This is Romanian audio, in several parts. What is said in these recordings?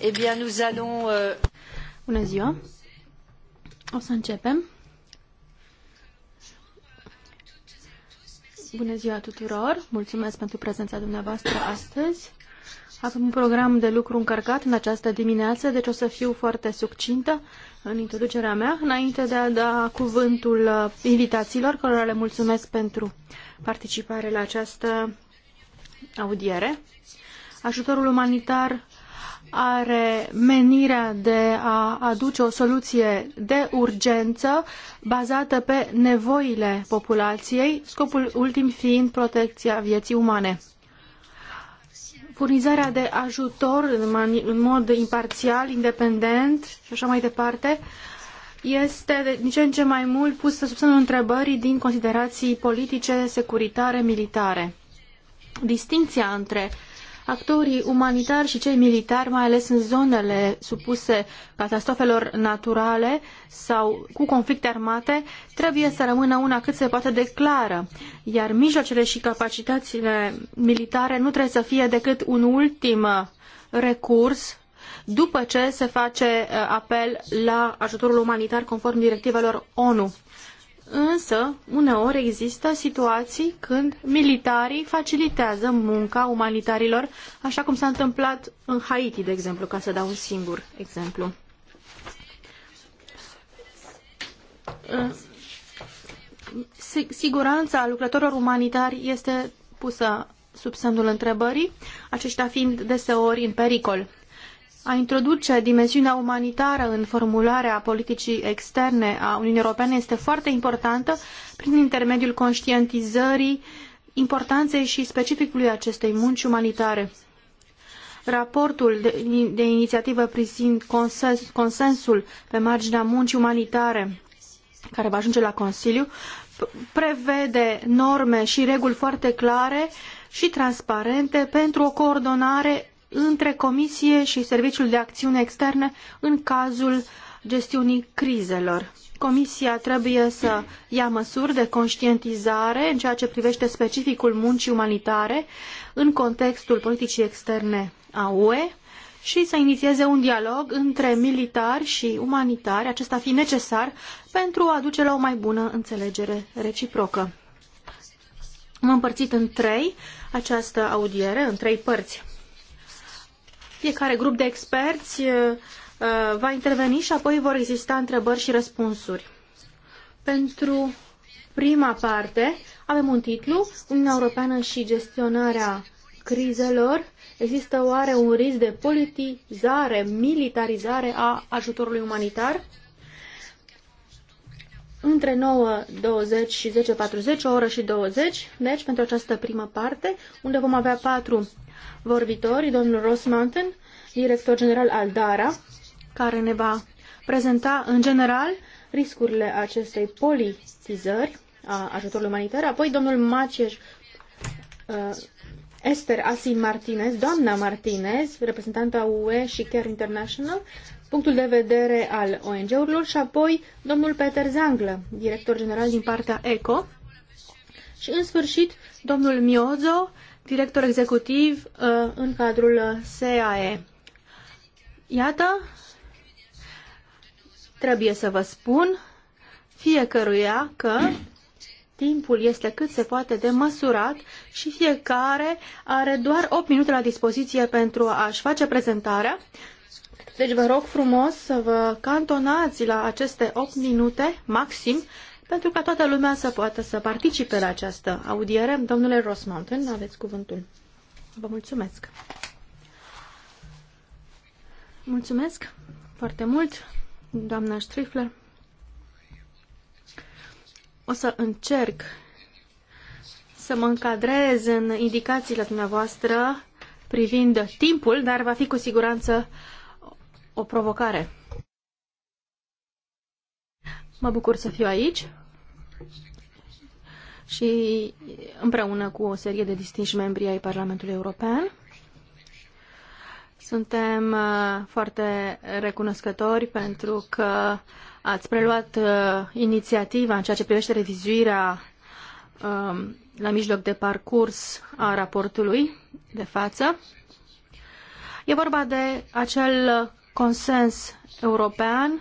Eh bien, nous allons... Euh... Bună ziua! O să începem. Bună ziua tuturor! Mulțumesc pentru prezența dumneavoastră astăzi. Avem un program de lucru încărcat în această dimineață, deci o să fiu foarte succintă în introducerea mea, înainte de a da cuvântul uh, invitațiilor, cărora le mulțumesc pentru participare la această audiere. Ajutorul umanitar are menirea de a aduce o soluție de urgență bazată pe nevoile populației, scopul ultim fiind protecția vieții umane. Furnizarea de ajutor în mod imparțial, independent și așa mai departe este din ce în ce mai mult pusă sub semnul întrebării din considerații politice, securitare, militare. Distinția între actorii umanitari și cei militari, mai ales în zonele supuse catastrofelor naturale sau cu conflicte armate, trebuie să rămână una cât se poate de clară, iar mijloacele și capacitățile militare nu trebuie să fie decât un ultim recurs după ce se face uh, apel la ajutorul umanitar conform directivelor ONU. Însă, uneori există situații când militarii facilitează munca umanitarilor, așa cum s-a întâmplat în Haiti, de exemplu, ca să dau un singur exemplu. Siguranța lucrătorilor umanitari este pusă sub semnul întrebării, aceștia fiind deseori în pericol a introduce dimensiunea umanitară în formularea politicii externe a Uniunii Europene este foarte importantă prin intermediul conștientizării importanței și specificului acestei munci umanitare. Raportul de, de inițiativă privind consens, consensul pe marginea muncii umanitare care va ajunge la Consiliu prevede norme și reguli foarte clare și transparente pentru o coordonare între Comisie și Serviciul de Acțiune externă în cazul gestiunii crizelor. Comisia trebuie să ia măsuri de conștientizare în ceea ce privește specificul muncii umanitare în contextul politicii externe a UE și să inițieze un dialog între militari și umanitari, acesta fiind necesar pentru a duce la o mai bună înțelegere reciprocă. Am împărțit în trei această audiere, în trei părți. Fiecare grup de experți uh, uh, va interveni și apoi vor exista întrebări și răspunsuri. Pentru prima parte avem un titlu, Uniunea Europeană și gestionarea crizelor. Există oare un risc de politizare, militarizare a ajutorului umanitar? Între 9.20 și 10.40, o oră și 20, deci pentru această primă parte, unde vom avea patru vorbitori, domnul Ross Mountain, director general al DARA, care ne va prezenta în general riscurile acestei politizări a ajutorului umanitar, apoi domnul Maciej uh, Esther Asin Martinez, doamna Martinez, reprezentanta UE și Care International, punctul de vedere al ONG-urilor și apoi domnul Peter Zanglă, director general din partea ECO și în sfârșit domnul Miozo, director executiv uh, în cadrul uh, SAE. Iată, trebuie să vă spun fiecăruia că timpul este cât se poate de măsurat și fiecare are doar 8 minute la dispoziție pentru a-și face prezentarea. Deci vă rog frumos să vă cantonați la aceste 8 minute maxim pentru ca toată lumea să poată să participe la această audiere. Domnule Rosmountain, aveți cuvântul. Vă mulțumesc. Mulțumesc foarte mult, doamna Strifler. O să încerc să mă încadrez în indicațiile dumneavoastră privind timpul, dar va fi cu siguranță o provocare. Mă bucur să fiu aici și împreună cu o serie de distinși membri ai Parlamentului European. Suntem uh, foarte recunoscători pentru că ați preluat uh, inițiativa în ceea ce privește revizuirea um, la mijloc de parcurs a raportului de față. E vorba de acel consens european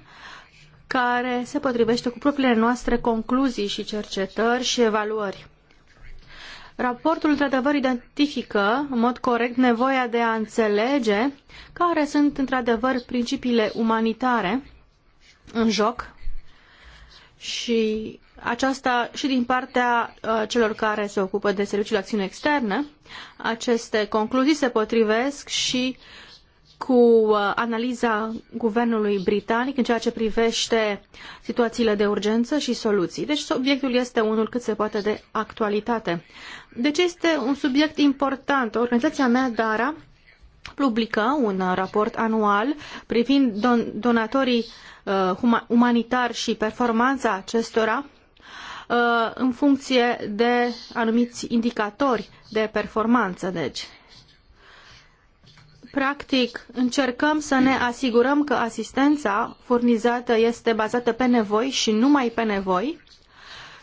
care se potrivește cu propriile noastre concluzii și cercetări și evaluări. Raportul, într-adevăr, identifică în mod corect nevoia de a înțelege care sunt, într-adevăr, principiile umanitare în joc și aceasta și din partea uh, celor care se ocupă de serviciul acțiune externe. Aceste concluzii se potrivesc și uh, cu uh, analiza guvernului britanic în ceea ce privește situațiile de urgență și soluții. Deci subiectul este unul cât se poate de actualitate. Deci este un subiect important. Organizația mea, DARA, publică un raport anual privind don donatorii uh, umanitari și performanța acestora uh, în funcție de anumiți indicatori de performanță. Deci, Practic, încercăm să ne asigurăm că asistența furnizată este bazată pe nevoi și numai pe nevoi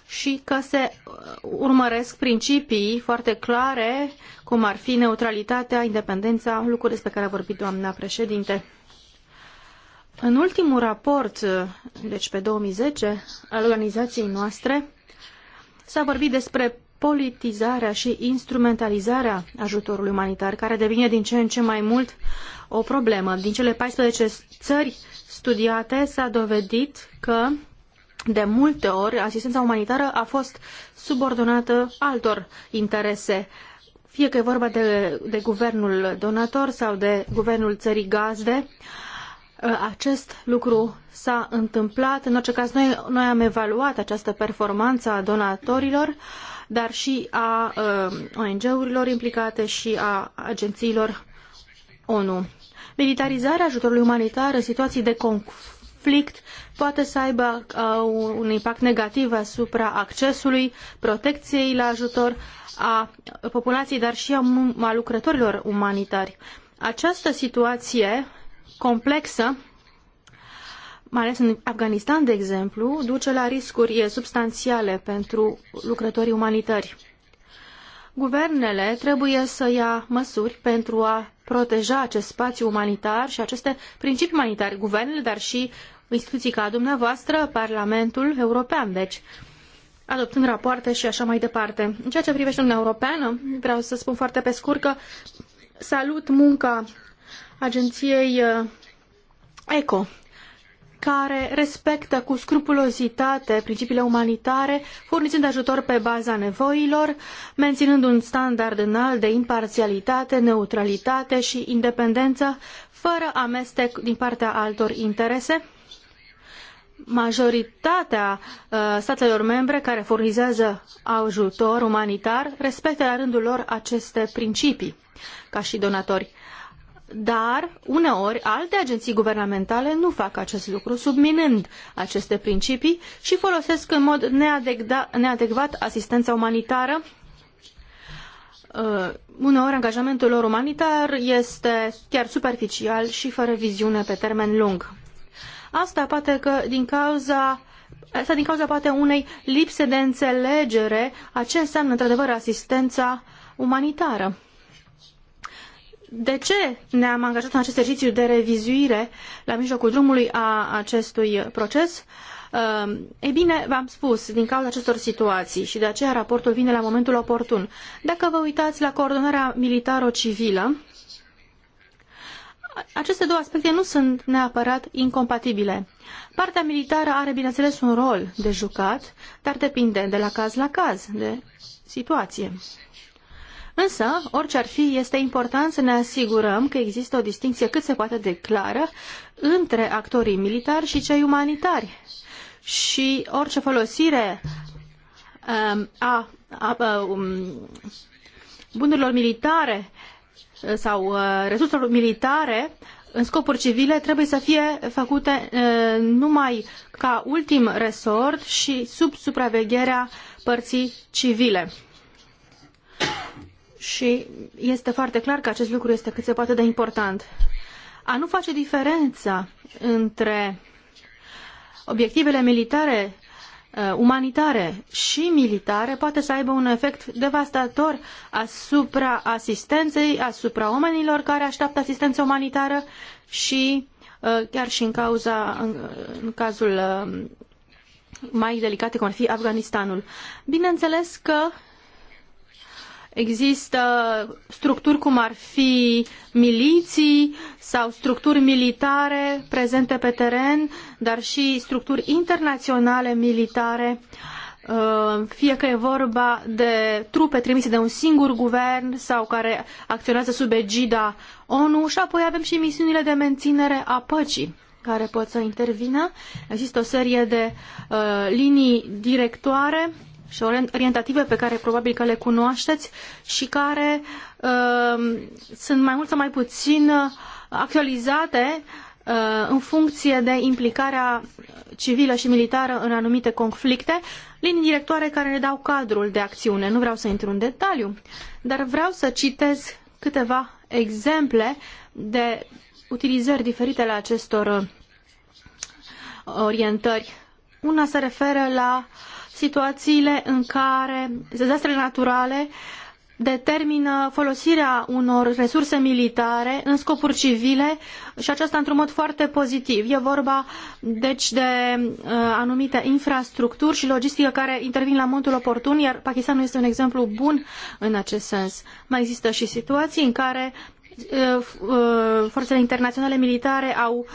și că se uh, urmăresc principii foarte clare, cum ar fi neutralitatea, independența, lucruri despre care a vorbit doamna președinte. În ultimul raport, deci pe 2010, al organizației noastre, s-a vorbit despre politizarea și instrumentalizarea ajutorului umanitar, care devine din ce în ce mai mult o problemă. Din cele 14 țări studiate s-a dovedit că de multe ori asistența umanitară a fost subordonată altor interese, fie că e vorba de, de guvernul donator sau de guvernul țării gazde. Acest lucru s-a întâmplat. În orice caz, noi, noi am evaluat această performanță a donatorilor uh, dar și a uh, ONG-urilor implicate și a agențiilor ONU. Militarizarea ajutorului umanitar în situații de conflict poate să aibă uh, un impact negativ asupra accesului, protecției la ajutor a populației, dar și a lucrătorilor umanitari. Această situație complexă mai ales în Afganistan, de exemplu, duce la riscuri substanțiale pentru lucrătorii umanitari. Guvernele trebuie să ia măsuri pentru a proteja acest spațiu umanitar și aceste principii umanitare, guvernele, dar și instituții ca dumneavoastră, Parlamentul European, deci adoptând rapoarte și așa mai departe. În ceea ce privește Uniunea Europeană, vreau să spun foarte pe scurt că salut munca agenției uh, ECO, care respectă cu scrupulozitate principiile umanitare, furnizând ajutor pe baza nevoilor, menținând un standard înalt de imparțialitate, neutralitate și independență, fără amestec din partea altor interese. Majoritatea uh, statelor membre care furnizează ajutor umanitar respectă la rândul lor aceste principii ca și donatori dar uneori alte agenții guvernamentale nu fac acest lucru, subminând aceste principii și folosesc în mod neadecvat asistența umanitară. Uh, uneori angajamentul lor umanitar este chiar superficial și fără viziune pe termen lung. Asta poate că din cauza Asta din cauza poate unei lipse de înțelegere a ce înseamnă într-adevăr asistența umanitară de ce ne-am angajat în acest exercițiu de revizuire la mijlocul drumului a acestui proces? Uh, ei bine, v-am spus, din cauza acestor situații și de aceea raportul vine la momentul oportun. Dacă vă uitați la coordonarea militaro-civilă, aceste două aspecte nu sunt neapărat incompatibile. Partea militară are, bineînțeles, un rol de jucat, dar depinde de la caz la caz, de situație. Însă, orice ar fi, este important să ne asigurăm că există o distinție cât se poate de clară între actorii militari și cei umanitari. Și orice folosire um, a, a, um, bunurilor militare uh, sau uh, resurselor militare în scopuri civile trebuie să fie făcute uh, numai ca ultim resort și sub supravegherea părții civile și este foarte clar că acest lucru este cât se poate de important. A nu face diferența între obiectivele militare, uh, umanitare și militare poate să aibă un efect devastator asupra asistenței, asupra oamenilor care așteaptă asistență umanitară și uh, chiar și în, cauza, în, în cazul uh, mai delicate cum ar fi Afganistanul. Bineînțeles că Există structuri cum ar fi miliții sau structuri militare prezente pe teren, dar și structuri internaționale militare, uh, fie că e vorba de trupe trimise de un singur guvern sau care acționează sub egida ONU și apoi avem și misiunile de menținere a păcii care pot să intervină. Există o serie de uh, linii directoare uh, și orientative pe care probabil că le cunoașteți și care uh, sunt mai mult sau mai puțin uh, actualizate uh, în funcție de implicarea civilă și militară în anumite conflicte, linii directoare care ne dau cadrul de acțiune. Nu vreau să intru în detaliu, dar vreau să citez câteva exemple de utilizări diferite la acestor uh, orientări. Una se referă la uh, situațiile în care dezastrele naturale determină folosirea unor resurse militare în scopuri civile și aceasta într-un mod foarte pozitiv. E vorba deci de uh, anumite infrastructuri și logistică care intervin la momentul oportun, iar Pakistanul este un exemplu bun în acest sens. Mai există și situații în care uh, uh, forțele internaționale militare au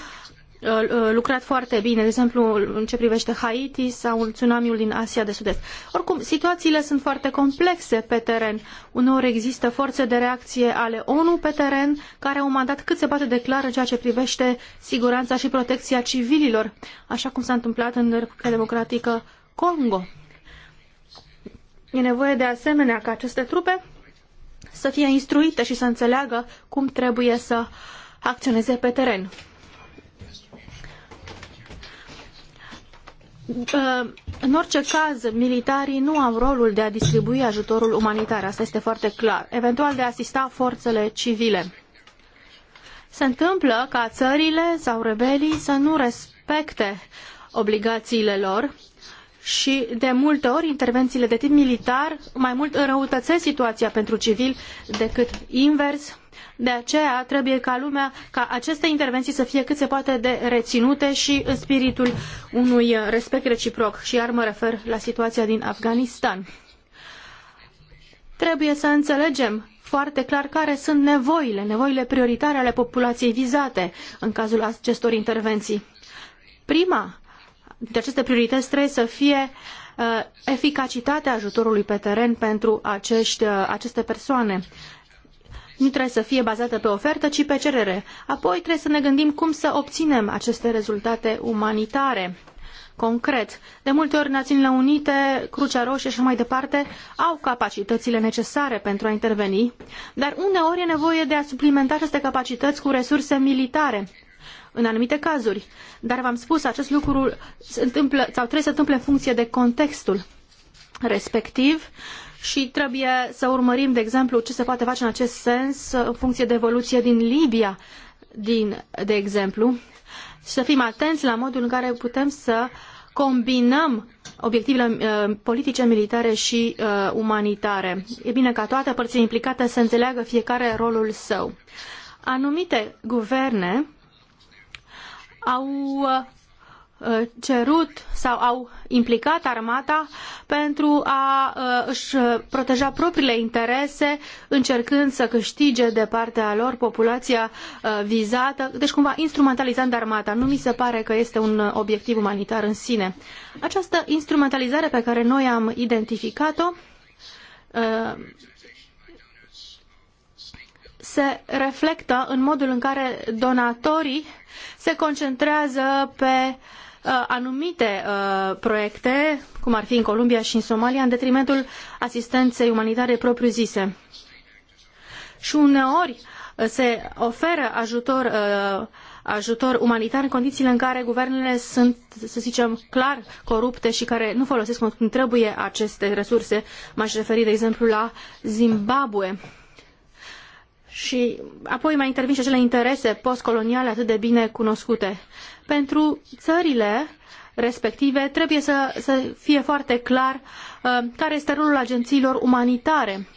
Uh, uh, lucrat foarte bine, de exemplu în ce privește Haiti sau tsunamiul din Asia de Sud-Est. Oricum, situațiile sunt foarte complexe pe teren. Uneori există forțe de reacție ale ONU pe teren care au un mandat cât se poate de clar în ceea ce privește siguranța și protecția civililor, așa cum s-a întâmplat în Republica Democratică Congo. E nevoie de asemenea ca aceste trupe să fie instruite și să înțeleagă cum trebuie să acționeze pe teren. În orice caz, militarii nu au rolul de a distribui ajutorul umanitar, asta este foarte clar, eventual de a asista forțele civile. Se întâmplă ca țările sau rebelii să nu respecte obligațiile lor și de multe ori intervențiile de tip militar mai mult înrăutățesc situația pentru civil decât invers de aceea trebuie ca lumea, ca aceste intervenții să fie cât se poate de reținute și în spiritul unui respect reciproc. Și iar mă refer la situația din Afganistan. Trebuie să înțelegem foarte clar care sunt nevoile, nevoile prioritare ale populației vizate în cazul acestor intervenții. Prima dintre aceste priorități trebuie să fie uh, eficacitatea ajutorului pe teren pentru acești, uh, aceste persoane nu trebuie să fie bazată pe ofertă, ci pe cerere. Apoi trebuie să ne gândim cum să obținem aceste rezultate umanitare. Concret, de multe ori Națiunile Unite, Crucea Roșie și mai departe au capacitățile necesare pentru a interveni, dar uneori e nevoie de a suplimenta aceste capacități cu resurse militare în anumite cazuri. Dar v-am spus, acest lucru se întâmplă, sau trebuie să întâmple în funcție de contextul respectiv și trebuie să urmărim, de exemplu, ce se poate face în acest sens în funcție de evoluție din Libia, din, de exemplu, și să fim atenți la modul în care putem să combinăm obiectivele uh, politice, militare și uh, umanitare. E bine ca toate părțile implicate să înțeleagă fiecare rolul său. Anumite guverne au uh, Uh, cerut sau au implicat armata pentru a uh, își proteja propriile interese, încercând să câștige de partea lor populația uh, vizată, deci cumva instrumentalizând armata. Nu mi se pare că este un obiectiv umanitar în sine. Această instrumentalizare pe care noi am identificat-o se reflectă în modul în care donatorii se concentrează pe Uh, anumite uh, proiecte, cum ar fi în Columbia și în Somalia, în detrimentul asistenței umanitare propriu-zise. Și uneori uh, se oferă ajutor, ajutor umanitar în condițiile în care guvernele sunt, să zicem, clar corupte și care nu folosesc cum trebuie aceste resurse. M-aș referi, de exemplu, la Zimbabwe și apoi mai intervin și acele interese postcoloniale atât de bine cunoscute. Pentru țările respective trebuie să, să fie foarte clar uh, care este rolul agențiilor umanitare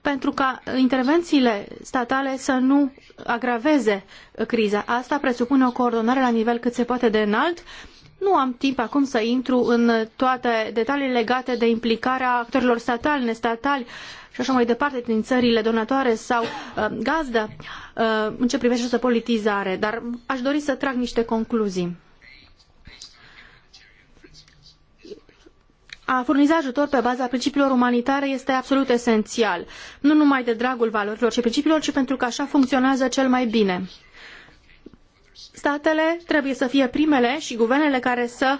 pentru ca intervențiile statale să nu agraveze criza. Asta presupune o coordonare la nivel cât se poate de înalt. Nu am timp acum să intru în toate detaliile legate de implicarea actorilor statali, nestatali, și așa mai departe din țările donatoare sau uh, gazdă uh, în ce privește această politizare, dar aș dori să trag niște concluzii. A furniza ajutor pe baza principiilor umanitare este absolut esențial, nu numai de dragul valorilor și principiilor, ci pentru că așa funcționează cel mai bine statele trebuie să fie primele și guvernele care să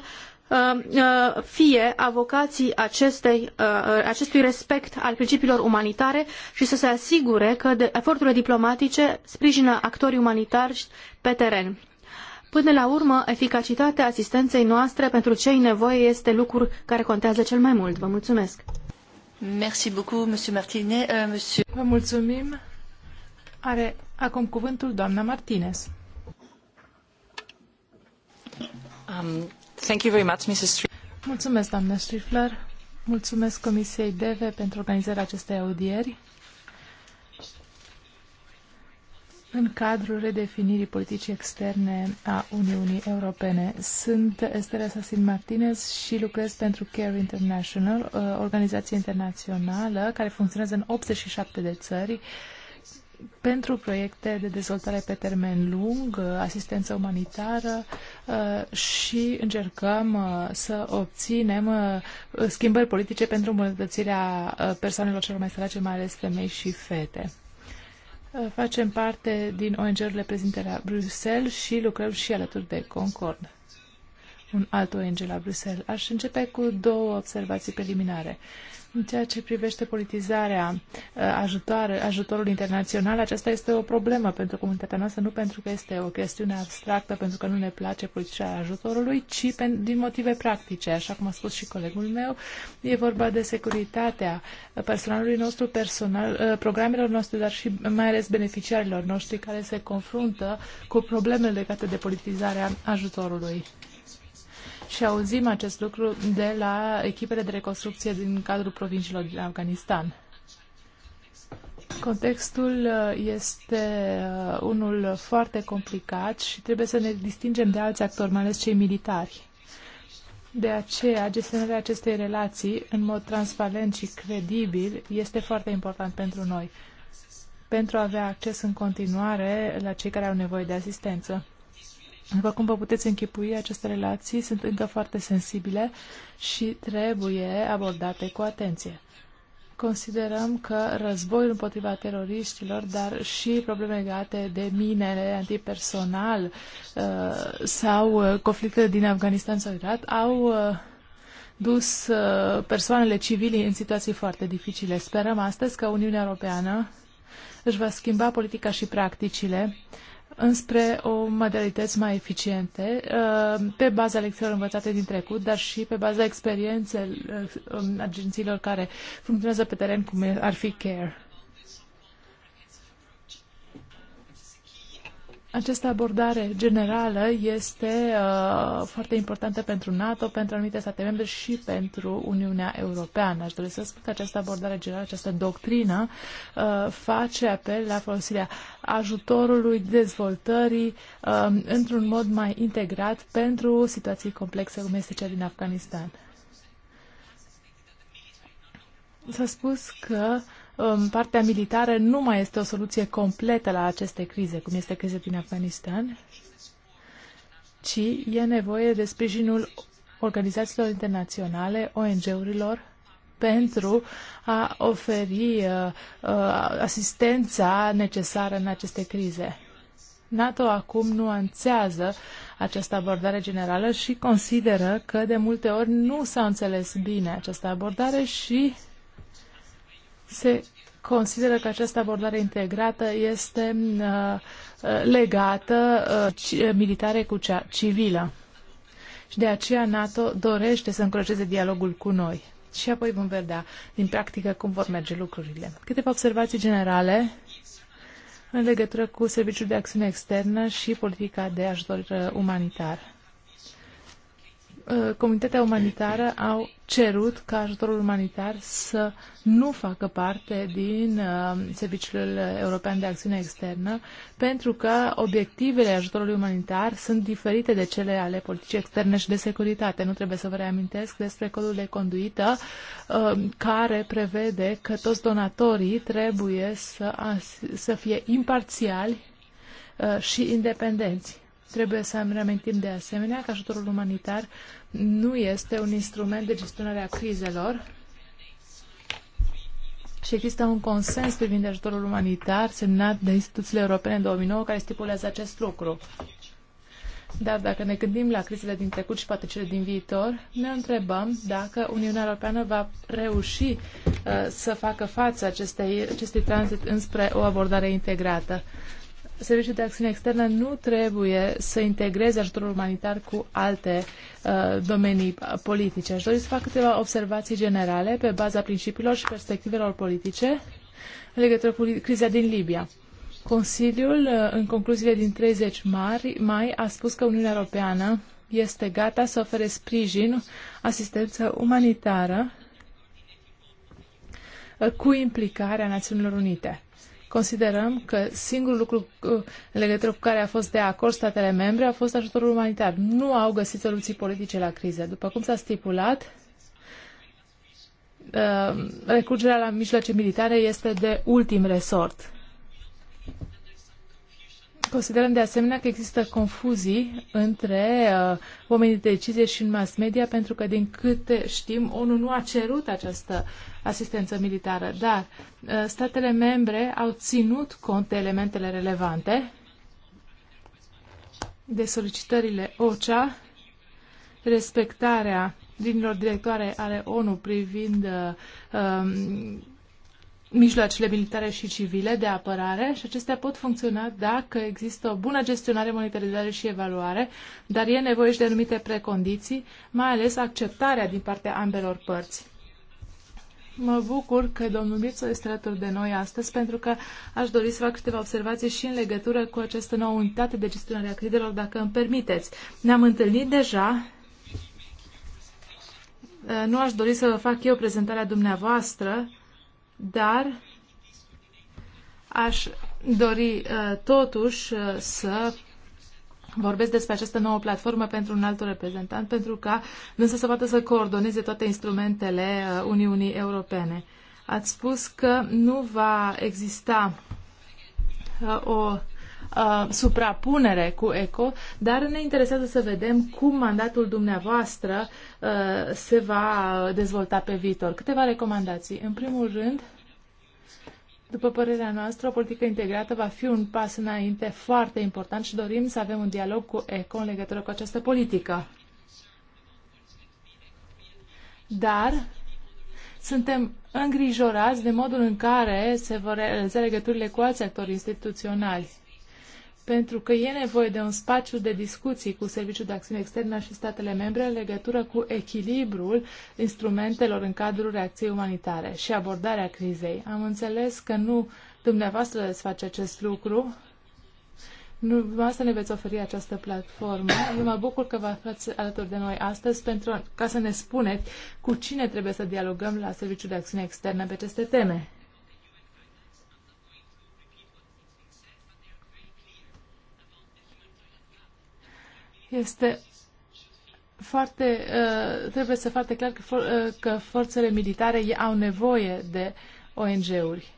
Uh, uh, fie avocații acestei, uh, acestui respect al principiilor umanitare și să se asigure că eforturile diplomatice sprijină actorii umanitari pe teren. Până la urmă, eficacitatea asistenței noastre pentru cei nevoie este lucru care contează cel mai mult. Vă mulțumesc! Merci beaucoup, monsieur Martinez. uh, monsieur... Vă mulțumim! Are acum cuvântul doamna Martinez. Um... Mulțumesc, doamnă Strifler. Mulțumesc Comisiei DEVE pentru organizarea acestei audieri în cadrul redefinirii politicii externe a Uniunii Europene. Sunt Estera Sasin Martinez și lucrez pentru Care International, organizație internațională care funcționează în 87 de țări pentru proiecte de dezvoltare pe termen lung, asistență umanitară uh, și încercăm uh, să obținem uh, schimbări politice pentru îmbunătățirea persoanelor celor mai sărace, mai ales femei și fete. Facem parte din ONG-urile prezente la Bruxelles și lucrăm și alături de Concord, un alt ONG la Bruxelles. Aș începe cu două observații preliminare. În ceea ce privește politizarea uh, ajutoare, ajutorul internațional, aceasta este o problemă pentru comunitatea noastră, nu pentru că este o chestiune abstractă, pentru că nu ne place politizarea ajutorului, ci din motive practice. Așa cum a spus și colegul meu, e vorba de securitatea personalului nostru, personal, uh, programelor noastre, dar și mai ales beneficiarilor noștri care se confruntă cu probleme legate de politizarea ajutorului și auzim acest lucru de la echipele de reconstrucție din cadrul provinciilor din Afganistan. Contextul uh, este uh, unul foarte complicat și trebuie să ne distingem de alți actori, mai ales cei militari. De aceea, gestionarea acestei relații în mod transparent și credibil este foarte important pentru noi, pentru a avea acces în continuare la cei care au nevoie de asistență. După cum vă puteți închipui, aceste relații sunt încă foarte sensibile și trebuie abordate cu atenție. Considerăm că războiul împotriva teroriștilor, dar și probleme legate de minele antipersonal uh, sau uh, conflictele din Afganistan sau Irak au uh, dus persoanele civile în situații foarte dificile. Sperăm astăzi că Uniunea Europeană își va schimba politica și practicile uh, înspre o modalități mai eficiente, uh, pe baza lecțiilor învățate din trecut, dar și pe baza experienței uh, agențiilor care funcționează pe teren, cum ar fi CARE. Această abordare generală este uh, foarte importantă pentru NATO, pentru anumite state membre și pentru Uniunea Europeană. Aș dori să spun că această abordare generală, această doctrină, uh, face apel la folosirea ajutorului dezvoltării uh, într-un mod mai integrat pentru situații complexe cum este cea din Afganistan. S-a spus că uh, partea militară nu mai este o soluție completă la aceste crize, cum este criza din Afganistan, ci e nevoie de sprijinul organizațiilor internaționale, ONG-urilor, pentru a oferi uh, uh, asistența necesară în aceste crize. NATO acum nuanțează această abordare generală și consideră că de multe ori nu s-a înțeles bine această abordare și se consideră că această abordare integrată este uh, uh, legată uh, militare cu cea civilă. Și de aceea NATO dorește să încurajeze dialogul cu noi. Și apoi vom vedea din practică cum vor merge lucrurile. Câteva observații generale în legătură cu Serviciul de Acțiune Externă și politica de ajutor umanitar. Uh, comunitatea umanitară au cerut ca ajutorul umanitar să nu facă parte din uh, Serviciul European de Acțiune Externă, pentru că obiectivele ajutorului umanitar sunt diferite de cele ale politicii externe și de securitate. Nu trebuie să vă reamintesc despre codul de conduită uh, care prevede că toți donatorii trebuie să, să fie imparțiali și independenți. Trebuie să ne reamintim de asemenea că ajutorul umanitar nu este un instrument de gestionare a crizelor și există un consens privind ajutorul umanitar semnat de instituțiile europene în 2009 care stipulează acest lucru. Dar dacă ne gândim la crizele din trecut și poate cele din viitor, ne întrebăm dacă Uniunea Europeană va reuși uh, să facă față acestei, acestei tranzit înspre o abordare integrată. Uh, Serviciul de Acțiune Externă nu trebuie să integreze ajutorul umanitar cu alte uh, domenii politice. Aș dori să fac câteva observații generale pe baza principiilor și perspectivelor politice în legătură cu criza din Libia. Consiliul, uh, în concluziile din 30 mari, mai, a spus că Uniunea Europeană este gata să ofere sprijin, asistență umanitară uh, cu implicarea Națiunilor Unite. Considerăm că singurul lucru uh, în legătură cu care a fost de acord statele membre a fost ajutorul umanitar. Nu au găsit soluții politice la criză. După cum s-a stipulat, uh, recurgerea la mijloace militare este de ultim resort. Considerăm de asemenea că există confuzii între uh, oamenii de decizie și în mass media, pentru că, din câte știm, ONU nu a cerut această asistență militară, dar uh, statele membre au ținut cont de elementele relevante de solicitările OCHA, respectarea linilor directoare ale ONU privind uh, um, mijloacele militare și civile de apărare și acestea pot funcționa dacă există o bună gestionare, monitorizare și evaluare, dar e nevoie și de anumite precondiții, mai ales acceptarea din partea ambelor părți. Mă bucur că domnul Mirțu este alături de noi astăzi pentru că aș dori să fac câteva observații și în legătură cu această nouă unitate de gestionare a crizelor, dacă îmi permiteți. Ne-am întâlnit deja. Uh, nu aș dori să vă fac eu prezentarea dumneavoastră, dar aș dori uh, totuși uh, să vorbesc despre această nouă platformă pentru un alt reprezentant, pentru ca dânsa să poată să coordoneze toate instrumentele uh, Uniunii Europene. Ați spus că nu va exista o Uh, suprapunere cu ECO, dar ne interesează să vedem cum mandatul dumneavoastră uh, se va dezvolta pe viitor. Câteva recomandații. În primul rând, după părerea noastră, o politică integrată va fi un pas înainte foarte important și dorim să avem un dialog cu ECO în legătură cu această politică. Dar suntem îngrijorați de modul în care se vor realiza legăturile cu alți actori instituționali pentru că e nevoie de un spațiu de discuții cu Serviciul de Acțiune Externă și statele membre în legătură cu echilibrul instrumentelor în cadrul reacției umanitare și abordarea crizei. Am înțeles că nu dumneavoastră veți face acest lucru, nu, dumneavoastră ne veți oferi această platformă. Eu mă bucur că vă aflați alături de noi astăzi pentru ca să ne spuneți cu cine trebuie să dialogăm la Serviciul de Acțiune Externă pe aceste teme. Este foarte, uh, trebuie să foarte clar că, for, uh, că forțele militare au nevoie de ONG-uri.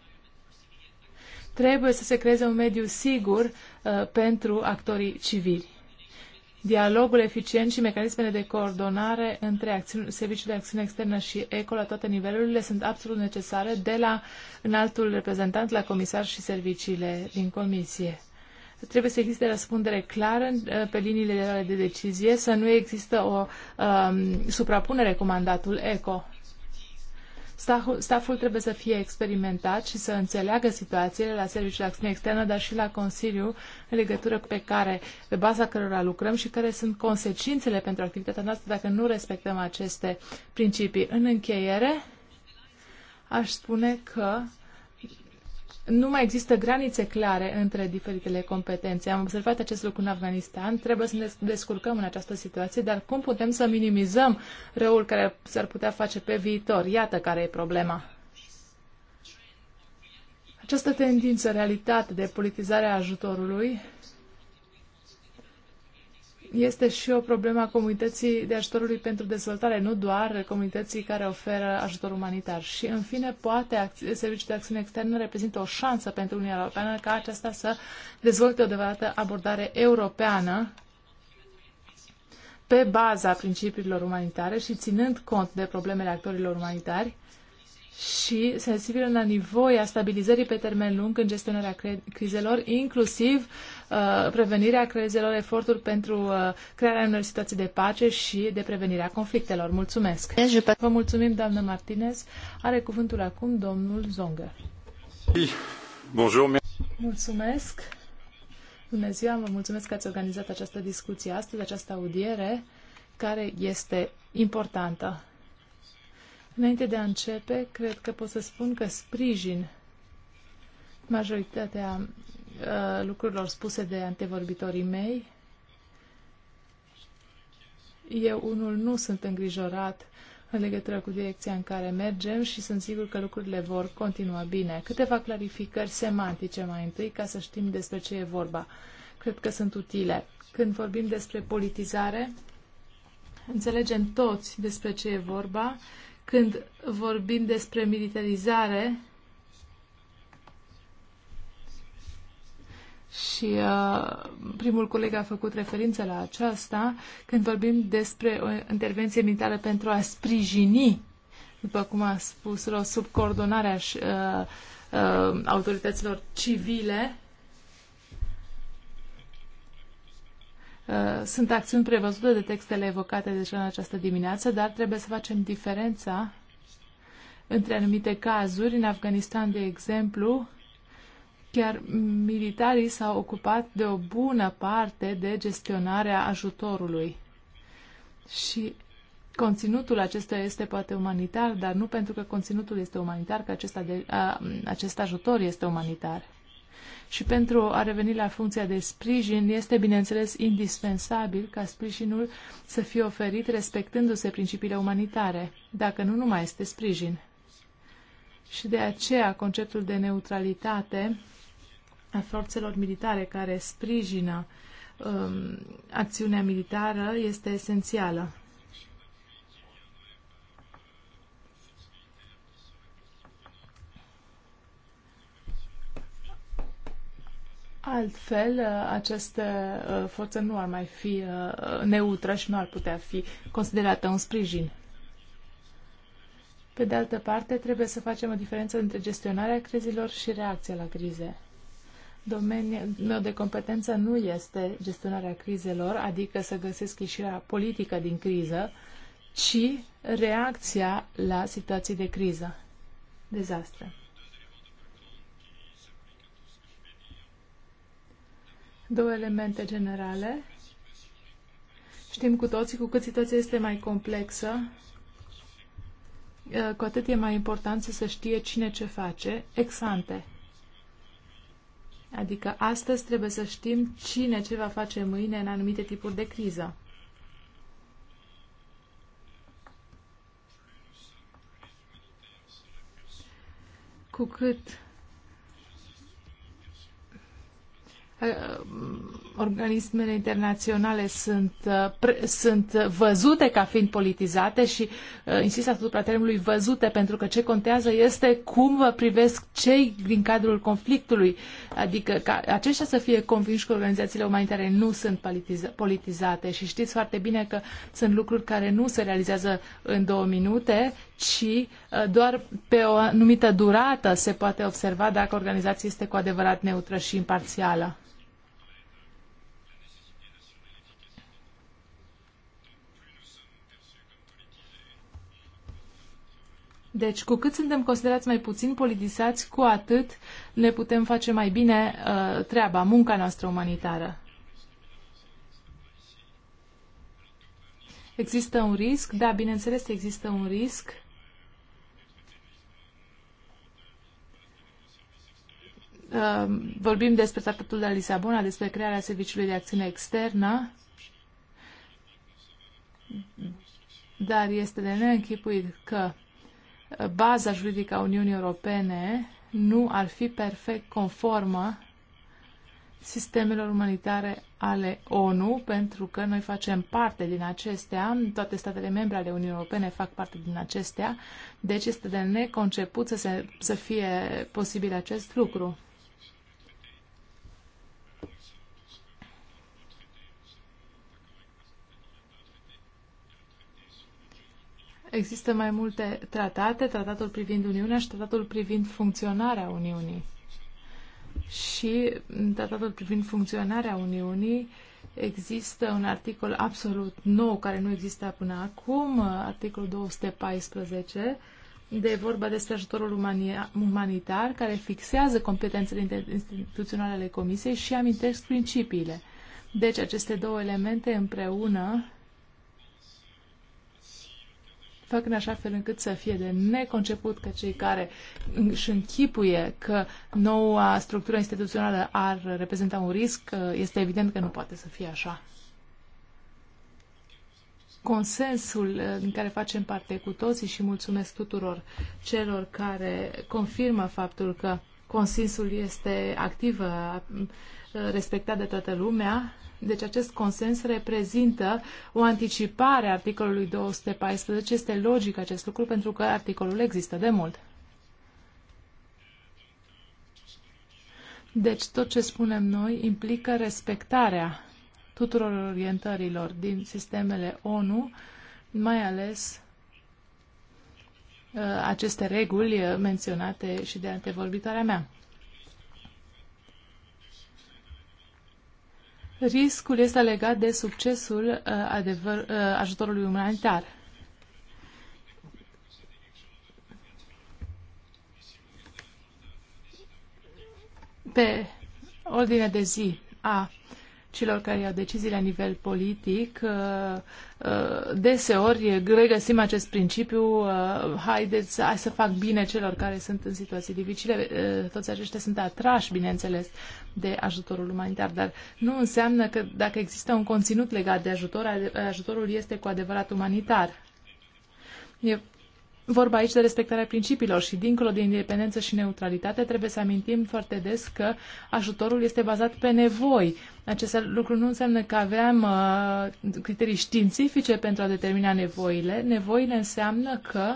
Trebuie să se creeze un mediu sigur uh, pentru actorii civili. Dialogul eficient și mecanismele de coordonare între acțiuni, Serviciul de Acțiune Externă și ECO la toate nivelurile sunt absolut necesare, de la înaltul reprezentant la comisar și serviciile din comisie. Trebuie să existe răspundere clară uh, pe liniile de decizie, să nu există o um, suprapunere cu mandatul ECO. Staful trebuie să fie experimentat și să înțeleagă situațiile la Serviciul de Acțiune Externă, dar și la Consiliu, în legătură pe care, pe baza cărora lucrăm și care sunt consecințele pentru activitatea noastră dacă nu respectăm aceste principii. În încheiere, aș spune că nu mai există granițe clare între diferitele competențe. Am observat acest lucru în Afganistan. Trebuie să ne descurcăm în această situație, dar cum putem să minimizăm răul care s-ar putea face pe viitor? Iată care e problema. Această tendință, realitate de politizare a ajutorului este și o problemă a comunității de ajutorului pentru dezvoltare, nu doar comunității care oferă ajutor umanitar. Și, în fine, poate Serviciul de Acțiune Externă reprezintă o șansă pentru Uniunea Europeană ca aceasta să dezvolte o adevărată abordare europeană pe baza principiilor umanitare și ținând cont de problemele actorilor umanitari și sensibilă la nivoia stabilizării pe termen lung în gestionarea crizelor, inclusiv Uh, prevenirea crezelor, eforturi pentru uh, crearea unor situații de pace și de prevenirea conflictelor. Mulțumesc! Vă mulțumim, doamnă Martinez. Are cuvântul acum domnul Zonger. Mulțumesc! Bună ziua, vă mulțumesc că ați organizat această discuție astăzi, această audiere, care este importantă. Înainte de a începe, cred că pot să spun că sprijin majoritatea Uh, lucrurilor spuse de antevorbitorii mei. Eu, unul, nu sunt îngrijorat în legătură cu direcția în care mergem și sunt sigur că lucrurile vor continua bine. Câteva clarificări semantice mai întâi, ca să știm despre ce e vorba. Cred că sunt utile. Când vorbim despre politizare, înțelegem toți despre ce e vorba. Când vorbim despre militarizare, și uh, primul coleg a făcut referință la aceasta când vorbim despre o intervenție militară pentru a sprijini, după cum a spus, o subcoordonarea uh, uh, autorităților civile. Uh, sunt acțiuni prevăzute de textele evocate deja în această dimineață, dar trebuie să facem diferența între anumite cazuri. În Afganistan, de exemplu, Chiar militarii s-au ocupat de o bună parte de gestionarea ajutorului. Și conținutul acesta este poate umanitar, dar nu pentru că conținutul este umanitar, că acesta de, a, acest ajutor este umanitar. Și pentru a reveni la funcția de sprijin, este bineînțeles indispensabil ca sprijinul să fie oferit respectându-se principiile umanitare, dacă nu, numai este sprijin. Și de aceea conceptul de neutralitate a forțelor militare care sprijină um, acțiunea militară este esențială. Altfel, uh, această uh, forță nu ar mai fi uh, neutră și nu ar putea fi considerată un sprijin. Pe de altă parte, trebuie să facem o diferență între gestionarea crizilor și reacția la crize domeniul meu de competență nu este gestionarea crizelor, adică să găsesc ieșirea politică din criză, ci reacția la situații de criză, dezastre. Două elemente generale. Știm cu toții, cu cât situația este mai complexă, cu atât e mai important să se știe cine ce face, ex ante, Adică astăzi trebuie să știm cine ce va face mâine în anumite tipuri de criză. Cu cât uh, organismele internaționale sunt, uh, pre, sunt văzute ca fiind politizate și uh, insist asupra termenului văzute pentru că ce contează este cum vă privesc cei din cadrul conflictului, adică ca aceștia să fie convinși că organizațiile umanitare nu sunt politizate și știți foarte bine că sunt lucruri care nu se realizează în două minute, ci uh, doar pe o anumită durată se poate observa dacă organizația este cu adevărat neutră și imparțială. Deci, cu cât suntem considerați mai puțin politisați, cu atât ne putem face mai bine uh, treaba, munca noastră umanitară. Există un risc? Da, bineînțeles, există un risc. Uh, vorbim despre tratatul de la Lisabona, despre crearea Serviciului de Acțiune Externă, dar este de neînchipuit că baza juridică a Uniunii Europene nu ar fi perfect conformă sistemelor umanitare ale ONU, pentru că noi facem parte din acestea, toate statele membre ale Uniunii Europene fac parte din acestea, deci este de neconceput să, se, să fie posibil acest lucru. Există mai multe tratate, tratatul privind Uniunea și tratatul privind funcționarea Uniunii. Și în tratatul privind funcționarea Uniunii există un articol absolut nou care nu exista până acum, articolul 214, de vorba despre ajutorul umania, umanitar care fixează competențele instituționale ale Comisiei și amintesc principiile. Deci aceste două elemente împreună fac în așa fel încât să fie de neconceput că cei care își închipuie că noua structură instituțională ar reprezenta un risc, este evident că nu poate să fie așa. Consensul în care facem parte cu toții și mulțumesc tuturor celor care confirmă faptul că consensul este activ, respectat de toată lumea, deci acest consens reprezintă o anticipare a articolului 214. Este logic acest lucru pentru că articolul există de mult. Deci tot ce spunem noi implică respectarea tuturor orientărilor din sistemele ONU, mai ales uh, aceste reguli menționate și de antevorbitoarea mea. riscul este legat de succesul uh, adevăr, uh, ajutorului umanitar. Pe ordine de zi a celor care iau decizii la nivel politic, uh, uh, deseori regăsim acest principiu, uh, haideți hai să fac bine celor care sunt în situații dificile. Toți aceștia sunt atrași, bineînțeles, de ajutorul umanitar, dar nu înseamnă că dacă există un conținut legat de ajutor, ajutorul este cu adevărat umanitar. E vorba aici de respectarea principiilor și dincolo de independență și neutralitate trebuie să amintim foarte des că ajutorul este bazat pe nevoi. Acest lucru nu înseamnă că aveam uh, criterii științifice pentru a determina nevoile. Nevoile înseamnă că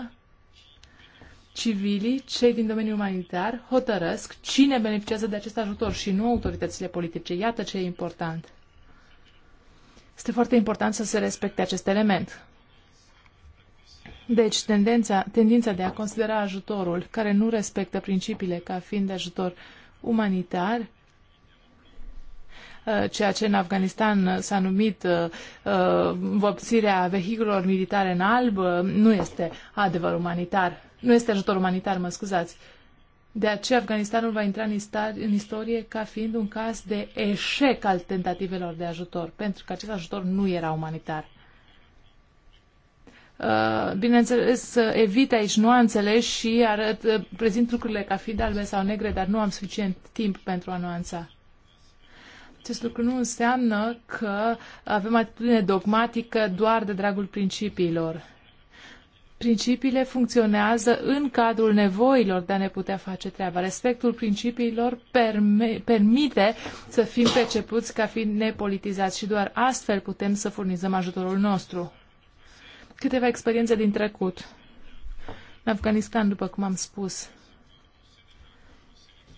civilii, cei din domeniul umanitar, hotărăsc cine beneficiază de acest ajutor și nu autoritățile politice. Iată ce e important. Este foarte important să se respecte acest element. Deci, tendența, tendința de a considera ajutorul care nu respectă principiile ca fiind ajutor umanitar, uh, ceea ce în Afganistan s-a numit uh, uh vopsirea vehiculelor militare în alb, uh, nu este adevăr umanitar. Nu este ajutor umanitar, mă scuzați. De aceea Afganistanul va intra în, în istorie ca fiind un caz de eșec al tentativelor de ajutor, pentru că acest ajutor nu era umanitar. Uh, bineînțeles, evit aici nuanțele și arăt, uh, prezint lucrurile ca fiind albe sau negre, dar nu am suficient timp pentru a nuanța. Acest lucru nu înseamnă că avem atitudine dogmatică doar de dragul principiilor. Principiile funcționează în cadrul nevoilor de a ne putea face treaba. Respectul principiilor permite să fim percepuți ca fiind nepolitizați și doar astfel putem să furnizăm ajutorul nostru. Câteva experiențe din trecut. În Afganistan, după cum am spus,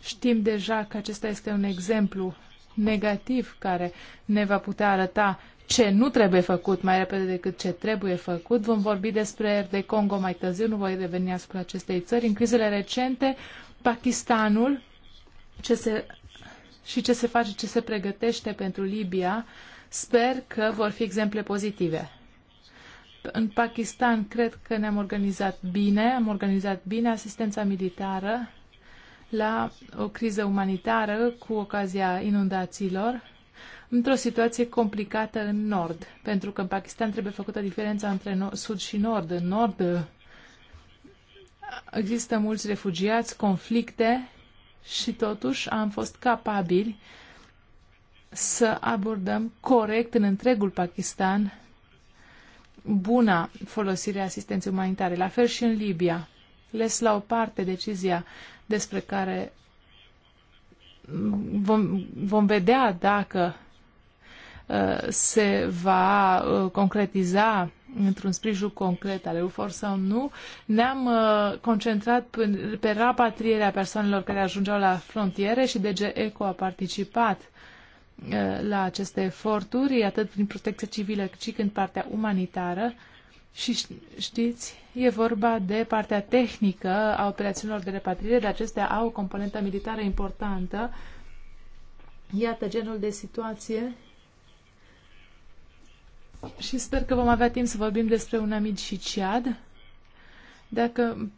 știm deja că acesta este un exemplu negativ care ne va putea arăta ce nu trebuie făcut mai repede decât ce trebuie făcut. Vom vorbi despre de Congo mai târziu, nu voi reveni asupra acestei țări. În crizele recente, Pakistanul ce se, și ce se face, ce se pregătește pentru Libia, sper că vor fi exemple pozitive. În Pakistan cred că ne-am organizat bine, am organizat bine asistența militară la o criză umanitară cu ocazia inundațiilor într-o situație complicată în nord, pentru că în Pakistan trebuie făcută diferența între no sud și nord. În nord uh, există mulți refugiați, conflicte și totuși am fost capabili să abordăm corect în întregul Pakistan buna folosire a asistenței umanitare. La fel și în Libia. Les la o parte decizia despre care vom, vom vedea dacă uh, se va uh, concretiza într-un sprijin concret al EUFOR sau nu. Ne-am uh, concentrat pe, pe rapatrierea persoanelor care ajungeau la frontiere și DG ECO a participat Eh, la aceste eforturi, atât prin protecție civilă, cât și în partea umanitară. Și știți, e vorba de partea tehnică a operațiunilor de repatriere, dar acestea au o componentă militară importantă. Iată genul de situație. Și sper că vom avea timp să vorbim despre un amid și Ciad. Dacă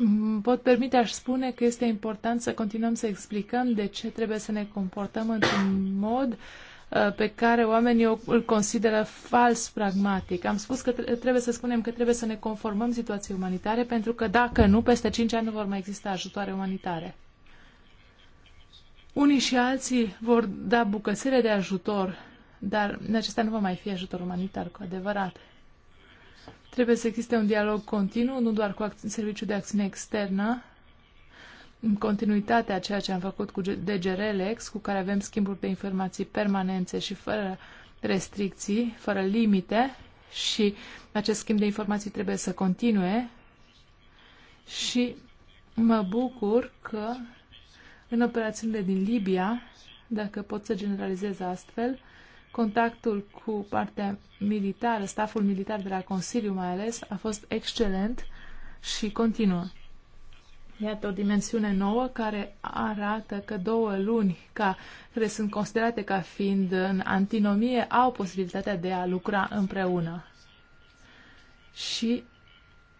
Mm, pot permite, aș spune că este important să continuăm să explicăm de ce trebuie să ne comportăm într-un mod uh, pe care oamenii îl consideră fals pragmatic. Am spus că trebuie să spunem că trebuie să ne conformăm situației umanitare, pentru că dacă nu, peste 5 ani nu vor mai exista ajutoare umanitare. Unii și alții vor da bucățele de ajutor, dar acesta nu va mai fi ajutor umanitar cu adevărat. Trebuie să existe un dialog continuu, nu doar cu Serviciul de Acțiune Externă, în continuitatea a ceea ce am făcut cu DGRLEX, cu care avem schimburi de informații permanente și fără restricții, fără limite și acest schimb de informații trebuie să continue și mă bucur că în operațiunile din Libia, dacă pot să generalizez astfel, Contactul cu partea militară, staful militar de la Consiliu mai ales, a fost excelent și continuă. Iată o dimensiune nouă care arată că două luni ca, care sunt considerate ca fiind în antinomie au posibilitatea de a lucra împreună. Și,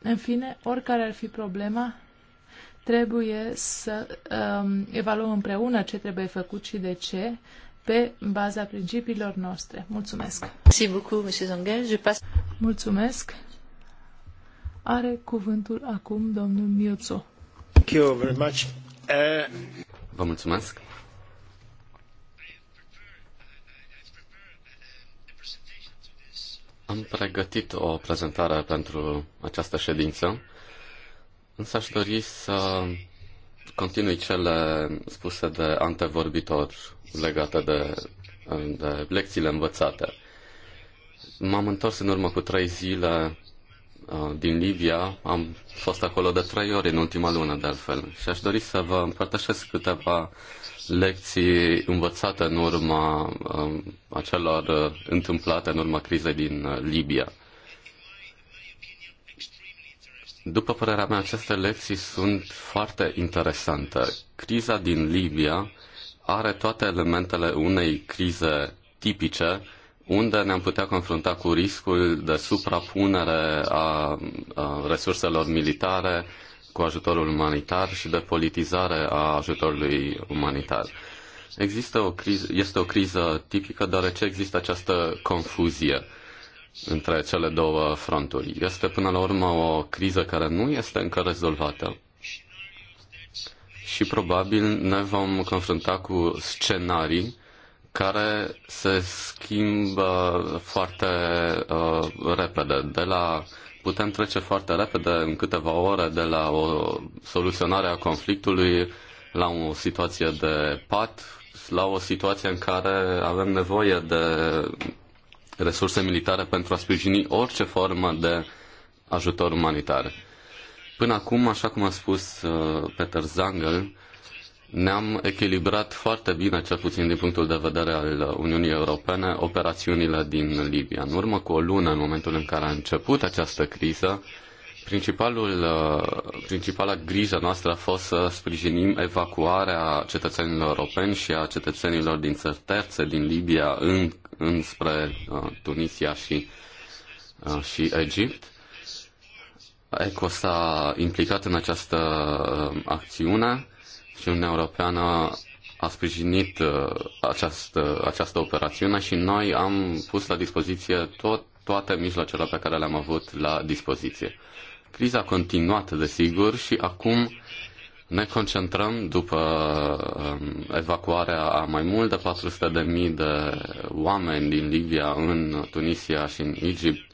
în fine, oricare ar fi problema, trebuie să um, evaluăm împreună ce trebuie făcut și de ce, pe baza principiilor noastre. Mulțumesc! Mulțumesc! Are cuvântul acum domnul Miuțu. Thank you very much. Uh, Vă mulțumesc! Am pregătit o prezentare pentru această ședință, însă aș dori să continui cele spuse de antevorbitor legată de, de lecțiile învățate. M-am întors în urmă cu trei zile uh, din Libia. Am fost acolo de trei ori în ultima lună, de altfel. Și aș dori să vă împărtășesc câteva lecții învățate în urma um, acelor uh, întâmplate în urma crizei din uh, Libia. După părerea mea, aceste lecții sunt foarte interesante. Criza din Libia are toate elementele unei crize tipice unde ne-am putea confrunta cu riscul de suprapunere a, a resurselor militare cu ajutorul umanitar și de politizare a ajutorului umanitar. Există o criză, este o criză tipică deoarece există această confuzie între cele două fronturi. Este până la urmă o criză care nu este încă rezolvată și probabil ne vom confrunta cu scenarii care se schimbă foarte uh, repede. De la, putem trece foarte repede, în câteva ore, de la o soluționare a conflictului la o situație de pat, la o situație în care avem nevoie de resurse militare pentru a sprijini orice formă de ajutor umanitar. Până acum, așa cum a spus uh, Peter Zangel, ne-am echilibrat foarte bine, cel puțin din punctul de vedere al Uniunii Europene, operațiunile din Libia. În urmă cu o lună, în momentul în care a început această criză, principalul, uh, principala grijă noastră a fost să sprijinim evacuarea cetățenilor europeni și a cetățenilor din țări terțe din Libia în, înspre uh, Tunisia și, și Egipt ECO s-a implicat în această uh, acțiune și Uniunea Europeană a sprijinit uh, această, uh, această operațiune și noi am pus la dispoziție tot, toate mijloacele pe care le-am avut la dispoziție. Criza a continuat, desigur, și acum ne concentrăm după um, evacuarea a mai mult de 400.000 de oameni din Libia în Tunisia și în Egipt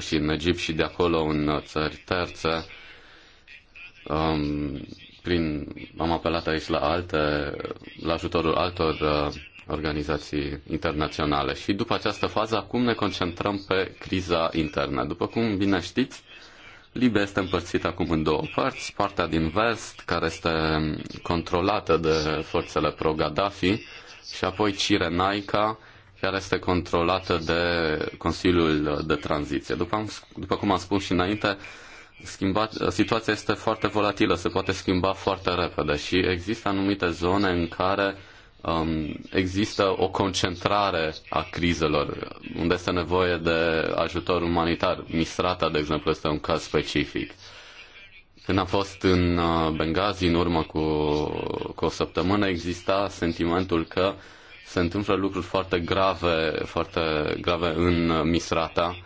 și în Egipt și de acolo în țări terțe. Um, prin, am apelat aici la alte, la ajutorul altor uh, organizații internaționale. Și după această fază, acum ne concentrăm pe criza internă. După cum bine știți, Libia este împărțită acum în două părți. Partea din vest, care este controlată de forțele pro-Gaddafi, și apoi Cirenaica, care este controlată de Consiliul de Tranziție. După, am, după cum am spus și înainte, schimba, situația este foarte volatilă, se poate schimba foarte repede și există anumite zone în care um, există o concentrare a crizelor, unde este nevoie de ajutor umanitar. Misrata, de exemplu, este un caz specific. Când am fost în uh, Benghazi, în urmă cu, cu o săptămână, exista sentimentul că uh, se întâmplă lucruri foarte grave, foarte grave în uh, Misrata.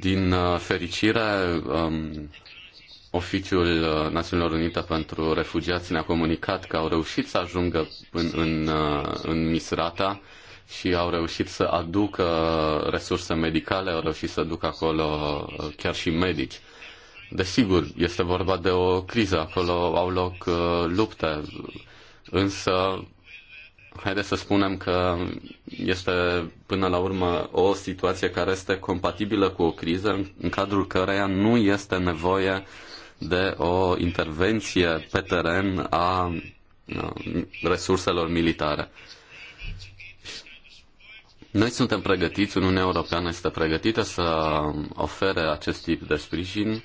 Din uh, fericire, um, Oficiul uh, Națiunilor Unite pentru Refugiați ne-a comunicat că au reușit să ajungă în, în, în Misrata și au reușit să aducă resurse medicale, au reușit să aducă acolo chiar și medici. Desigur, este vorba de o criză, acolo au loc lupte, însă haideți să spunem că este până la urmă o situație care este compatibilă cu o criză în cadrul căreia nu este nevoie de o intervenție pe teren a resurselor militare. Noi suntem pregătiți, Uniunea Europeană este pregătită să ofere acest tip de sprijin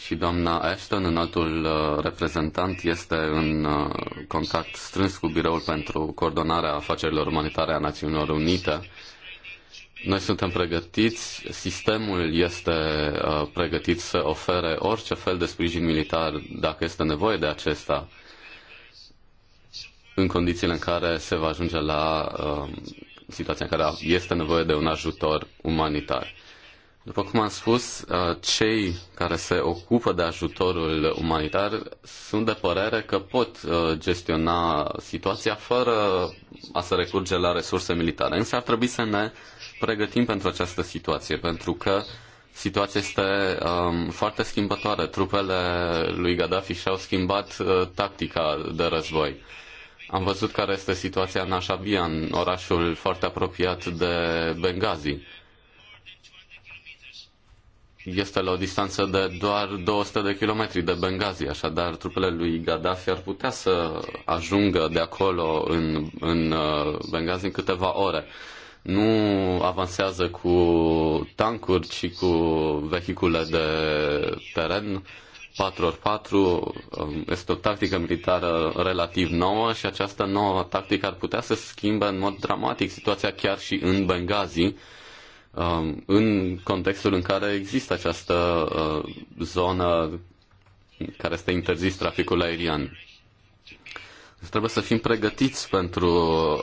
și doamna Ashton, în altul uh, reprezentant, este în uh, contact strâns cu biroul pentru coordonarea afacerilor umanitare a Națiunilor Unite. Noi suntem pregătiți, sistemul este uh, pregătit să ofere orice fel de sprijin militar dacă este nevoie de acesta în condițiile în care se va ajunge la situația în care este nevoie de un ajutor umanitar. După cum am spus, uh, cei care se ocupă de ajutorul umanitar sunt de părere că pot uh, gestiona situația fără a se recurge la resurse militare. Însă ar trebui să ne pregătim pentru această situație, pentru că situația este um, foarte schimbătoare. Trupele lui Gaddafi și-au schimbat uh, tactica de război. Am văzut care este situația în Ashabia, în orașul foarte apropiat de Benghazi este la o distanță de doar 200 de kilometri de Benghazi, așadar trupele lui Gaddafi ar putea să ajungă de acolo în, în uh, Benghazi în câteva ore. Nu avansează cu tancuri, ci cu vehicule de teren 4x4. Um, este o tactică militară relativ nouă și această nouă tactică ar putea să schimbe în mod dramatic situația chiar și în Benghazi Um, în contextul în care există această uh, zonă care este interzis traficul aerian. Deci trebuie să fim pregătiți pentru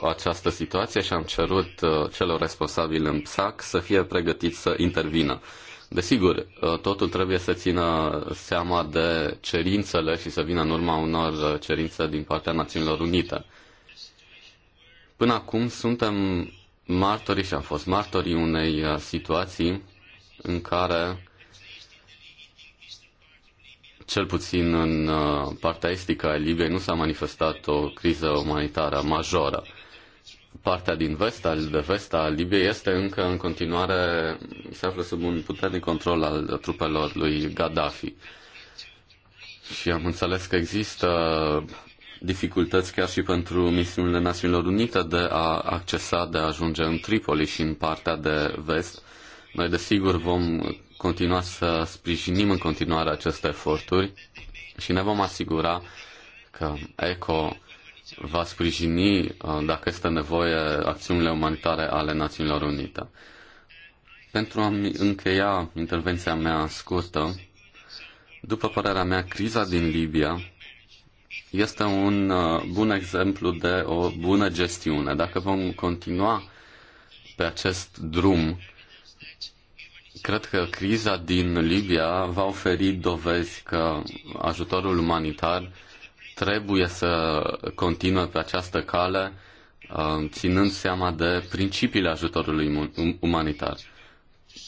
această situație și am cerut uh, celor responsabili în PSAC să fie pregătiți să intervină. Desigur, uh, totul trebuie să țină seama de cerințele și să vină în urma unor cerințe din partea Națiunilor Unite. Până acum suntem martorii și am fost martorii unei uh, situații în care cel puțin în uh, partea estică a Libiei nu s-a manifestat o criză umanitară majoră. Partea din vest, de vest a Libiei este încă în continuare, se află sub un puternic control al trupelor lui Gaddafi. Și am înțeles că există dificultăți chiar și pentru misiunile Națiunilor Unite de a accesa, de a ajunge în Tripoli și în partea de vest. Noi, desigur, vom continua să sprijinim în continuare aceste eforturi și ne vom asigura că ECO va sprijini, uh, dacă este nevoie, acțiunile umanitare ale Națiunilor Unite. Pentru a încheia intervenția mea scurtă, după părerea mea, criza din Libia este un uh, bun exemplu de o bună gestiune. Dacă vom continua pe acest drum, cred că criza din Libia va oferi dovezi că ajutorul umanitar trebuie să continue pe această cale, uh, ținând seama de principiile ajutorului um, umanitar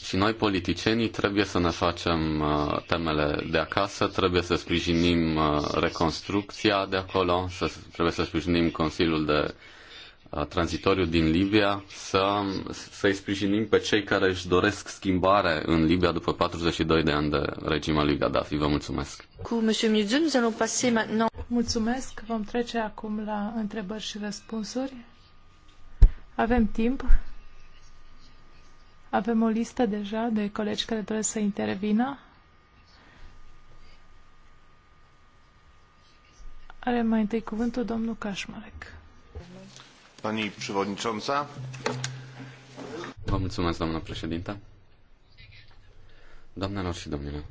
și noi, politicienii, trebuie să ne facem uh, temele de acasă, trebuie să sprijinim uh, reconstrucția de acolo, să, trebuie să sprijinim Consiliul de uh, tranzitoriu din Libia, să, să-i sprijinim pe cei care își doresc schimbare în Libia după 42 de ani de regim al lui Gaddafi. Vă mulțumesc. Cu Mulțumesc. Vom trece acum la întrebări și răspunsuri. Avem timp. Avem o listă deja de colegi care doresc să intervină. Are mai întâi cuvântul domnul Cașmarec. Pani Przewodnicząca. Vă mulțumesc, doamnă președintă. Doamnelor și domnilor,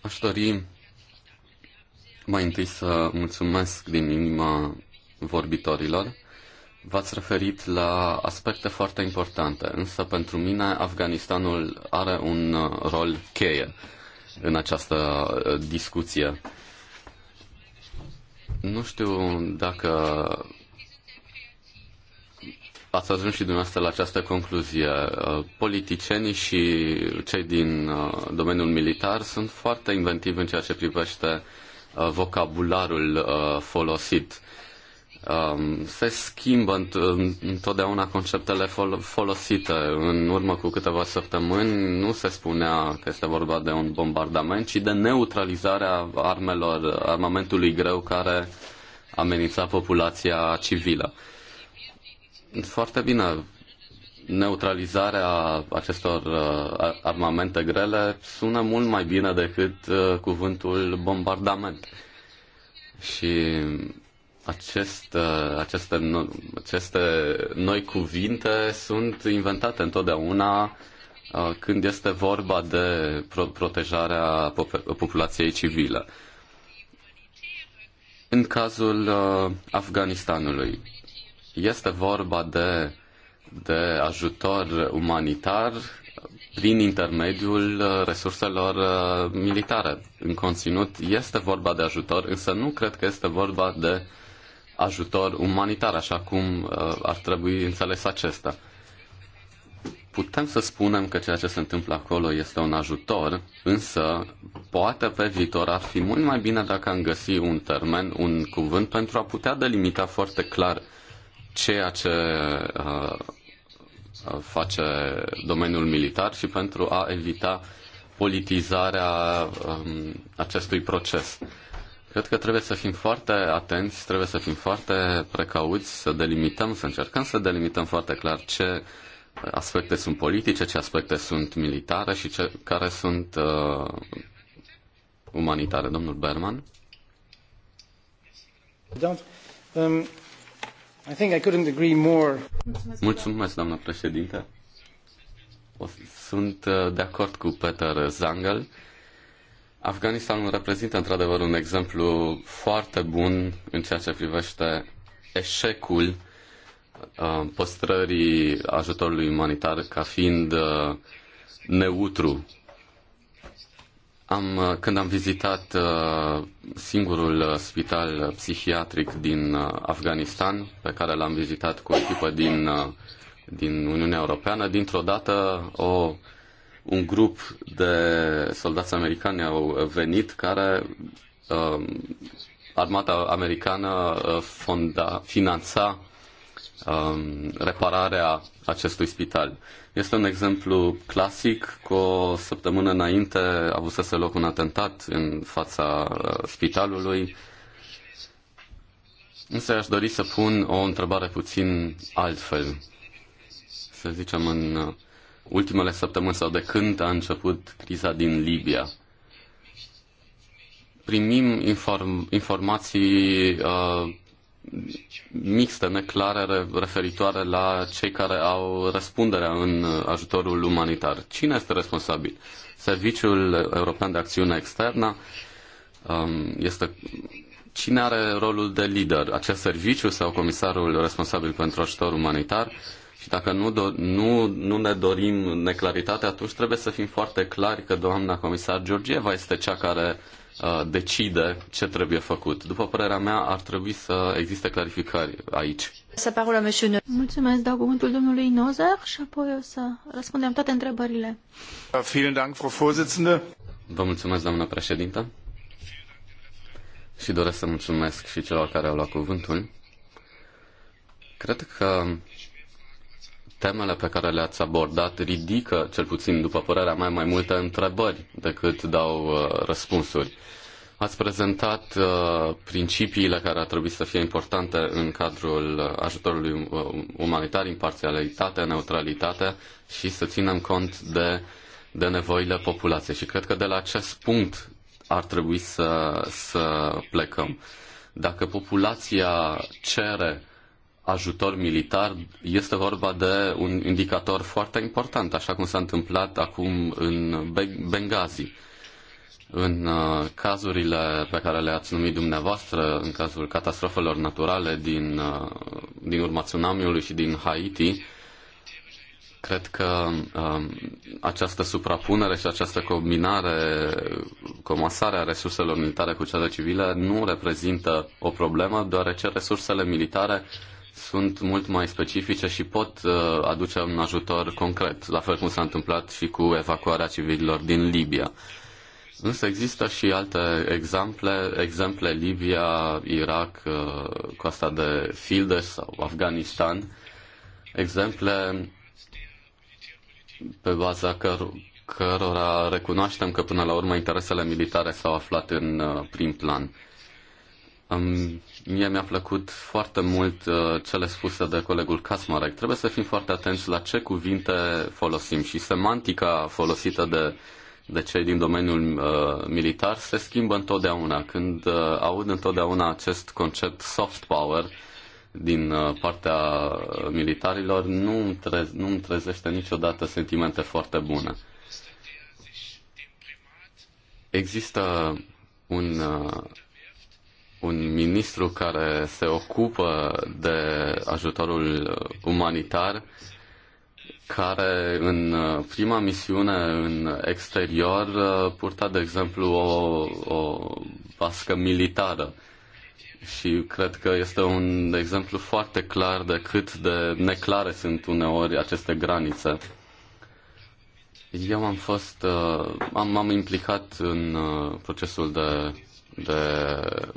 Aș dori mai întâi să mulțumesc din inima vorbitorilor V-ați referit la aspecte foarte importante, însă pentru mine Afganistanul are un uh, rol cheie în această uh, discuție. Nu știu dacă ați ajuns și dumneavoastră la această concluzie. Uh, politicienii și cei din domeniul militar sunt foarte inventivi în ceea ce privește vocabularul folosit. Um, se schimbă întotdeauna conceptele folosite. În urmă cu câteva săptămâni nu se spunea că este vorba de un bombardament, ci de neutralizarea armelor, armamentului greu care amenința populația civilă. Foarte bine, neutralizarea acestor uh, armamente grele sună mult mai bine decât uh, cuvântul bombardament. Și Uh, aceste, aceste, aceste noi cuvinte sunt inventate întotdeauna uh, când este vorba de protejarea populației civile. În cazul uh, Afganistanului, este vorba de, de ajutor umanitar prin intermediul resurselor militare. În conținut este vorba de ajutor, însă nu cred că este vorba de uh, ajutor umanitar, așa cum uh, ar trebui înțeles acesta. Putem să spunem că ceea ce se întâmplă acolo este un ajutor, însă poate pe viitor ar fi mult mai bine dacă am găsi un termen, un cuvânt pentru a putea delimita foarte clar ceea ce uh, uh face domeniul militar și pentru a evita politizarea um, acestui proces. Cred că trebuie să fim foarte atenți, trebuie să fim foarte precauți, să delimităm, să încercăm să delimităm foarte clar ce aspecte sunt politice, ce aspecte sunt militare și ce, care sunt uh, umanitare. Domnul Berman. Um, I think I couldn't agree more. Mulțumesc, Mulțumesc doamnă președinte. Sunt uh, de acord cu Peter Zangel Afganistanul reprezintă într-adevăr un exemplu foarte bun în ceea ce privește eșecul uh, păstrării ajutorului umanitar ca fiind uh, neutru. Am, uh, când am vizitat singurul spital psihiatric din Afganistan, pe care l-am vizitat cu o echipă din, din Uniunea Europeană, dintr-o dată o un grup de soldați americani au venit care uh, armata americană uh, fonda, finanța um, repararea acestui spital. Este un exemplu clasic cu o săptămână înainte a avut să se loc un atentat în fața uh, spitalului. Însă aș dori să pun o întrebare puțin altfel. Să zicem în ultimele săptămâni sau de când a început criza din Libia. Primim inform- informații uh, mixte, neclare, referitoare la cei care au răspunderea în ajutorul umanitar. Cine este responsabil? Serviciul European de Acțiune Externă um, este cine are rolul de lider, acest serviciu sau comisarul responsabil pentru ajutor umanitar, și dacă nu, do- nu, nu ne dorim neclaritate, atunci trebuie să fim foarte clari că doamna comisar Georgieva este cea care uh, decide ce trebuie făcut. După părerea mea, ar trebui să existe clarificări aici. Să Mulțumesc, dau cuvântul domnului Nozer și apoi o să răspundem toate întrebările. Vă mulțumesc, doamnă președintă. Și doresc să mulțumesc și celor care au luat cuvântul. Cred că temele pe care le-ați abordat ridică, cel puțin după părerea mea, mai multe întrebări decât dau uh, răspunsuri. Ați prezentat uh, principiile care ar trebui să fie importante în cadrul uh, ajutorului uh, umanitar, imparțialitate, neutralitate și să ținem cont de, de nevoile populației. Și cred că de la acest punct ar trebui să, să plecăm. Dacă populația cere uh, ajutor militar, este vorba de un indicator foarte important, așa cum s-a întâmplat acum în Benghazi. În uh, cazurile pe care le-ați numit dumneavoastră, în cazul catastrofelor naturale din, uh, din urma tsunamiului și din Haiti, cred că um, această suprapunere și această combinare, comasare resurselor militare cu cele civile nu reprezintă o problemă, deoarece resursele militare sunt mult mai specifice și pot uh, aduce un ajutor concret, la fel cum s-a întâmplat și cu evacuarea civililor din Libia. Însă există și alte exemple, exemple Libia, Irak, uh, coasta de Fildeș sau Afganistan, exemple pe baza căr- cărora recunoaștem că până la urmă interesele militare s-au aflat în uh, prim plan. Mie mi-a plăcut foarte mult uh, cele spuse de colegul Kasmarek. Trebuie să fim foarte atenți la ce cuvinte folosim și semantica folosită de, de cei din domeniul uh, militar se schimbă întotdeauna. Când uh, aud întotdeauna acest concept soft power din uh, partea militarilor, nu îmi, trez, nu îmi trezește niciodată sentimente foarte bune. Există un. Uh, un ministru care se ocupă de ajutorul umanitar, care în prima misiune în exterior uh, purta, de exemplu, o, o bască militară. Și cred că este un exemplu foarte clar de cât de neclare sunt uneori aceste granițe. Eu am fost, uh, am, am implicat în uh, procesul de de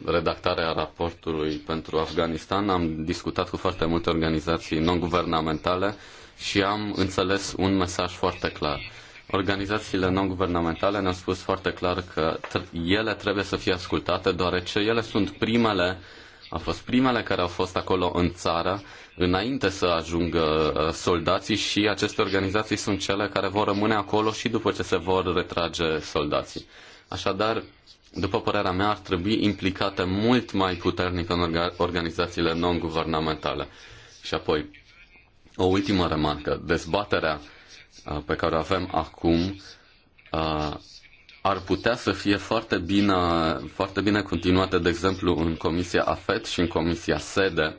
redactare a raportului pentru Afganistan am discutat cu foarte multe organizații non-guvernamentale și am înțeles un mesaj foarte clar. Organizațiile non-guvernamentale ne-au spus foarte clar că ele trebuie să fie ascultate, deoarece ele sunt primele, au fost primele care au fost acolo în țară, înainte să ajungă uh, soldații și aceste organizații sunt cele care vor rămâne acolo și după ce se vor retrage soldații. Așadar, după părerea mea, ar trebui implicate mult mai puternic în organizațiile non-guvernamentale. Și apoi, o ultimă remarcă. Dezbaterea uh, pe care o avem acum uh, ar putea să fie foarte bine, foarte bine continuată, de exemplu, în Comisia AFET și în Comisia SEDE,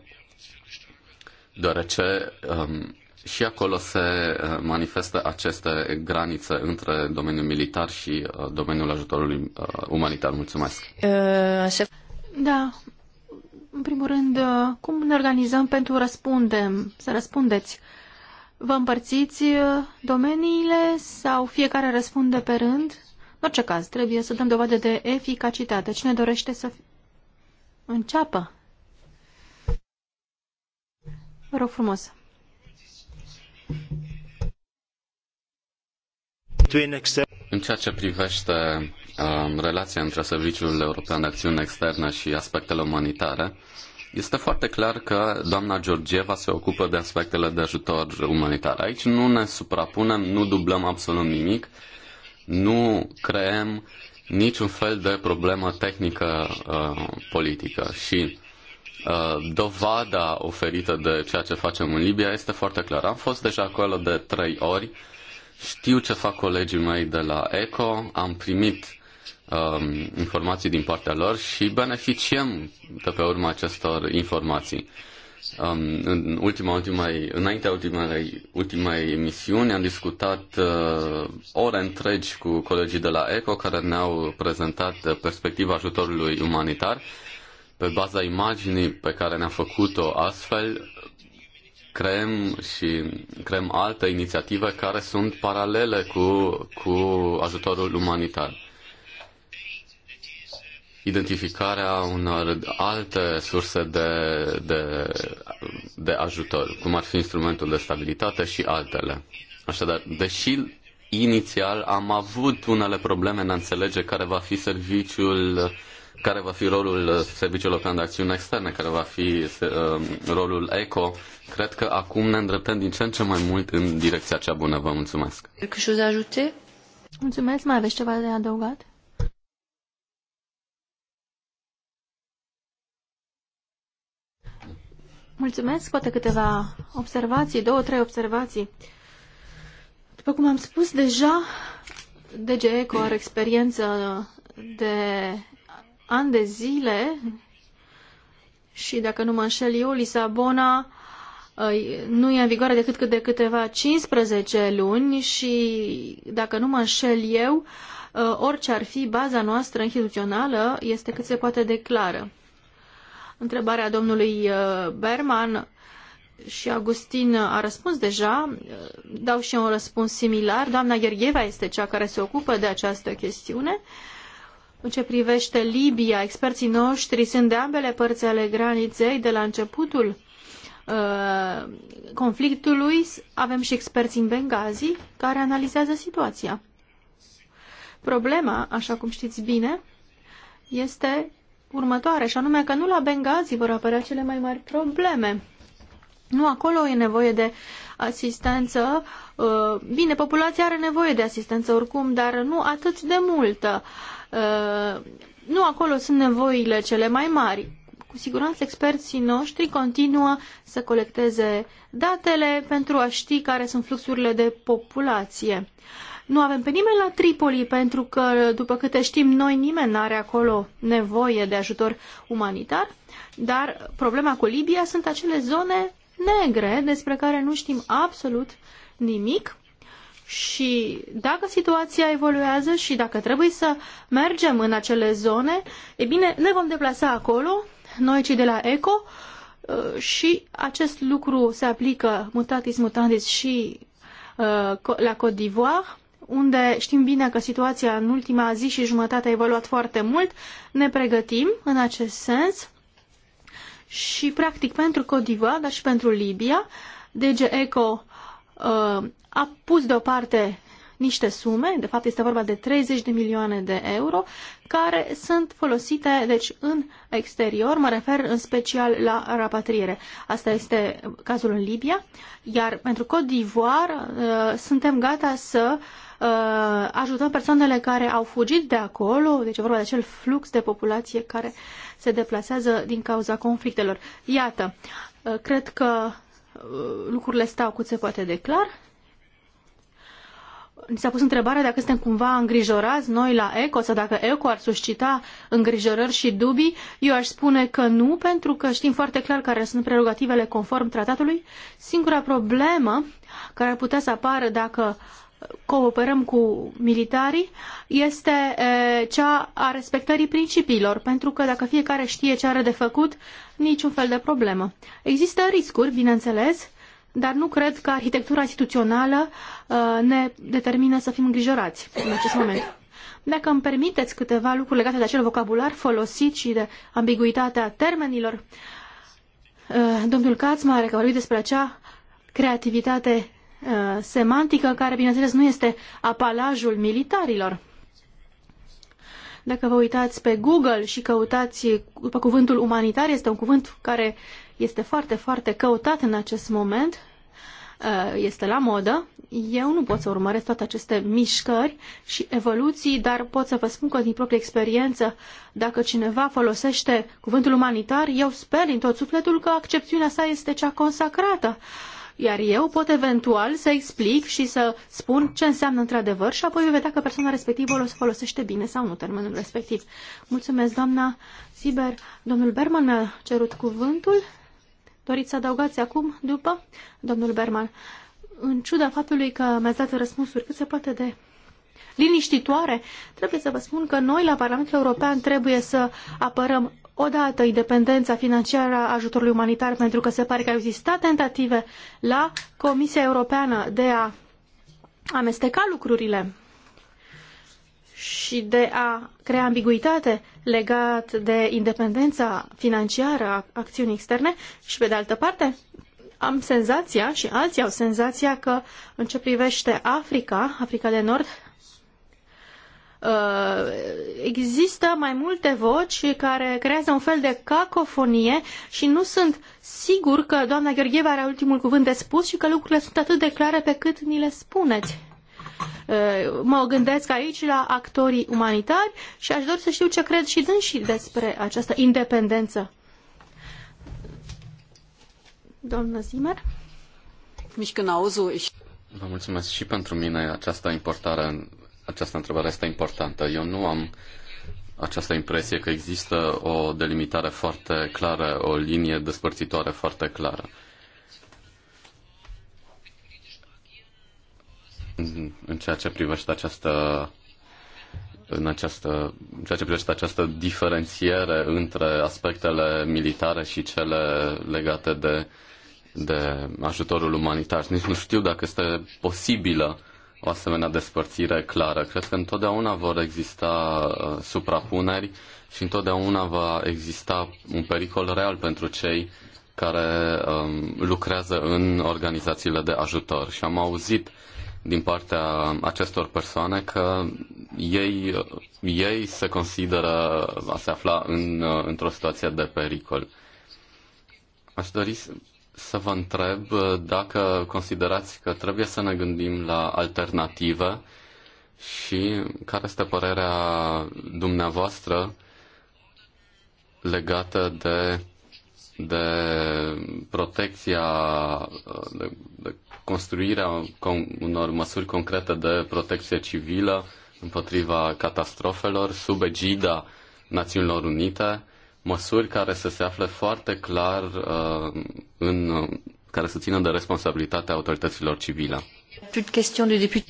deoarece um, și acolo se uh, manifestă aceste granițe între domeniul militar și uh, domeniul ajutorului uh, umanitar. Mulțumesc. Da. În primul rând, cum ne organizăm pentru răspundem, să răspundeți? Vă împărțiți domeniile sau fiecare răspunde pe rând? În orice caz, trebuie să dăm dovadă de eficacitate. Cine dorește să înceapă? Vă rog frumos. În ceea ce privește uh, relația între Serviciul European de Acțiune Externă și aspectele umanitare, este foarte clar că doamna Georgieva se ocupă de aspectele de ajutor umanitar. Aici nu ne suprapunem, nu dublăm absolut nimic, nu creăm niciun fel de problemă tehnică uh, politică și Uh, dovada oferită de ceea ce facem în Libia este foarte clară. Am fost deja acolo de trei ori, știu ce fac colegii mei de la ECO, am primit um, informații din partea lor și beneficiem de pe urma acestor informații. Um, în ultima, ultimei, înaintea ultimei, ultimei emisiuni am discutat uh, ore întregi cu colegii de la ECO care ne-au prezentat perspectiva ajutorului umanitar pe baza imaginii pe care ne-a făcut-o astfel, creăm și creăm alte inițiative care sunt paralele cu, cu ajutorul umanitar. Identificarea unor alte surse de, de, de ajutor, cum ar fi instrumentul de stabilitate și altele. Așadar, deși inițial am avut unele probleme în a înțelege care va fi serviciul care va fi rolul uh, Serviciului European de Acțiune Externă, care va fi uh, rolul ECO, cred că acum ne îndreptăm din ce în ce mai mult în direcția cea bună. Vă mulțumesc. Mulțumesc. Mai aveți ceva de adăugat? Mulțumesc. Poate câteva observații, două, trei observații. După cum am spus deja, DGECO are experiență de ani de zile și, dacă nu mă înșel eu, Lisabona uh, nu e în vigoare decât cât de câteva 15 luni și, dacă nu mă înșel eu, uh, orice ar fi baza noastră instituțională este cât se poate de clară. Întrebarea domnului uh, Berman și Augustin a răspuns deja, dau și eu un răspuns similar. Doamna Ghergheva este cea care se ocupă de această chestiune. Uh, în ce privește Libia, experții noștri sunt de ambele părți ale graniței de la începutul uh, conflictului. Avem și experți în Benghazi care analizează situația. Problema, așa cum știți bine, este următoare, și anume că nu la Benghazi vor apărea cele mai mari probleme. Nu acolo e nevoie de asistență uh, Uh, bine, populația are nevoie de asistență oricum, dar nu atât de multă. Uh, nu acolo sunt nevoile cele mai mari. Cu siguranță experții noștri continuă să colecteze datele pentru a ști care sunt fluxurile de populație. Nu avem pe nimeni la Tripoli pentru că, după câte știm noi, nimeni nu are acolo nevoie de ajutor umanitar, dar problema cu Libia sunt acele zone negre despre care nu știm absolut nimic și dacă situația evoluează și dacă trebuie să mergem în acele zone, e bine, ne vom deplasa acolo, noi cei de la ECO, uh, și acest lucru se aplică mutatis mutandis și uh, la Côte d'Ivoire, unde știm bine că situația în ultima zi și jumătate a evoluat foarte mult, ne pregătim în acest sens și practic pentru Côte d'Ivoire, dar și pentru Libia, DG deci, ECO Uh, a pus deoparte niște sume, de fapt este vorba de 30 de milioane de euro, care sunt folosite deci în exterior, mă refer în special la rapatriere. Asta este cazul în Libia, iar pentru Côte d'Ivoire uh, suntem gata să uh, ajutăm persoanele care au fugit de acolo, deci e vorba de acel flux de populație care se deplasează din cauza conflictelor. Iată, cred că lucrurile stau cât se poate de clar. Ni s-a pus întrebarea dacă suntem cumva îngrijorați noi la ECO sau dacă ECO ar suscita îngrijorări și dubii. Eu aș spune că nu, pentru că știm foarte clar care sunt prerogativele conform tratatului. Singura problemă care ar putea să apară dacă uh, cooperăm cu militarii este cea a respectării principiilor, pentru că dacă fiecare știe ce are de făcut, niciun fel de problemă. Există riscuri, bineînțeles, dar nu cred că arhitectura instituțională ne determină să fim îngrijorați în acest moment. Dacă îmi permiteți câteva lucruri legate de acel vocabular folosit și de ambiguitatea termenilor, domnul are că vorbit despre acea creativitate Uh, semantică care, bineînțeles, nu este apalajul militarilor. Dacă vă uitați pe Google și căutați după cuvântul umanitar, este un cuvânt care este foarte, foarte căutat în acest moment, uh, este la modă. Eu nu pot să urmăresc toate aceste mișcări și evoluții, dar pot să vă spun că din proprie experiență, dacă cineva folosește cuvântul umanitar, eu sper din tot sufletul că accepțiunea sa este cea consacrată. Uh, iar eu pot eventual să explic și să spun ce înseamnă într-adevăr și apoi voi vedea că persoana respectivă o folosește bine sau nu termenul respectiv. Mulțumesc, doamna Siber. Domnul Berman mi-a cerut cuvântul. Doriți să adăugați acum, după? Domnul Berman, în ciuda faptului că mi-ați dat răspunsuri cât se poate de liniștitoare, trebuie să vă spun că noi la Parlamentul European trebuie să apărăm odată independența financiară a ajutorului umanitar, pentru că se pare că au existat tentative la Comisia Europeană de a amesteca lucrurile și de a crea ambiguitate legat de independența financiară a acțiunii externe și, pe de altă parte, am senzația și alții au senzația că, în ce privește Africa, Africa de Nord, Uh, există mai multe voci care creează un fel de cacofonie și nu sunt sigur că doamna Gheorgheva are ultimul cuvânt de spus și că lucrurile sunt atât de clare pe cât ni le spuneți. Uh, mă gândesc aici la actorii umanitari și aș dori să știu ce cred și dânsii despre această independență. Doamna Zimmer? Vă mulțumesc și pentru mine această importare în această întrebare este importantă. Eu nu am această impresie că există o delimitare foarte clară, o linie despărțitoare foarte clară. În ceea ce privește această în această, în ceea ce privește această diferențiere între aspectele militare și cele legate de, de ajutorul umanitar. Nici nu știu dacă este posibilă o asemenea despărțire clară. Cred că întotdeauna vor exista uh, suprapuneri și întotdeauna va exista un pericol real pentru cei care um, lucrează în organizațiile de ajutor. Și am auzit din partea acestor persoane că ei, ei se consideră a se afla în, uh, într-o situație de pericol. Aș dori să vă întreb uh, dacă considerați că trebuie să ne gândim la alternative și care este părerea dumneavoastră legată de, de protecția, uh, de, de construirea unor măsuri concrete de protecție civilă împotriva catastrofelor sub egida Națiunilor Unite măsuri care să se afle foarte clar uh, în, uh, care să țină de responsabilitatea autorităților civile.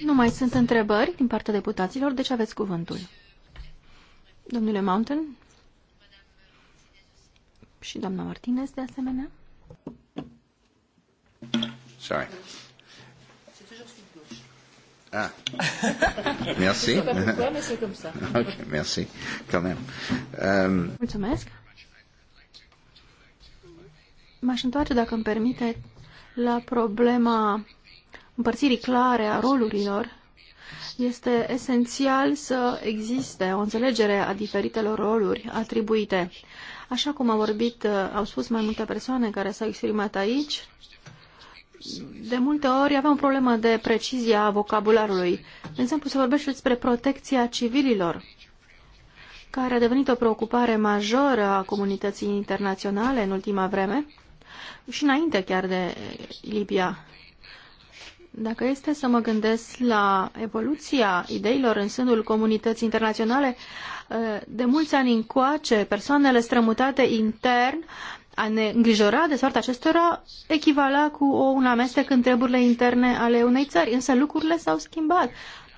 Nu mai sunt întrebări din partea deputaților, deci aveți cuvântul. Domnule Mountain și doamna Martinez, de asemenea. Sorry. Ah. Merci. Okay, merci. Quand même. Um... Mulțumesc. M-aș întoarce, dacă îmi permite, la problema împărțirii clare a rolurilor. Este esențial să existe o înțelegere a diferitelor roluri atribuite. Așa cum au vorbit, uh, au spus mai multe persoane care s-au exprimat aici, de multe ori aveam o problemă de precizie a vocabularului. De exemplu, se vorbește despre protecția civililor, care a devenit o preocupare majoră a comunității internaționale în ultima vreme și înainte chiar de Libia. Dacă este să mă gândesc la evoluția ideilor în sânul comunității internaționale, eh, de mulți ani încoace, persoanele strămutate intern a ne îngrijora de soarta acestora echivala cu o, un amestec în treburile interne ale unei țări, însă lucrurile s-au schimbat.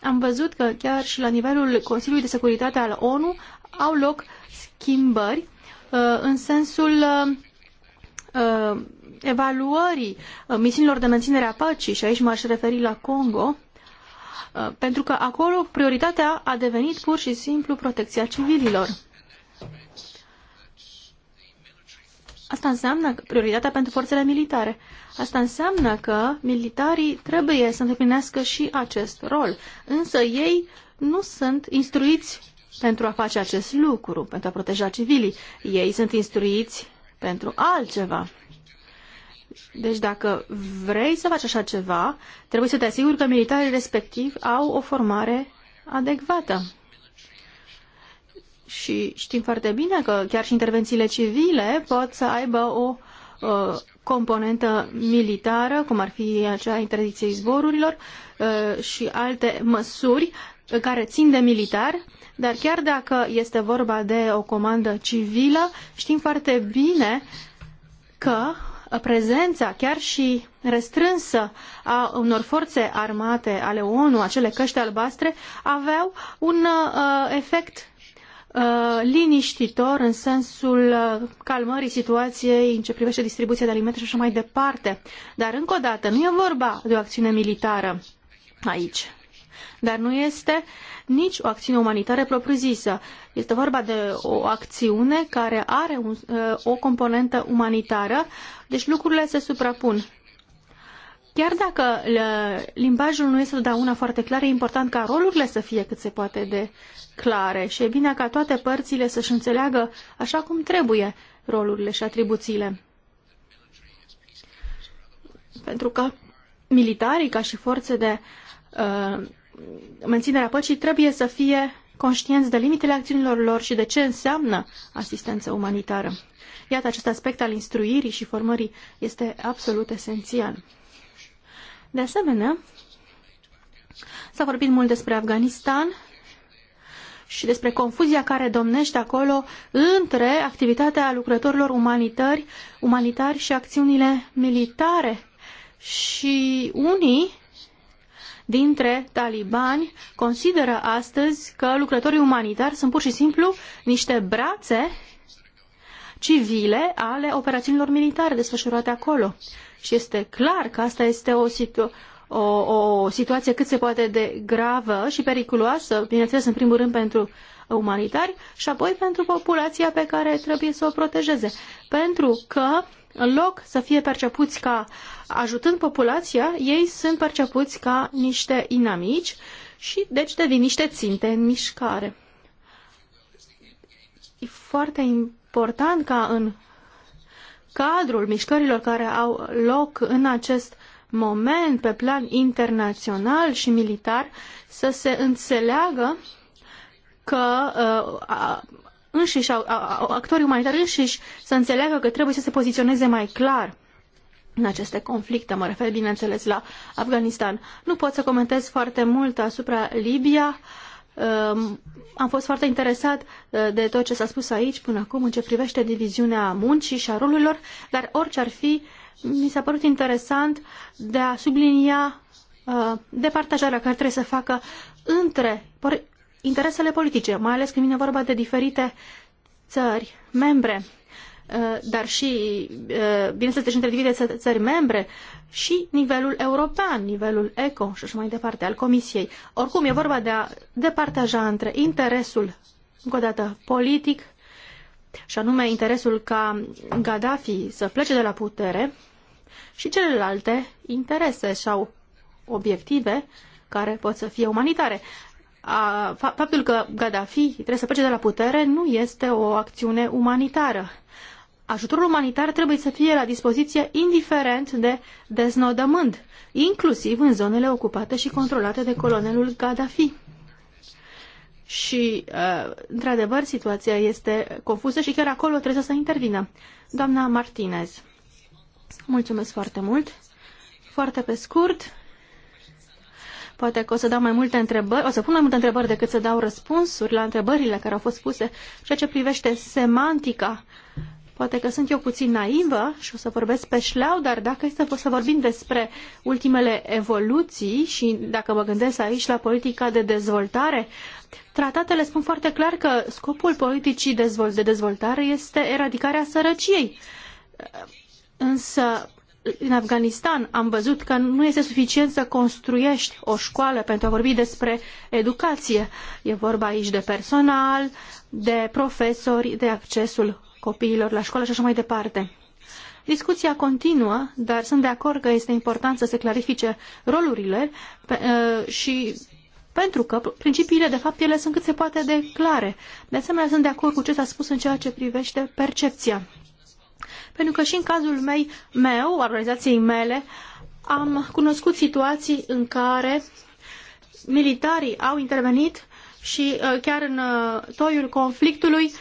Am văzut că chiar și la nivelul Consiliului de Securitate al ONU au loc schimbări eh, în sensul eh, uh, evaluării uh, misiunilor de menținere a păcii, și aici m-aș referi la Congo, uh, pentru că acolo prioritatea a devenit pur și simplu protecția civililor. Asta înseamnă că prioritatea pentru forțele militare. Asta înseamnă că militarii trebuie să îndeplinească și acest rol, însă ei nu sunt instruiți pentru a face acest lucru, pentru a proteja civilii. Ei sunt instruiți pentru altceva. Deci dacă vrei să faci așa ceva, trebuie să te asiguri că militarii respectivi au o formare adecvată. Și știm foarte bine că chiar și intervențiile civile pot să aibă o uh, componentă militară, cum ar fi acea interdicție zborurilor uh, și alte măsuri care țin de militar, dar chiar dacă este vorba de o comandă civilă, știm foarte bine că prezența chiar și restrânsă a unor forțe armate ale ONU, acele căști albastre, aveau un uh, efect uh, liniștitor în sensul uh, calmării situației în ce privește distribuția de alimente și așa mai departe. Dar, încă o dată, nu e vorba de o acțiune militară aici dar nu este nici o acțiune umanitară propriu-zisă. Este vorba de o acțiune care are un, uh, o componentă umanitară, deci lucrurile se suprapun. Chiar dacă uh, limbajul nu este totdeauna foarte clar, e important ca rolurile să fie cât se poate de clare și e bine ca toate părțile să-și înțeleagă așa cum trebuie rolurile și atribuțiile. Pentru că militarii, ca și forțe de uh, menținerea păcii trebuie să fie conștienți de limitele acțiunilor lor și de ce înseamnă asistență umanitară. Iată, acest aspect al instruirii și formării este absolut esențial. De asemenea, s-a vorbit mult despre Afganistan și despre confuzia care domnește acolo între activitatea lucrătorilor umanitari, umanitari și acțiunile militare. Și unii dintre talibani consideră astăzi că lucrătorii umanitari sunt pur și simplu niște brațe civile ale operațiunilor militare desfășurate acolo. Și este clar că asta este o, situ- o, o situație cât se poate de gravă și periculoasă, bineînțeles, în primul rând pentru umanitari și apoi pentru populația pe care trebuie să o protejeze. Pentru că în loc să fie percepuți ca ajutând populația, ei sunt percepuți ca niște inamici și deci devin niște ținte în mișcare. E foarte important ca în cadrul mișcărilor care au loc în acest moment pe plan internațional și militar să se înțeleagă că uh, înșiși, actorii umanitari înșiși să înțeleagă că trebuie să se poziționeze mai clar în aceste conflicte, mă refer bineînțeles la Afganistan. Nu pot să comentez foarte mult asupra Libia, um, am fost foarte interesat uh, de tot ce s-a spus aici până acum în ce privește diviziunea muncii și a rolurilor, dar orice ar fi, mi s-a părut interesant de a sublinia uh, departajarea care trebuie să facă între interesele politice, mai ales când vine vorba de diferite țări membre, uh, dar și, uh, bineînțeles, deci între diferite țări membre și nivelul european, nivelul ECO și așa mai departe, al Comisiei. Oricum, e vorba de a departaja între interesul, încă o dată, politic și anume interesul ca Gaddafi să plece de la putere și celelalte interese sau obiective care pot să fie umanitare a, faptul că Gaddafi trebuie să plece de la putere nu este o acțiune umanitară. Ajutorul umanitar trebuie să fie la dispoziție indiferent de deznodământ, inclusiv în zonele ocupate și controlate de colonelul Gaddafi. Și, uh, într-adevăr, situația este confuză și chiar acolo trebuie să intervină. Doamna Martinez, mulțumesc foarte mult. Foarte pe scurt, Poate că o să dau mai multe întrebări, o să pun mai multe întrebări decât să dau răspunsuri la întrebările care au fost puse. Ceea ce privește semantica, poate că sunt eu puțin naivă și o să vorbesc pe șleau, dar dacă este să vorbim despre ultimele evoluții și dacă mă gândesc aici la politica de dezvoltare, tratatele spun foarte clar că scopul politicii de dezvoltare este eradicarea sărăciei. Însă în Afganistan am văzut că nu este suficient să construiești o școală pentru a vorbi despre educație. E vorba aici de personal, de profesori, de accesul copiilor la școală și așa mai departe. Discuția continuă, dar sunt de acord că este important să se clarifice rolurile pe, ă, și pentru că principiile, de fapt, ele sunt cât se poate de clare. De asemenea, sunt de acord cu ce s-a spus în ceea ce privește percepția pentru că și în cazul mei, meu, organizației mele, am cunoscut situații în care militarii au intervenit și uh, chiar în uh, toiul conflictului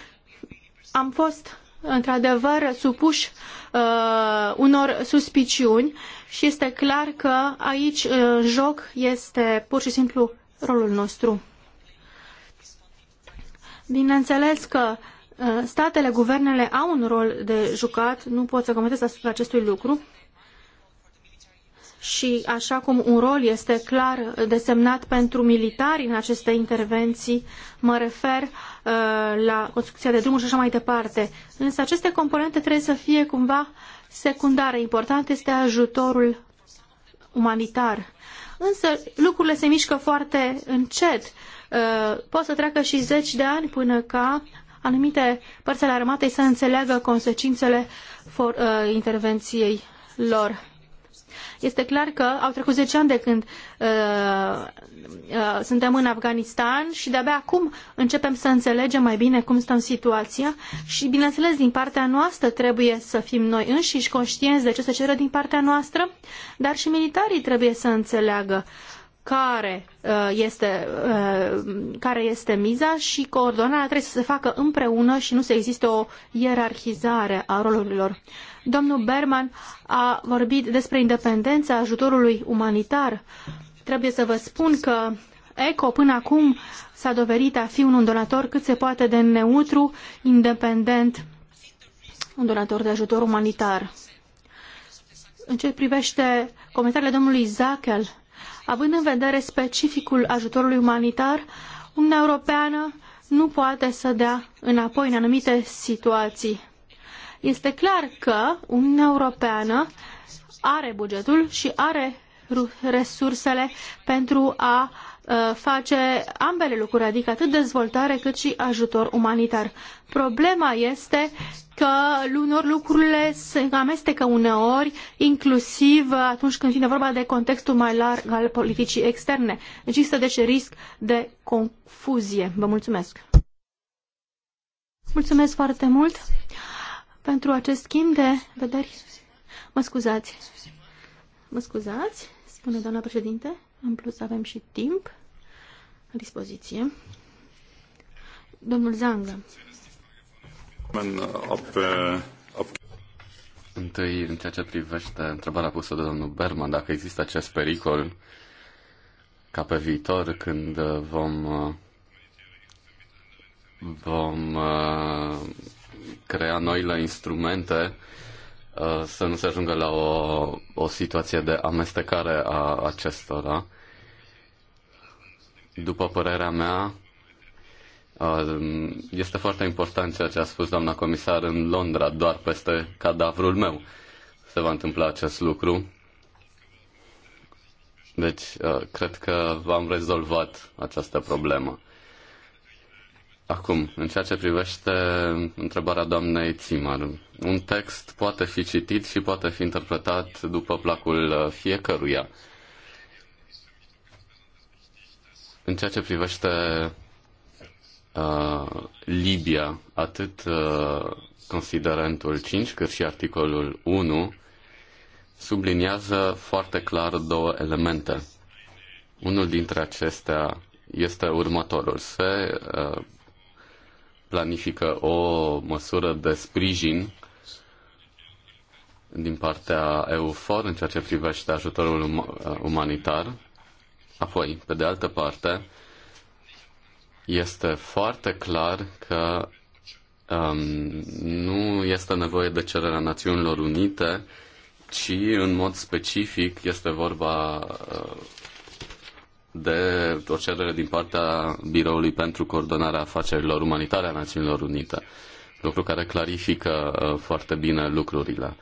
am fost într-adevăr supuși uh, unor suspiciuni și este clar că aici uh, în joc este pur și simplu rolul nostru. Bineînțeles că Statele, guvernele au un rol de jucat, nu pot să comentez asupra acestui lucru, și așa cum un rol este clar desemnat pentru militari în aceste intervenții, mă refer uh, la construcția de drumuri și așa mai departe. Însă aceste componente trebuie să fie cumva secundare. Important este ajutorul umanitar. Însă lucrurile se mișcă foarte încet. Uh, pot să treacă și zeci de ani până ca anumite părți ale armatei să înțeleagă consecințele for, uh, intervenției lor. Este clar că au trecut zece ani de când uh, uh, suntem în Afganistan și de-abia acum începem să înțelegem mai bine cum stăm situația și, bineînțeles, din partea noastră trebuie să fim noi înșiși conștienți de ce se cere din partea noastră, dar și militarii trebuie să înțeleagă uh, care uh, este, uh, care este miza și coordonarea trebuie să se facă împreună și nu să existe o ierarhizare a rolurilor. Domnul Berman a vorbit despre independența ajutorului umanitar. Trebuie să vă spun că ECO până acum s-a dovedit a fi un donator cât se poate de neutru, independent, un donator de ajutor umanitar. În ce privește comentariile domnului Zachel, Având în vedere specificul ajutorului umanitar, Uniunea Europeană nu poate să dea înapoi în anumite situații. Este clar că Uniunea Europeană are bugetul și are resursele pentru a Uh, face ambele lucruri, adică atât dezvoltare cât și ajutor umanitar. Problema este că unor lucrurile se amestecă uneori, inclusiv atunci când vine vorba de contextul mai larg al politicii externe. Există deci risc de confuzie. Vă mulțumesc! Mulțumesc foarte mult pentru acest schimb de vederi. Mă scuzați. Mă scuzați, spune doamna președinte. În plus avem și timp dispoziție. Domnul Zangă. Uh, uh, Întâi, în ceea ce privește întrebarea pusă de domnul Berman, dacă există acest pericol ca pe viitor când uh, vom vom crea noile instrumente să nu se ajungă la o, o situație de amestecare a acestora. După părerea mea, uh, este foarte important ceea ce a spus doamna comisar în Londra, doar peste cadavrul meu se va întâmpla acest lucru. Deci, uh, cred că am rezolvat această problemă. Acum, în ceea ce privește întrebarea doamnei Țimar, un text poate fi citit și poate fi interpretat după placul uh, fiecăruia. În ceea ce privește uh, Libia, atât uh, considerentul 5 cât și articolul 1 subliniază foarte clar două elemente. Unul dintre acestea este următorul. Se uh, planifică o măsură de sprijin din partea EUFOR în ceea ce privește ajutorul um- uh, umanitar Apoi, pe de altă parte, este foarte clar că um, nu este nevoie de cererea Națiunilor Unite, ci în mod specific este vorba uh, de o cerere din partea Biroului pentru Coordonarea Afacerilor Umanitare a Națiunilor Unite, lucru care clarifică uh, foarte bine lucrurile.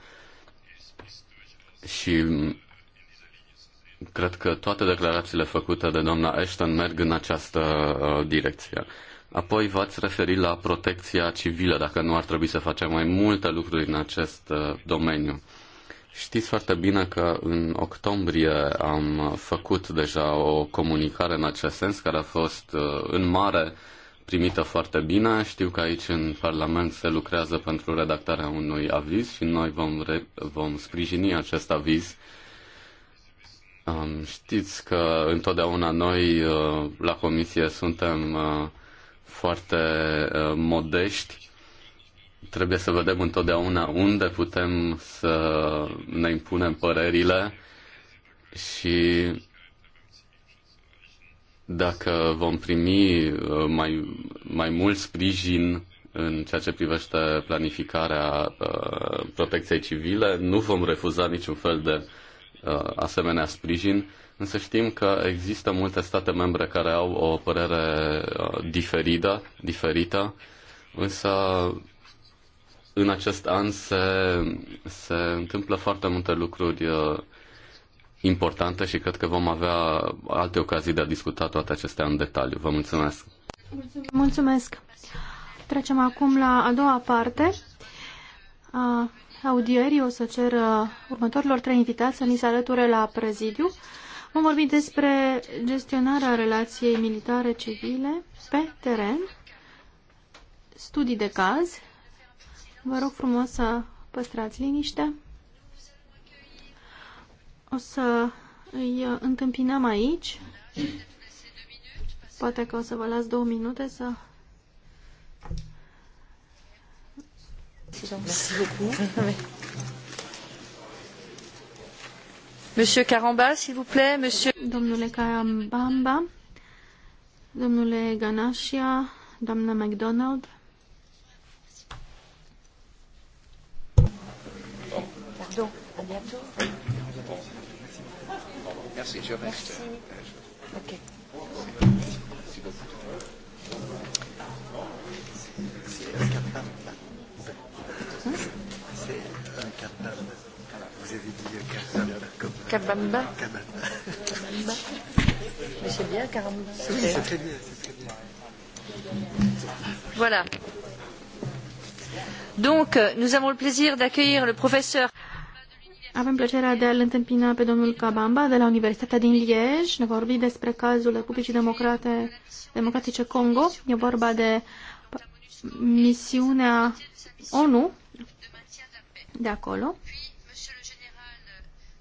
Și Cred că toate declarațiile făcute de doamna Ashton merg în această uh, direcție. Apoi v-ați referit la protecția civilă, dacă nu ar trebui să facem mai multe lucruri în acest uh, domeniu. Știți foarte bine că în octombrie am făcut deja o comunicare în acest sens, care a fost uh, în mare primită foarte bine. Știu că aici în Parlament se lucrează pentru redactarea unui aviz și noi vom, re- vom sprijini acest aviz uh, Um, știți că întotdeauna noi uh, la comisie suntem uh, foarte uh, modești. Trebuie să vedem întotdeauna unde putem să ne impunem părerile și dacă vom primi mai, mai mult sprijin în ceea ce privește planificarea protecției civile, nu vom refuza niciun fel de uh, Uh, asemenea sprijin, însă știm că există multe state membre care au o părere uh, diferită, diferită însă în acest an se, se întâmplă foarte multe lucruri uh, importante și cred că vom avea alte ocazii de a discuta toate acestea în detaliu. Vă mulțumesc! Mulțumesc! Trecem acum la a doua parte a audierii o să cer uh, următorilor trei invitați să ni se alăture la prezidiu. Vom vorbi despre gestionarea relației militare-civile pe teren, studii de caz. Vă rog frumos să păstrați liniște. O să îi întâmpinăm aici. Poate că o să vă las două minute să Merci beaucoup. Monsieur Caramba, s'il vous plaît, monsieur... Domnule Carambamba, domnule Ganașia, doamna McDonald. Pardon, à bientôt. Merci, je reste. Merci. Okay. Vous avez dit Kabamba. Kabamba. Mais c'est bien, Karamba. Oui, c'est très bien, Voilà. Donc, euh, nous avons le plaisir d'accueillir le professeur. Avem plăcerea de a-l întâmpina pe domnul Cabamba de la Universitatea din Liege. Ne vorbi despre cazul Republicii Democrate, Democratice Congo. E vorba de misiunea ONU de acolo.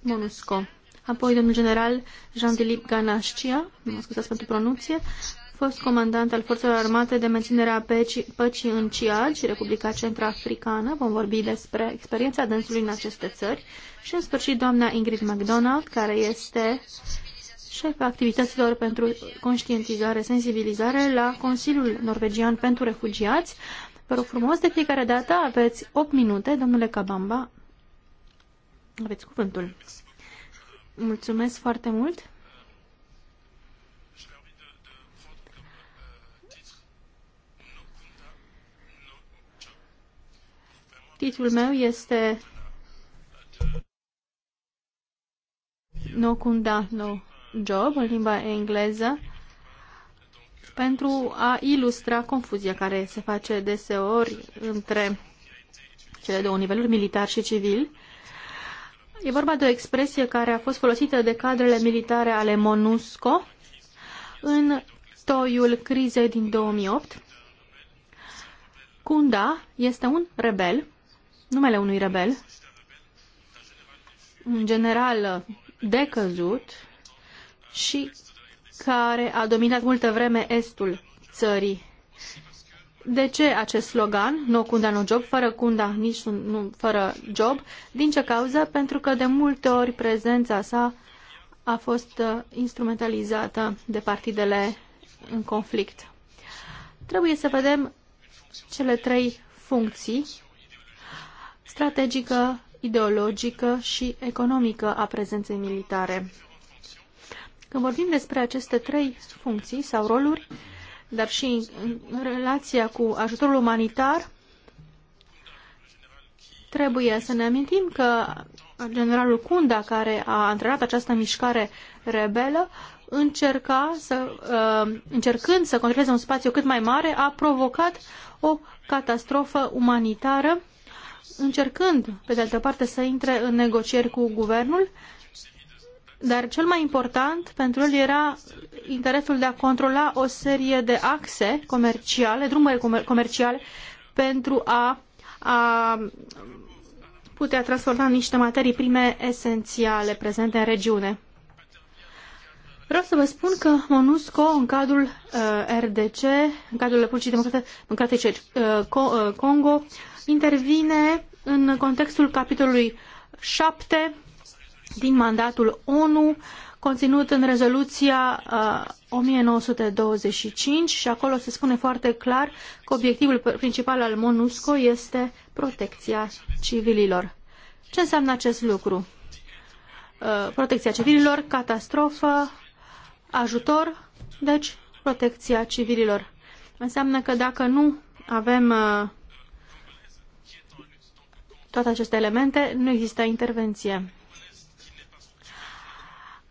MONUSCO. Apoi domnul general Jean-Philippe Ganașcia, mă scuzați pentru pronunție, fost comandant al Forțelor Armate de menținere a păcii în Ciad Republica Centrafricană. Vom vorbi despre experiența dânsului în aceste țări. Și în sfârșit doamna Ingrid McDonald, care este șefa activităților pentru conștientizare, sensibilizare la Consiliul Norvegian pentru Refugiați. Vă rog frumos, de fiecare dată aveți 8 minute, domnule Cabamba. Aveți cuvântul. Mulțumesc foarte mult. Titlul meu este No Cunda, No Job, în limba engleză pentru a ilustra confuzia care se face deseori între cele două niveluri, militar și civil. E vorba de o expresie care a fost folosită de cadrele militare ale MONUSCO în toiul crizei din 2008. Kunda este un rebel, numele unui rebel, un general decăzut și care a dominat multă vreme estul țării. De ce acest slogan, no cunda, no job, fără cunda, nici nu, fără job? Din ce cauză? Pentru că de multe ori prezența sa a fost uh, instrumentalizată de partidele în conflict. Trebuie să vedem cele trei funcții strategică, ideologică și economică a prezenței militare. Când vorbim despre aceste trei funcții sau roluri, dar și în relația cu ajutorul umanitar, trebuie să ne amintim că generalul Kunda, care a antrenat această mișcare rebelă, încerca să, uh, încercând să controleze un spațiu cât mai mare, a provocat o catastrofă umanitară, încercând, pe de altă parte, să intre în negocieri cu guvernul dar cel mai important pentru el era interesul de a controla o serie de axe comerciale, drumuri comerciale, pentru a, a putea transforma niște materii prime esențiale prezente în regiune. Vreau să vă spun că MONUSCO, în cadrul uh, RDC, în cadrul Republicii Democrate, Democratice uh, uh, Congo, intervine în contextul capitolului 7 din mandatul ONU conținut în rezoluția uh, 1925 și acolo se spune foarte clar că obiectivul principal al MONUSCO este protecția civililor. Ce înseamnă acest lucru? Uh, protecția civililor, catastrofă, ajutor, deci protecția civililor. Înseamnă că dacă nu avem uh, toate aceste elemente, nu există intervenție.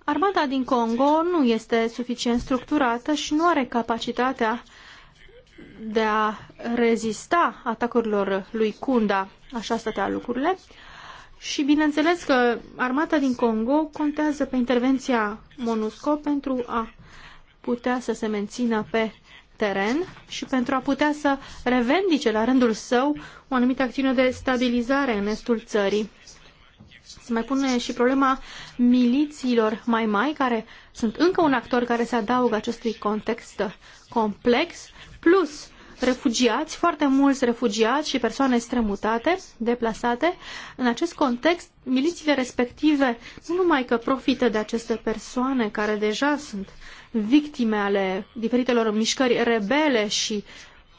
Armata din Congo nu este suficient structurată și nu are capacitatea de a rezista atacurilor lui Kunda, așa stătea lucrurile. Și bineînțeles că armata din Congo contează pe intervenția MONUSCO pentru a putea să se mențină pe teren și pentru a putea să revendice la rândul său o anumită acțiune de stabilizare în estul țării se mai pune și problema milițiilor mai mai care sunt încă un actor care se adaugă acestui context complex, plus refugiați, foarte mulți refugiați și persoane strămutate, deplasate. În acest context, milițiile respective nu numai că profită de aceste persoane care deja sunt victime ale diferitelor mișcări rebele și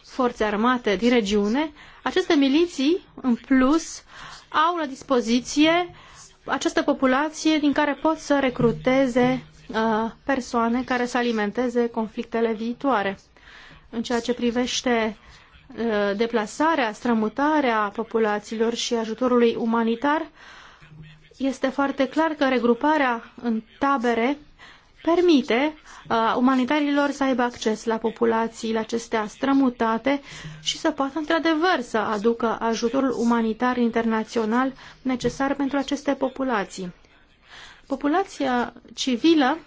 forțe armate din regiune, aceste miliții, în plus, uh, au la dispoziție această populație din care pot să recruteze uh, persoane care să alimenteze conflictele viitoare. În ceea ce privește uh, deplasarea, strămutarea populațiilor și ajutorului umanitar, este foarte clar că regruparea în tabere permite uh, umanitarilor să aibă acces la populațiile acestea strămutate și să poată într-adevăr să aducă ajutorul umanitar internațional necesar pentru aceste populații. Populația civilă,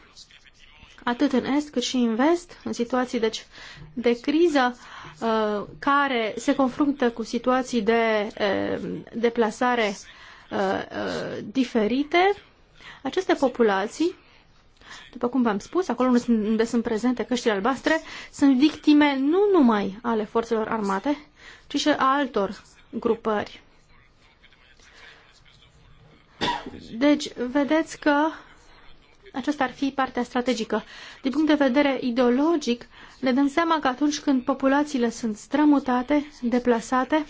atât în est cât și în vest, în situații deci, de criză, uh, care se confruntă cu situații de uh, deplasare uh, uh, diferite, aceste populații după cum v-am spus, acolo unde sunt, unde sunt prezente căștile albastre, sunt victime nu numai ale forțelor armate, ci și a altor grupări. Deci, vedeți că aceasta ar fi partea strategică. Din punct de vedere ideologic, ne dăm seama că atunci când populațiile sunt strămutate, deplasate,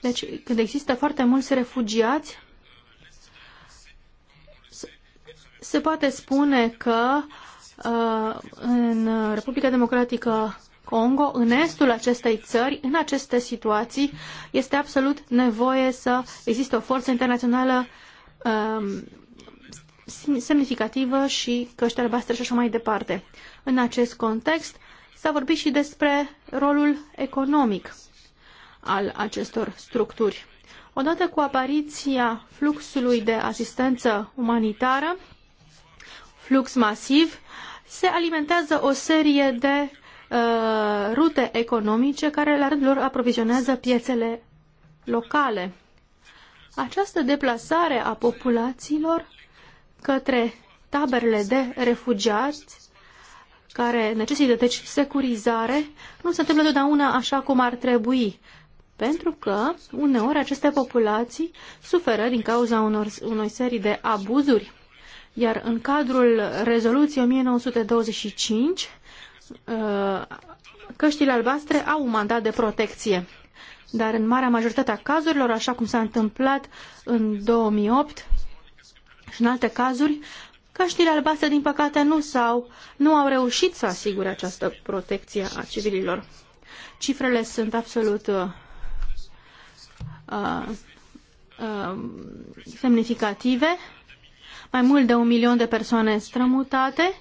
deci când există foarte mulți refugiați, se poate spune că uh, în Republica Democratică Congo, în estul acestei țări, în aceste situații, este absolut nevoie să existe o forță internațională um, semnificativă și căști albastre și așa mai departe. În acest context s-a vorbit și despre rolul economic al acestor structuri. Odată cu apariția fluxului de asistență umanitară, flux masiv, se alimentează o serie de uh, rute economice care la rândul lor aprovizionează piețele locale. Această deplasare a populațiilor către taberele de refugiați care necesită deci securizare, nu se întâmplă totdeauna așa cum ar trebui, pentru că uneori aceste populații suferă din cauza unor, unor serii de abuzuri iar în cadrul rezoluției 1925, uh, căștile albastre au un mandat de protecție. Dar în marea majoritate a cazurilor, așa cum s-a întâmplat în 2008 și în alte cazuri, căștile albastre, din păcate, nu, au nu au reușit să asigure această protecție a civililor. Cifrele sunt absolut uh, uh, uh semnificative mai mult de un milion de persoane strămutate,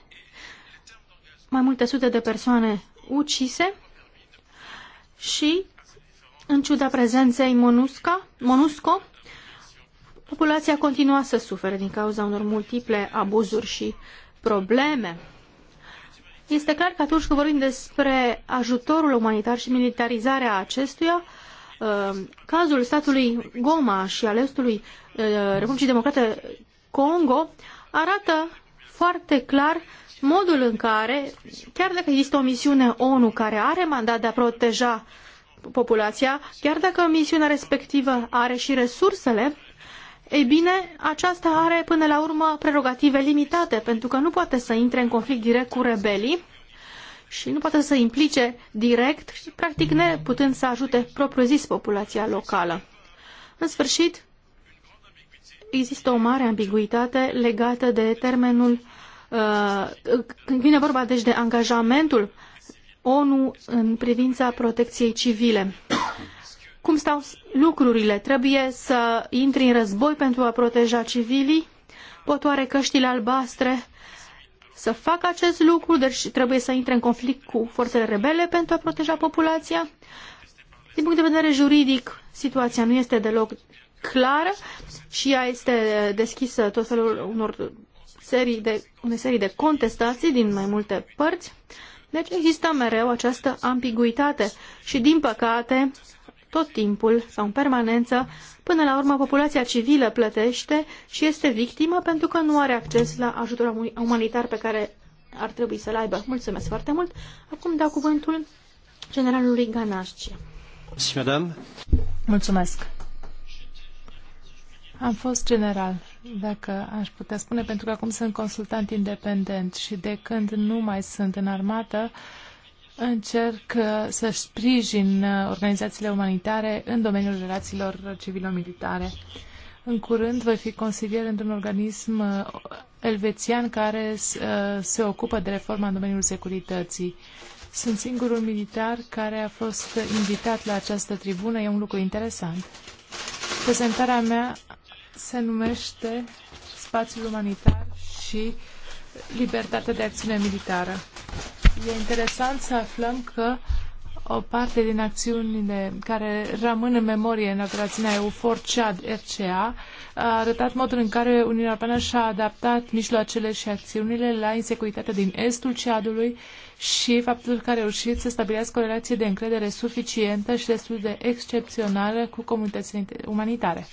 mai multe sute de persoane ucise și, în ciuda prezenței MONUSCA, MONUSCO, populația continua să sufere din cauza unor multiple abuzuri și probleme. Este clar că atunci când vorbim despre ajutorul umanitar și militarizarea acestuia, uh, cazul statului Goma și al estului uh, Republicii Democrate Congo arată foarte clar modul în care, chiar dacă există o misiune ONU care are mandat de a proteja populația, chiar dacă misiunea respectivă are și resursele, ei bine, aceasta are până la urmă prerogative limitate, pentru că nu poate să intre în conflict direct cu rebelii și nu poate să implice direct și practic neputând să ajute propriu-zis populația locală. În sfârșit, există o mare ambiguitate legată de termenul, uh, când vine vorba deci de angajamentul ONU în privința protecției civile. Cum stau lucrurile? Trebuie să intri în război pentru a proteja civilii? Pot oare căștile albastre să facă acest lucru, deci trebuie să intre în conflict cu forțele rebele pentru a proteja populația? Din punct de vedere juridic, situația nu este deloc clară și ea este deschisă tot felul unor serii de, unei serii de contestații din mai multe părți. Deci există mereu această ambiguitate și, din păcate, tot timpul sau în permanență, până la urmă populația civilă plătește și este victimă pentru că nu are acces la ajutorul umanitar pe care ar trebui să-l aibă. Mulțumesc foarte mult. Acum dau cuvântul generalului Ganașci. Mulțumesc. Am fost general, dacă aș putea spune, pentru că acum sunt consultant independent și de când nu mai sunt în armată, încerc uh, să sprijin uh, organizațiile umanitare în domeniul relațiilor civilo-militare. În curând voi fi consilier într-un organism uh, elvețian care se ocupă de reforma în domeniul securității. Sunt singurul militar care a fost invitat la această tribună. E un lucru interesant. Prezentarea mea se numește spațiul umanitar și libertatea de acțiune militară. E interesant să aflăm că o parte din acțiunile care rămân în memorie în operațiunea EUFOR CEAD RCA a arătat modul în care Uniunea Europeană și-a adaptat mijloacele și acțiunile la insecuritatea din estul Ceadului și faptul că a reușit să stabilească o relație de încredere suficientă și destul de excepțională cu comunitățile umanitare.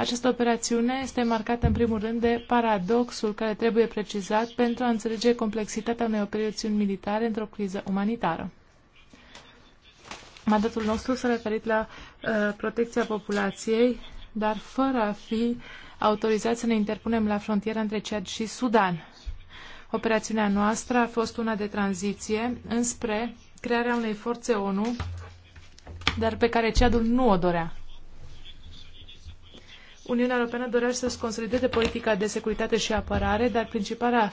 Această operațiune este marcată în primul rând de paradoxul care trebuie precizat pentru a înțelege complexitatea unei operațiuni militare într-o criză umanitară. Mandatul nostru s-a referit la uh, protecția populației, dar fără a fi autorizat să ne interpunem la frontiera între Ciad și Sudan. Operațiunea noastră a fost una de tranziție înspre crearea unei forțe ONU, dar pe care Ciadul nu o dorea. Uniunea Europeană dorea să-și consolideze politica de securitate și apărare, dar principala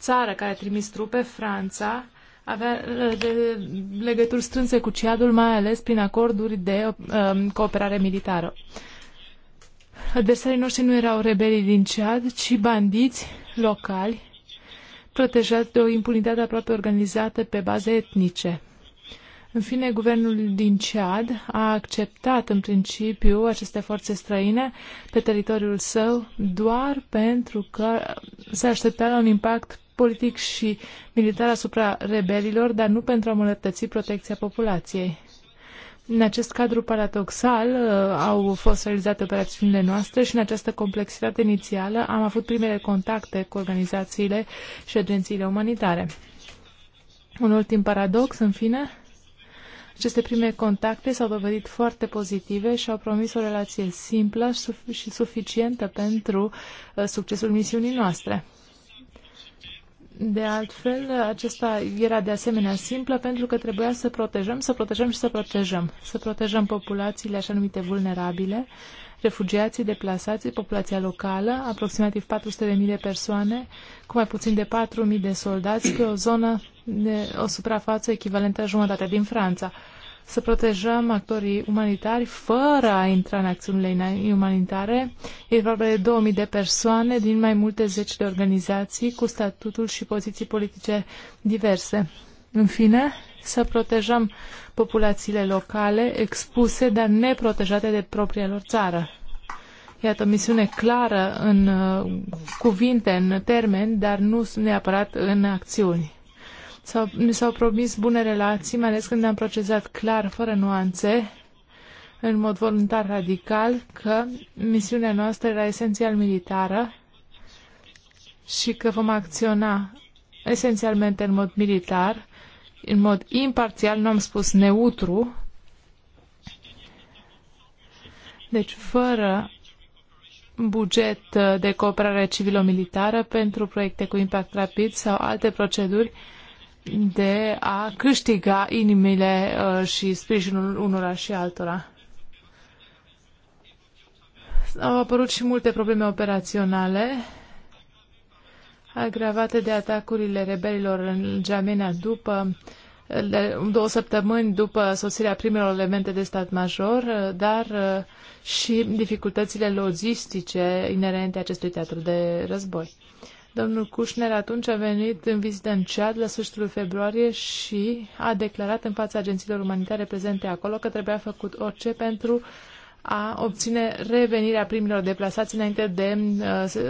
țară care a trimis trupe, Franța, avea uh, legături strânse cu ciad mai ales prin acorduri de uh, um, cooperare militară. Adversarii noștri nu erau rebelii din Ciad, ci bandiți locali protejați de o impunitate aproape organizată pe baze etnice. În fine, guvernul din Ciad a acceptat în principiu aceste forțe străine pe teritoriul său doar pentru că se aștepta la un impact politic și militar asupra rebelilor, dar nu pentru a îmbunătăți protecția populației. În acest cadru paradoxal uh, au fost realizate operațiunile noastre și în această complexitate inițială am avut primele contacte cu organizațiile și agențiile umanitare. Un ultim paradox, în fine, aceste prime contacte s-au dovedit foarte pozitive și au promis o relație simplă și suficientă pentru uh, succesul misiunii noastre. De altfel, acesta era de asemenea simplă pentru că trebuia să protejăm, să protejăm și să protejăm. Să protejăm populațiile așa numite vulnerabile, refugiații, deplasații, populația locală, aproximativ 400.000 de persoane, cu mai puțin de 4.000 de soldați pe o zonă, de, o suprafață echivalentă a jumătate din Franța. Să protejăm actorii umanitari fără a intra în acțiunile umanitare. E vorba de 2000 de persoane din mai multe zeci de organizații cu statutul și poziții politice diverse. În fine, să protejăm populațiile locale expuse, dar neprotejate de propria lor țară. Iată, o misiune clară în uh, cuvinte, în termeni, dar nu neapărat în acțiuni. s mi s-au promis bune relații, mai ales când am procesat clar, fără nuanțe, în mod voluntar radical, că misiunea noastră era esențial militară și că vom acționa esențialmente în mod militar, în mod imparțial, nu am spus neutru, deci fără buget de cooperare civilo-militară pentru proiecte cu impact rapid sau alte proceduri de a câștiga inimile uh, și sprijinul unora și altora. Au apărut și multe probleme operaționale agravate de atacurile rebelilor în Jamena după două săptămâni după sosirea primelor elemente de stat major, dar uh, și dificultățile logistice inerente acestui teatru de război. Domnul Kushner atunci a venit în vizită în Chad la sfârșitul februarie și a declarat în fața agențiilor umanitare prezente acolo că trebuia făcut orice pentru a obține revenirea primilor deplasați înainte de uh, uh,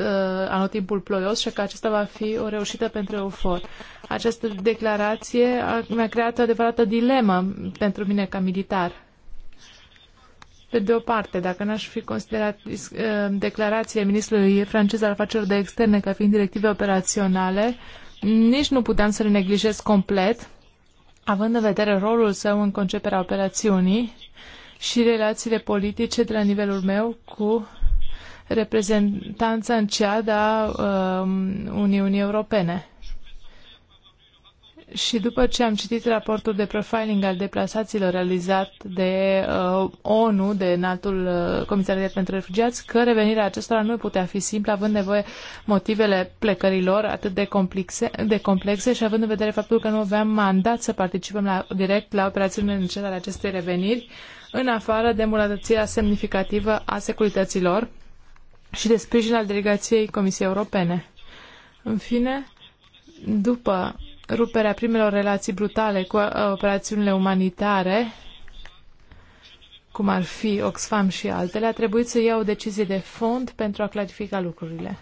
anotimpul ploios și că acesta va fi o reușită pentru EUFOR. Această declarație mi-a creat o adevărată dilemă pentru mine ca militar. Pe de o parte, dacă n-aș fi considerat uh, declarația ministrului francez al afacerilor de externe ca fiind directive operaționale, nici nu puteam să le neglijez complet, având în vedere rolul său în conceperea operațiunii și relațiile politice de la nivelul meu cu reprezentanța în ceada um, Uniunii Europene. Și după ce am citit raportul de profiling al deplasaților realizat de uh, ONU, de înaltul uh, comisariat pentru refugiați, că revenirea acestora nu putea fi simplă, având nevoie motivele plecărilor atât de complexe, de complexe și având în vedere faptul că nu aveam mandat să participăm la, direct la operațiunile în cer ale acestei reveniri, în afară de îmbunătățirea semnificativă a securităților și de sprijin al delegației Comisiei Europene. În fine, după ruperea primelor relații brutale cu uh, operațiunile umanitare, cum ar fi Oxfam și altele, a trebuit să iau o decizie de fond pentru a clarifica lucrurile.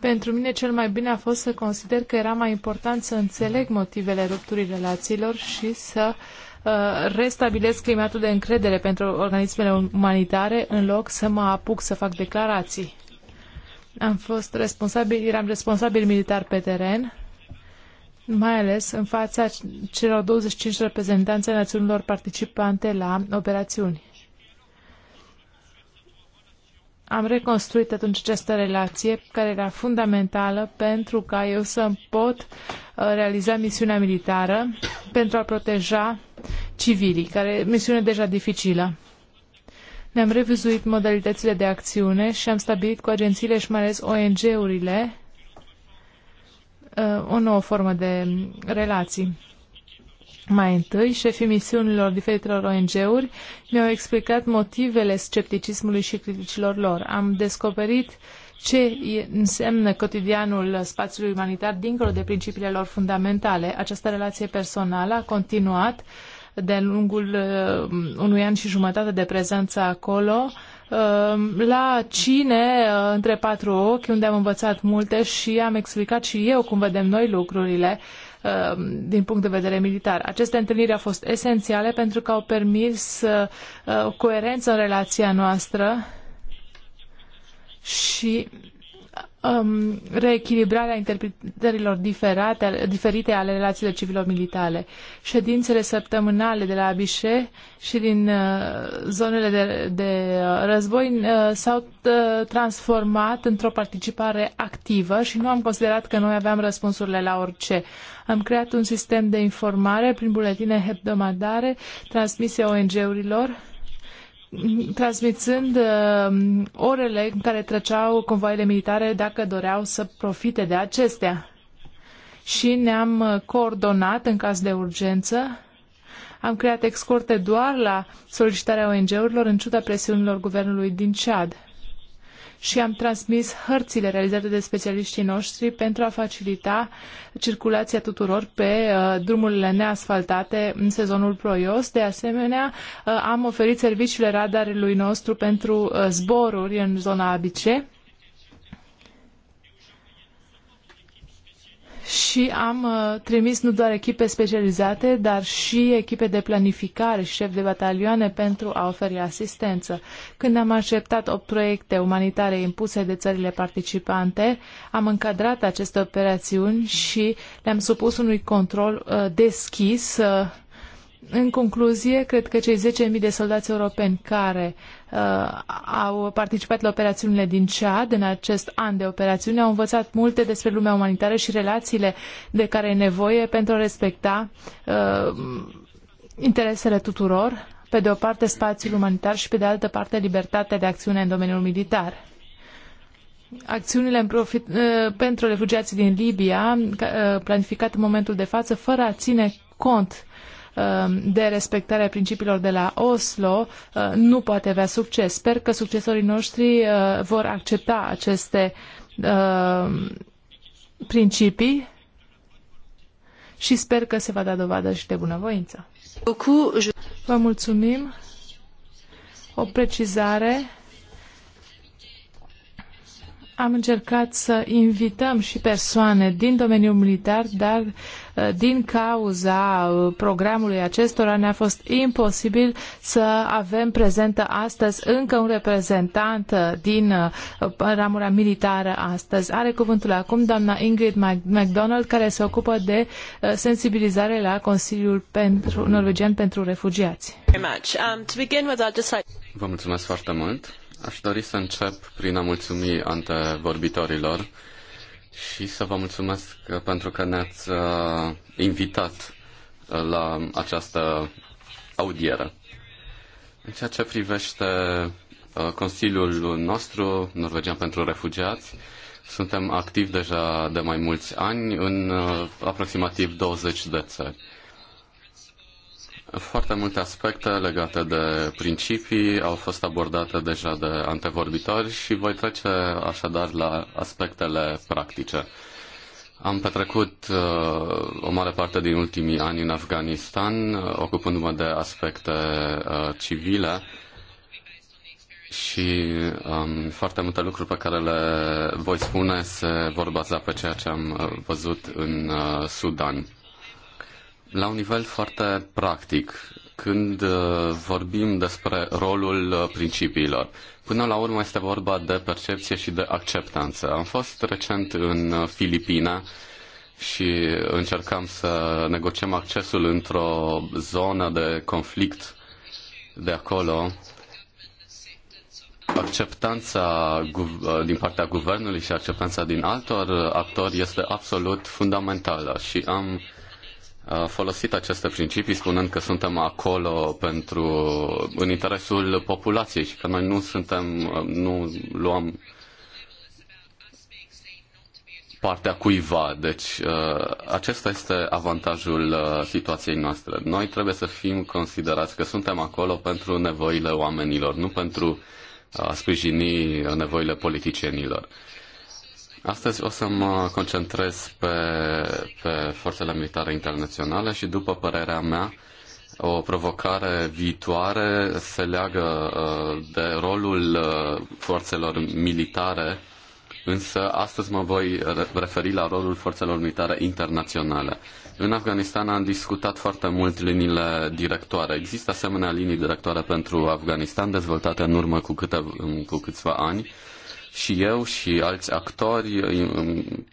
Pentru mine cel mai bine a fost să consider că era mai important să înțeleg motivele rupturii relațiilor și să uh, restabilesc climatul de încredere pentru organismele umanitare în loc să mă apuc să fac declarații. Am fost responsabil, eram responsabil militar pe teren, mai ales în fața celor 25 reprezentanți ai națiunilor participante la operațiuni. Am reconstruit atunci această relație care era fundamentală pentru ca eu să pot uh, realiza misiunea militară pentru a proteja civilii, care misiune deja dificilă. Ne-am revizuit modalitățile de acțiune și am stabilit cu agențiile și mai ales ONG-urile uh, o nouă formă de relații. Mai întâi, șefii misiunilor diferitelor ONG-uri mi-au explicat motivele scepticismului și criticilor lor. Am descoperit ce înseamnă cotidianul spațiului umanitar dincolo de principiile lor fundamentale. Această relație personală a continuat uh, de-a lungul uh, unui an și jumătate de prezență acolo uh, la cine uh, între patru ochi, unde am învățat multe și am explicat și eu cum vedem noi lucrurile din punct de vedere militar. Aceste întâlniri au fost esențiale pentru că au permis o coerență în relația noastră și um, reechilibrarea interpretărilor diferate, diferite ale relațiilor civilo-militare. Ședințele săptămânale de la Abișe și din uh, zonele de, de uh, război uh, s-au uh, transformat într-o participare activă și nu am considerat că noi aveam răspunsurile la orice. Am creat un sistem de informare prin buletine hebdomadare transmise ONG-urilor transmițând uh, orele în care treceau convoaiele militare dacă doreau să profite de acestea. Și ne-am uh, coordonat în caz de urgență. Am creat escorte doar la solicitarea ONG-urilor în ciuda presiunilor guvernului din Chad și am transmis hărțile realizate de specialiștii noștri pentru a facilita circulația tuturor pe uh, drumurile neasfaltate în sezonul ploios. De asemenea, uh, am oferit serviciile radarului nostru pentru uh, zboruri în zona ABC și am uh, trimis nu doar echipe specializate, dar și echipe de planificare și șefi de batalioane pentru a oferi asistență. Când am acceptat 8 proiecte umanitare impuse de țările participante, am încadrat aceste operațiuni și le-am supus unui control uh, deschis uh, în concluzie, cred că cei 10.000 de soldați europeni care uh, au participat la operațiunile din Chad în acest an de operațiune au învățat multe despre lumea umanitară și relațiile de care e nevoie pentru a respecta uh, interesele tuturor, pe de o parte spațiul umanitar și pe de altă parte libertatea de acțiune în domeniul militar acțiunile profit, uh, pentru refugiații din Libia, uh, planificate în momentul de față, fără a ține cont Um, de respectare a principiilor de la Oslo uh, nu poate avea succes. Sper că succesorii noștri uh, vor accepta aceste um, principii și sper că se va da dovadă și de bunăvoință. Vă mulțumim. O precizare am încercat să invităm și persoane din domeniul militar, dar uh, din cauza uh, programului acestora ne-a fost imposibil să avem prezentă astăzi încă un reprezentant uh, din ramura militară astăzi. Are cuvântul acum doamna Ingrid MacDonald, care se ocupă de sensibilizare la Consiliul pentru, Norvegian pentru Refugiați. Um, Vă mulțumesc foarte mult. Aș dori să încep prin a mulțumi vorbitorilor și să vă mulțumesc pentru că ne-ați uh, invitat uh, la această audieră. În ceea ce privește uh, Consiliul nostru, Norvegian pentru Refugiați, suntem activi deja de mai mulți ani în aproximativ 20 de țări. Foarte multe aspecte legate de principii au fost abordate deja de antevorbitori și voi trece așadar la aspectele practice. Am petrecut uh, o mare parte din ultimii ani în Afganistan, uh, ocupându-mă de aspecte uh, civile și um, foarte multe lucruri pe care le voi spune se vor baza pe ceea ce am uh, văzut în uh, Sudan la un nivel foarte practic, când uh, vorbim despre rolul uh, principiilor. Până la urmă este vorba de percepție și de acceptanță. Am fost recent în uh, Filipina și încercam să negociem accesul într-o zonă de conflict de acolo. Acceptanța din partea guvernului și acceptanța din altor actori este absolut fundamentală și am folosit aceste principii, spunând că suntem acolo pentru, în interesul populației și că noi nu suntem, nu luăm partea cuiva. Deci acesta este avantajul situației noastre. Noi trebuie să fim considerați că suntem acolo pentru nevoile oamenilor, nu pentru a sprijini nevoile politicienilor. Astăzi o să mă concentrez pe, pe forțele militare internaționale și, după părerea mea, o provocare viitoare se leagă uh, de rolul uh, forțelor militare, însă astăzi mă voi referi la rolul forțelor militare internaționale. În Afganistan am discutat foarte mult liniile directoare. Există asemenea linii directoare pentru Afganistan dezvoltate în urmă cu, câte, cu câțiva ani și eu și alți actori,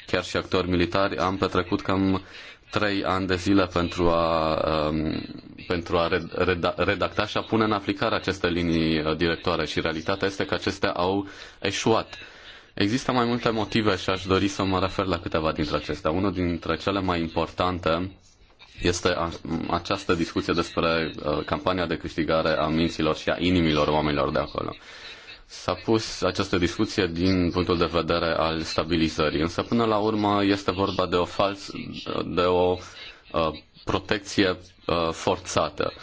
chiar și actori militari, am petrecut cam trei ani de zile pentru a, um, pentru a redacta și a pune în aplicare aceste linii uh, directoare și realitatea este că acestea au eșuat. Există mai multe motive și aș dori să mă refer la câteva dintre acestea. Unul dintre cele mai importante este această discuție despre uh, campania de câștigare a minților și a inimilor oamenilor de acolo. S-a pus această discuție din punctul de vedere al stabilizării, însă până la urmă este vorba de o, fals, de o uh, protecție uh, forțată.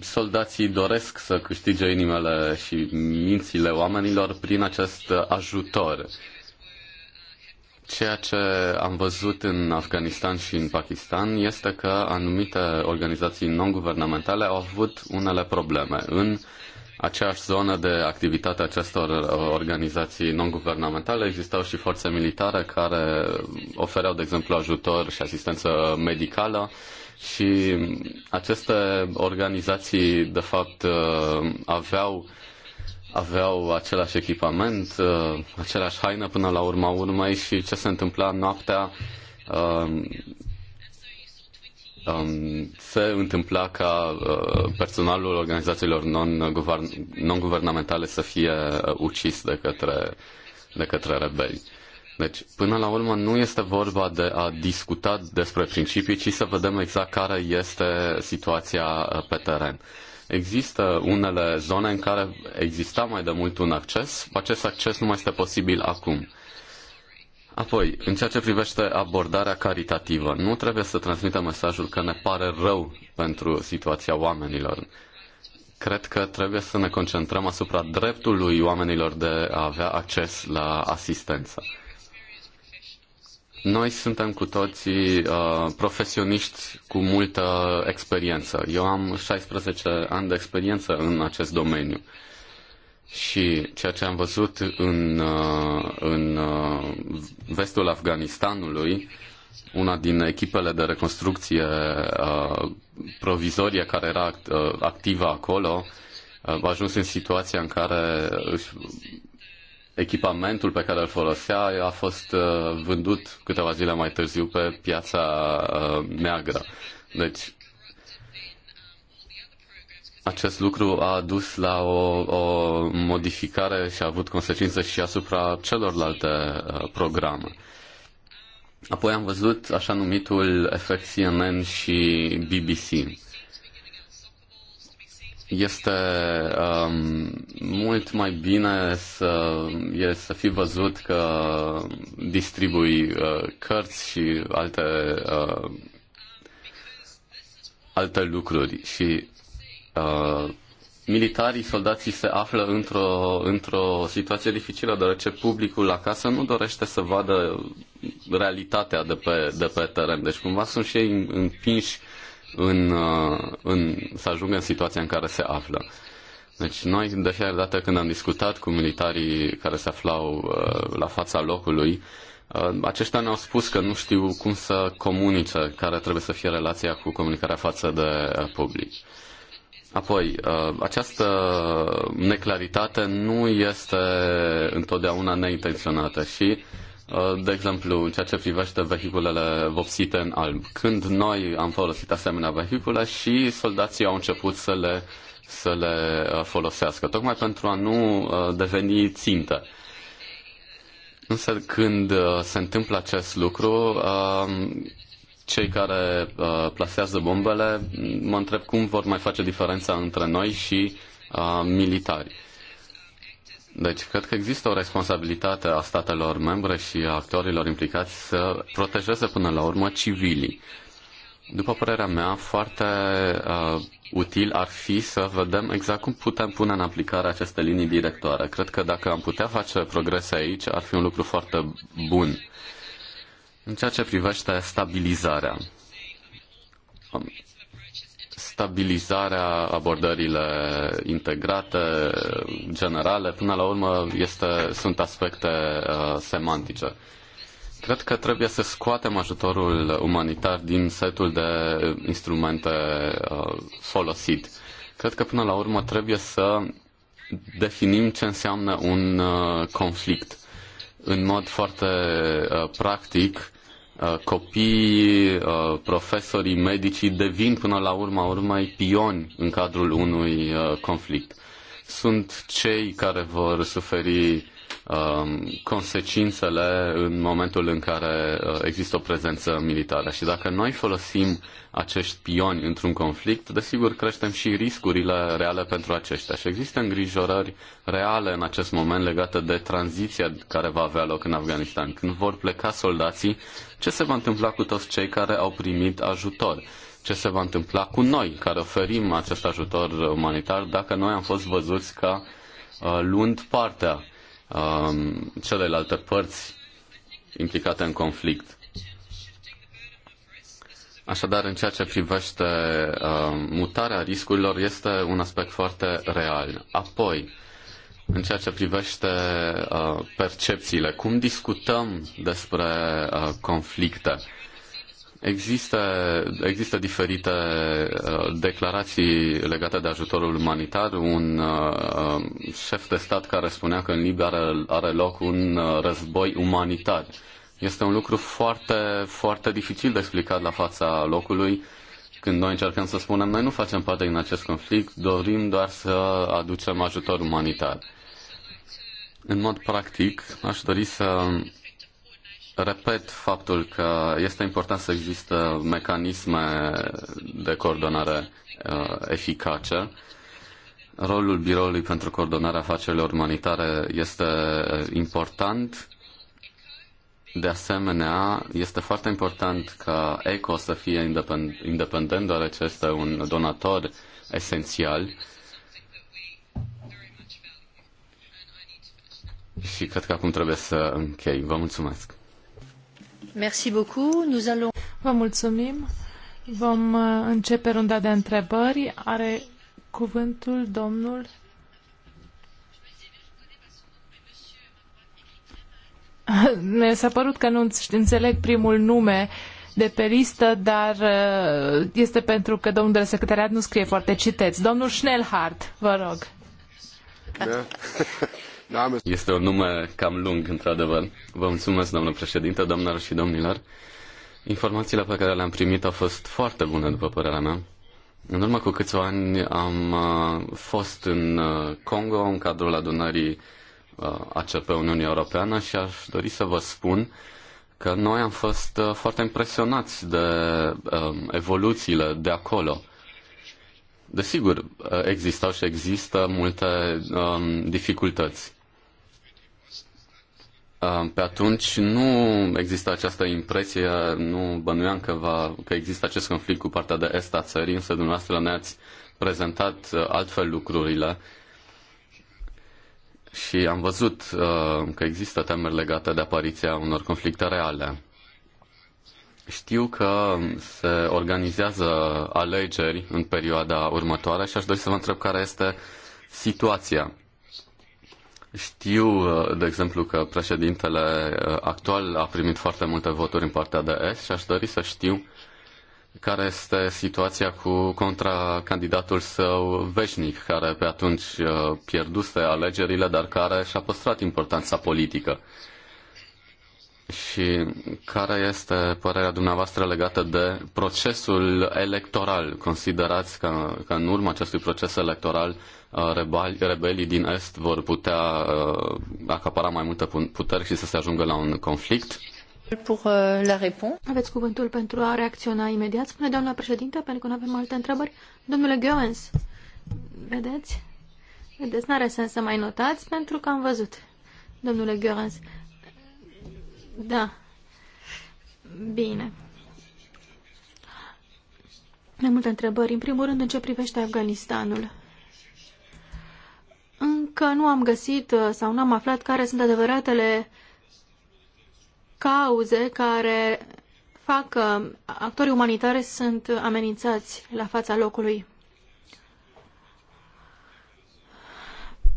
Soldații doresc să câștige inimele și mințile oamenilor prin acest ajutor. Ceea ce am văzut în Afganistan și în Pakistan este că anumite organizații non-guvernamentale au avut unele probleme. În uh, aceeași zonă de activitate a acestor uh, organizații non-guvernamentale existau și forțe militare care ofereau, de exemplu, ajutor și asistență medicală și aceste organizații, de fapt, uh, aveau aveau același echipament, uh, aceleași haină până la urma urmei și ce se întâmpla noaptea um, se întâmpla ca uh, personalul organizațiilor non-guvernamentale să fie uh, ucis de către, de către rebeli. Deci, până la urmă, nu este vorba de a discuta despre principii, ci să vedem exact care este situația uh, pe teren. Există unele zone în care exista mai de mult un acces, acest acces nu mai este posibil acum. Apoi, în ceea ce privește abordarea caritativă, nu trebuie să transmită mesajul că ne pare rău pentru situația oamenilor. Cred că trebuie să ne concentrăm asupra dreptului oamenilor de a avea acces la asistență. Noi suntem cu toții uh, profesioniști cu multă experiență. Eu am 16 ani de experiență în acest domeniu. Uh, și ceea ce am văzut în, uh, în uh, vestul Afganistanului, una din echipele de reconstrucție uh, provizorie care era activă acolo, a ajuns în situația în care echipamentul pe care îl folosea a fost vândut câteva zile mai târziu pe piața neagră. Deci acest lucru a dus la o, o modificare și a avut consecințe și asupra celorlalte uh, programe. Apoi am văzut așa numitul efect CNN și BBC. Este um, mult mai bine să, e să fi văzut că distribui uh, cărți și alte, uh, alte lucruri. Și Uh, militarii, soldații se află într-o, într-o situație dificilă, deoarece publicul la casă nu dorește să vadă realitatea de pe, de pe teren. Deci cumva sunt și ei împinși în, uh, în, să ajungă în situația în care se află. Deci noi, de fiecare dată când am discutat cu militarii care se aflau uh, la fața locului, aceștia ne-au spus că nu știu cum să comunice care trebuie să fie relația cu comunicarea față de uh, public. Apoi, uh, această neclaritate nu este întotdeauna neintenționată și, uh, de exemplu, în ceea ce privește vehiculele vopsite în alb. Când noi am folosit asemenea vehicule și soldații au început să le, să le uh, folosească, tocmai pentru a nu deveni țintă. Însă când se întâmplă acest lucru, cei care uh, plasează bombele, mă întreb cum vor mai face diferența între noi și uh, militari. Deci, cred că există o responsabilitate a statelor membre și a actorilor implicați să protejeze până la urmă civilii. După părerea mea, foarte uh, util ar fi să vedem exact cum putem pune în aplicare aceste linii directoare. Cred că dacă am putea face progrese aici, ar fi un lucru foarte bun. În ceea ce privește stabilizarea, stabilizarea abordările integrate, generale, până la urmă este, sunt aspecte uh, semantice. Cred că trebuie să scoatem ajutorul umanitar din setul de instrumente uh, folosit. Cred că până la urmă trebuie să definim ce înseamnă un uh, conflict. În mod foarte uh, practic, Uh, copiii, uh, profesorii, medicii devin până la urma urmei pioni în cadrul unui uh, conflict. Sunt cei care vor suferi Um, consecințele în momentul în care uh, există o prezență militară. Și dacă noi folosim acești pioni într-un conflict, desigur creștem și riscurile reale pentru aceștia. Și există îngrijorări reale în acest moment legate de tranziția care va avea loc în Afganistan. Când vor pleca soldații, ce se va întâmpla cu toți cei care au primit ajutor? Ce se va întâmpla cu noi care oferim acest ajutor umanitar dacă noi am fost văzuți ca uh, luând partea um, celelalte părți implicate în conflict. Așadar, în ceea ce privește uh, mutarea riscurilor, este un aspect foarte real. Apoi, în ceea ce privește uh, percepțiile, cum discutăm despre uh, conflicte? Există, există diferite uh, declarații legate de ajutorul umanitar. Un uh, uh, șef de stat care spunea că în Libia are, are loc un uh, război umanitar. Este un lucru foarte, foarte dificil de explicat la fața locului. Când noi încercăm să spunem, noi nu facem parte din acest conflict, dorim doar să aducem ajutor umanitar. În mod practic, aș dori să Repet faptul că este important să există mecanisme de coordonare uh, eficace. Rolul Biroului pentru Coordonarea Afacerilor Umanitare este uh, important. De asemenea, este foarte important ca ECO să fie independ- independent, deoarece este un donator esențial. Și cred că acum trebuie să închei. Vă mulțumesc. Merci beaucoup. Nous allons... Vă mulțumim. Vom uh, începe runda de întrebări. Are cuvântul domnul Mi s-a părut că nu înțeleg primul nume de pe listă, dar uh, este pentru că domnul de secretariat nu scrie foarte citeți. Domnul Schnellhardt, vă rog. Da. Este un nume cam lung, într-adevăr. Vă mulțumesc, domnul președinte, domnilor și domnilor. Informațiile pe care le-am primit au fost foarte bune, după părerea mea. În urmă cu câțiva ani am uh, fost în uh, Congo în cadrul adunării uh, ACP Uniunii Europeană și aș dori să vă spun că noi am fost foarte impresionați de um, evoluțiile de acolo. Desigur, existau și există multe um, dificultăți. Pe atunci nu există această impresie, nu bănuiam că, va, că există acest conflict cu partea de est a țării, însă dumneavoastră ne-ați prezentat uh, altfel lucrurile și am văzut uh, că există temeri legate de apariția unor conflicte reale. Știu că se organizează alegeri în perioada următoare și aș dori să vă întreb care este situația știu, uh, de exemplu, că președintele uh, actual a primit foarte multe voturi în partea de est și aș dori să știu care este situația cu contracandidatul său veșnic, care pe atunci uh, pierduse alegerile, dar care și-a păstrat importanța politică. Și care este părerea dumneavoastră legată de procesul electoral? Considerați că, că în urma acestui proces electoral Uh, rebelii din Est vor putea uh, acapara mai multe puteri și să se ajungă la un conflict. Pour uh, la Aveți cuvântul pentru a reacționa imediat, spune doamna președinte, pentru că nu avem alte întrebări. Domnule Goens, vedeți? Vedeți, n-are sens să mai notați pentru că am văzut. Domnule Goens, da. Bine. Mai multe întrebări. În primul rând, în ce privește Afganistanul încă nu am găsit uh, sau nu am aflat care sunt adevăratele cauze care fac că actorii umanitari sunt amenințați la fața locului.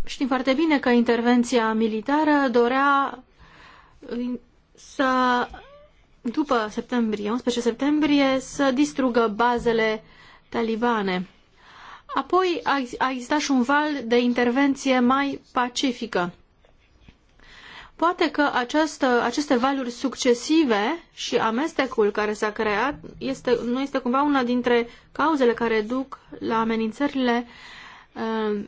Știm foarte bine că intervenția militară dorea uh, să, după septembrie, 11 septembrie, să distrugă bazele talibane. Apoi a existat și un val de intervenție mai pacifică. Poate că această, aceste valuri succesive și amestecul care s-a creat este, nu este cumva una dintre cauzele care duc la amenințările uh,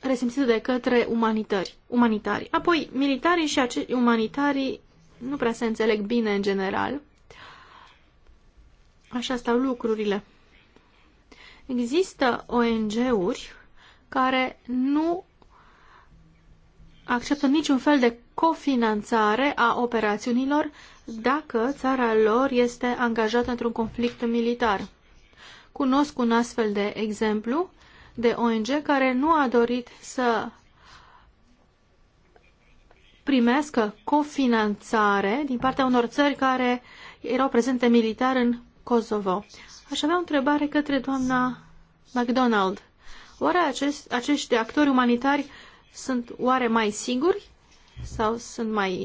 resimțite de către umanitari. umanitari. Apoi, militarii și acei umanitarii nu prea se înțeleg bine în general. Așa stau lucrurile. Există ONG-uri care nu acceptă niciun fel de cofinanțare a operațiunilor dacă țara lor este angajată într-un conflict militar. Cunosc un astfel de exemplu de ONG care nu a dorit să primească cofinanțare din partea unor țări care erau prezente militar în Kosovo. Aș avea o întrebare către doamna McDonald. Oare acest, acești actori umanitari sunt oare mai siguri sau sunt mai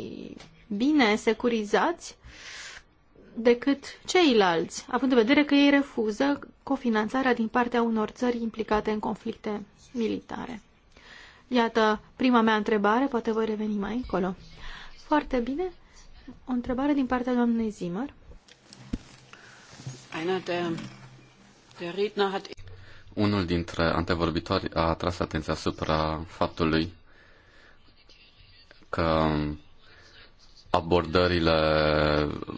bine securizați decât ceilalți, având în vedere că ei refuză cofinanțarea din partea unor țări implicate în conflicte militare? Iată prima mea întrebare, poate voi reveni mai încolo. Foarte bine. O întrebare din partea doamnei Zimmer. Unul dintre antevorbitori a atras atenția asupra faptului că abordările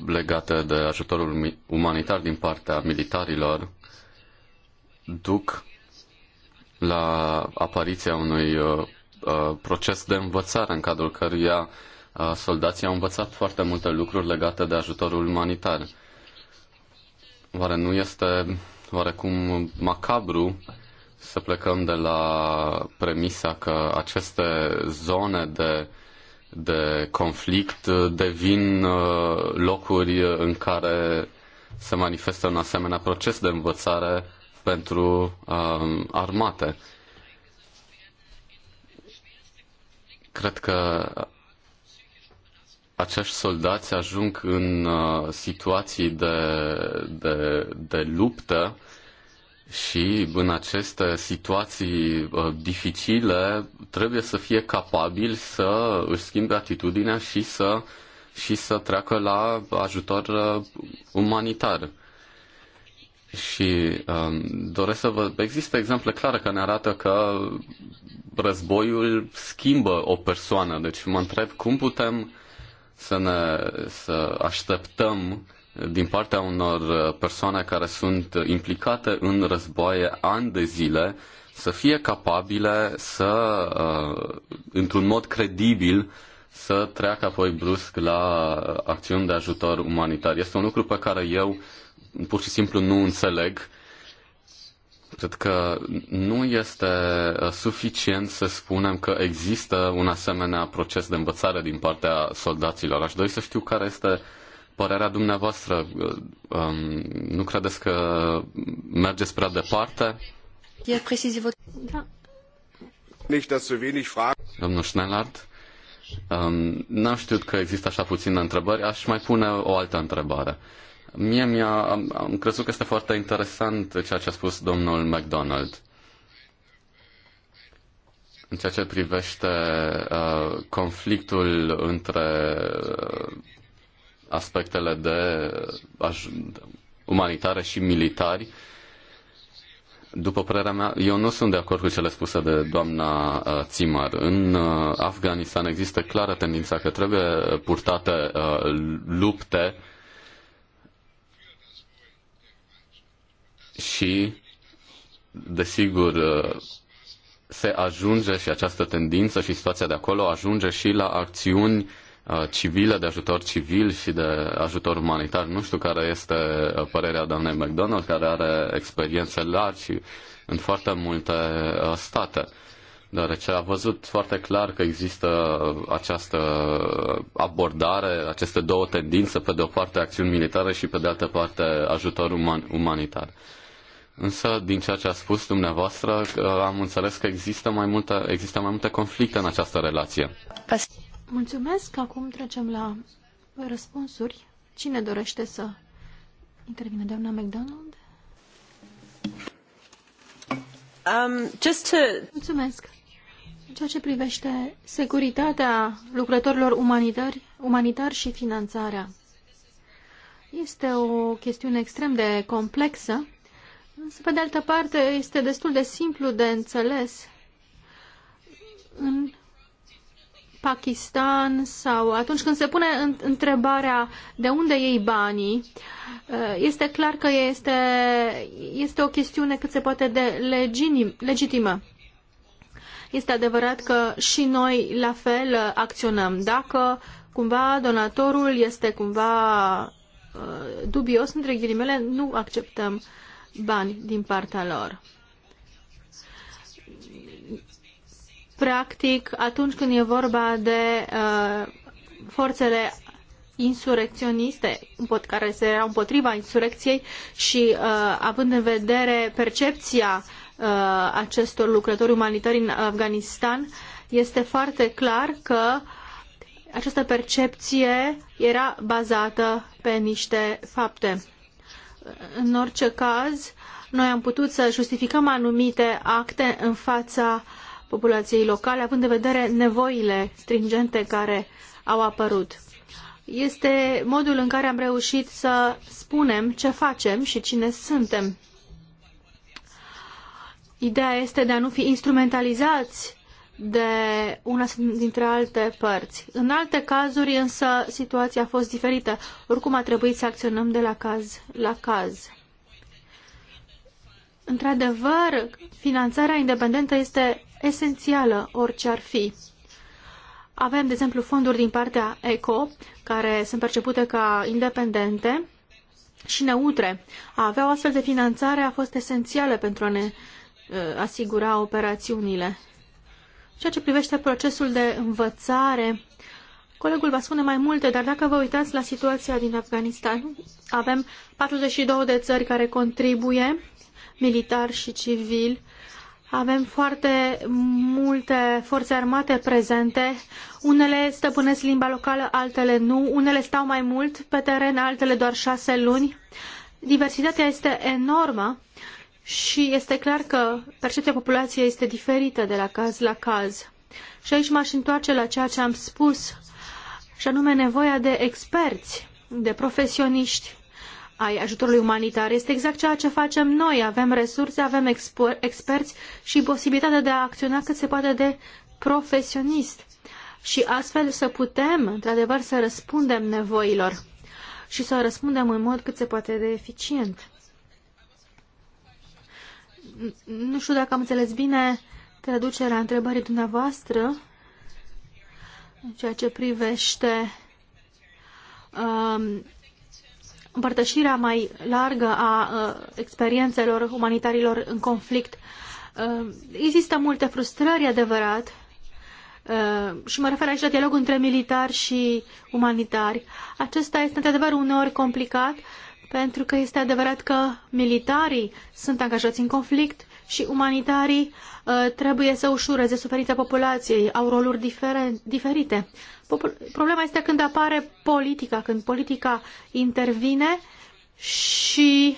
legate de ajutorul umanitar din partea militarilor duc la apariția unui uh, uh proces de învățare în cadrul căruia uh, soldații au învățat foarte multe lucruri legate de ajutorul umanitar. Oare nu este oarecum macabru să plecăm de la premisa că aceste zone de, de conflict devin uh, locuri în care se manifestă un asemenea proces de învățare pentru um, armate. Cred că acești soldați ajung în uh, situații de, de, de luptă și în aceste situații uh, dificile trebuie să fie capabili să își schimbe atitudinea și să, și să treacă la ajutor uh, umanitar. Și um, doresc să vă... Există exemple clare care ne arată că războiul schimbă o persoană. Deci mă întreb cum putem să, ne, să așteptăm din partea unor persoane care sunt implicate în războaie ani de zile să fie capabile să, uh, într-un mod credibil, să treacă apoi brusc la acțiuni de ajutor umanitar. Este un lucru pe care eu pur și simplu nu înțeleg Cred că nu este uh, suficient să spunem că există un asemenea proces de învățare din partea soldaților. Aș dori să știu care este părerea dumneavoastră. Uh, um, nu credeți că mergeți prea departe? Da. Domnul Schnellhardt, um, n-am știut că există așa puține întrebări. Aș mai pune o altă întrebare. Mie mi-a, am, am crezut că este foarte interesant ceea ce a spus domnul McDonald în ceea ce privește uh, conflictul între uh, aspectele de aj- umanitare și militari. După părerea mea, eu nu sunt de acord cu cele spuse de doamna uh, Țimar. În uh, Afganistan există clară tendința că trebuie purtate uh, lupte uh, și, desigur, se ajunge și această tendință și situația de acolo ajunge și la acțiuni uh, civile, de ajutor civil și de ajutor umanitar. Nu știu care este uh, părerea doamnei McDonald, care are experiențe largi în foarte multe uh, state deoarece a văzut foarte clar că există această abordare, aceste două tendințe, pe de o parte acțiuni militare și pe de altă parte ajutor uman- umanitar. Însă, din ceea ce a spus dumneavoastră, am înțeles că există mai multe, există mai multe conflicte în această relație. Mulțumesc. Acum trecem la răspunsuri. Cine dorește să intervine? Doamna McDonald? Um, just to... Mulțumesc. În ceea ce privește securitatea lucrătorilor umanitari, umanitari și finanțarea. Este o chestiune extrem de complexă Însă, pe de altă parte, este destul de simplu de înțeles. În Pakistan sau atunci când se pune întrebarea de unde iei banii, eh, este clar că este, este o chestiune cât se poate de leginim, legitimă. Este adevărat că și noi la fel acționăm. Dacă cumva donatorul este cumva eh, dubios, între ghilimele, nu acceptăm uh, bani din partea lor. Practic, atunci când e vorba de uh, forțele insurecționiste care se erau împotriva insurecției și uh, având în vedere percepția uh, acestor lucrători umanitari în Afganistan, este foarte clar că această percepție era bazată pe niște fapte. În orice caz, noi am putut să justificăm anumite acte în fața populației locale, având în vedere nevoile stringente care au apărut. Este modul în care am reușit să spunem ce facem și cine suntem. Ideea este de a nu fi instrumentalizați de una dintre alte părți. În alte cazuri însă situația a fost diferită. Oricum a trebuit să acționăm de la caz la caz. Într-adevăr, finanțarea independentă este esențială, orice ar fi. Avem, de exemplu, fonduri din partea ECO, care sunt percepute ca independente și neutre. A avea o astfel de finanțare a fost esențială pentru a ne uh, asigura operațiunile ceea ce privește procesul de învățare, colegul va spune mai multe, dar dacă vă uitați la situația din Afganistan, avem 42 de țări care contribuie, militar și civil, avem foarte multe forțe armate prezente, unele stăpânesc limba locală, altele nu, unele stau mai mult pe teren, altele doar șase luni. Diversitatea este enormă și este clar că percepția populației este diferită de la caz la caz. Și aici m-aș întoarce la ceea ce am spus, și anume nevoia de experți, de profesioniști ai ajutorului umanitar. Este exact ceea ce facem noi. Avem resurse, avem exper- experți și posibilitatea de a acționa cât se poate de profesionist. Și astfel să putem, într-adevăr, să răspundem nevoilor și să răspundem în mod cât se poate de eficient. Nu știu dacă am înțeles bine traducerea întrebării dumneavoastră în ceea ce privește um, împărtășirea mai largă a uh, experiențelor umanitarilor în conflict. Uh, există multe frustrări, adevărat, uh, și mă refer aici la dialogul între militari și umanitari. Acesta este, într-adevăr, uneori complicat pentru că este adevărat că militarii sunt angajați în conflict și umanitarii uh, trebuie să ușureze suferința populației, au roluri diferite. Popul Problema este când apare politica, când politica intervine și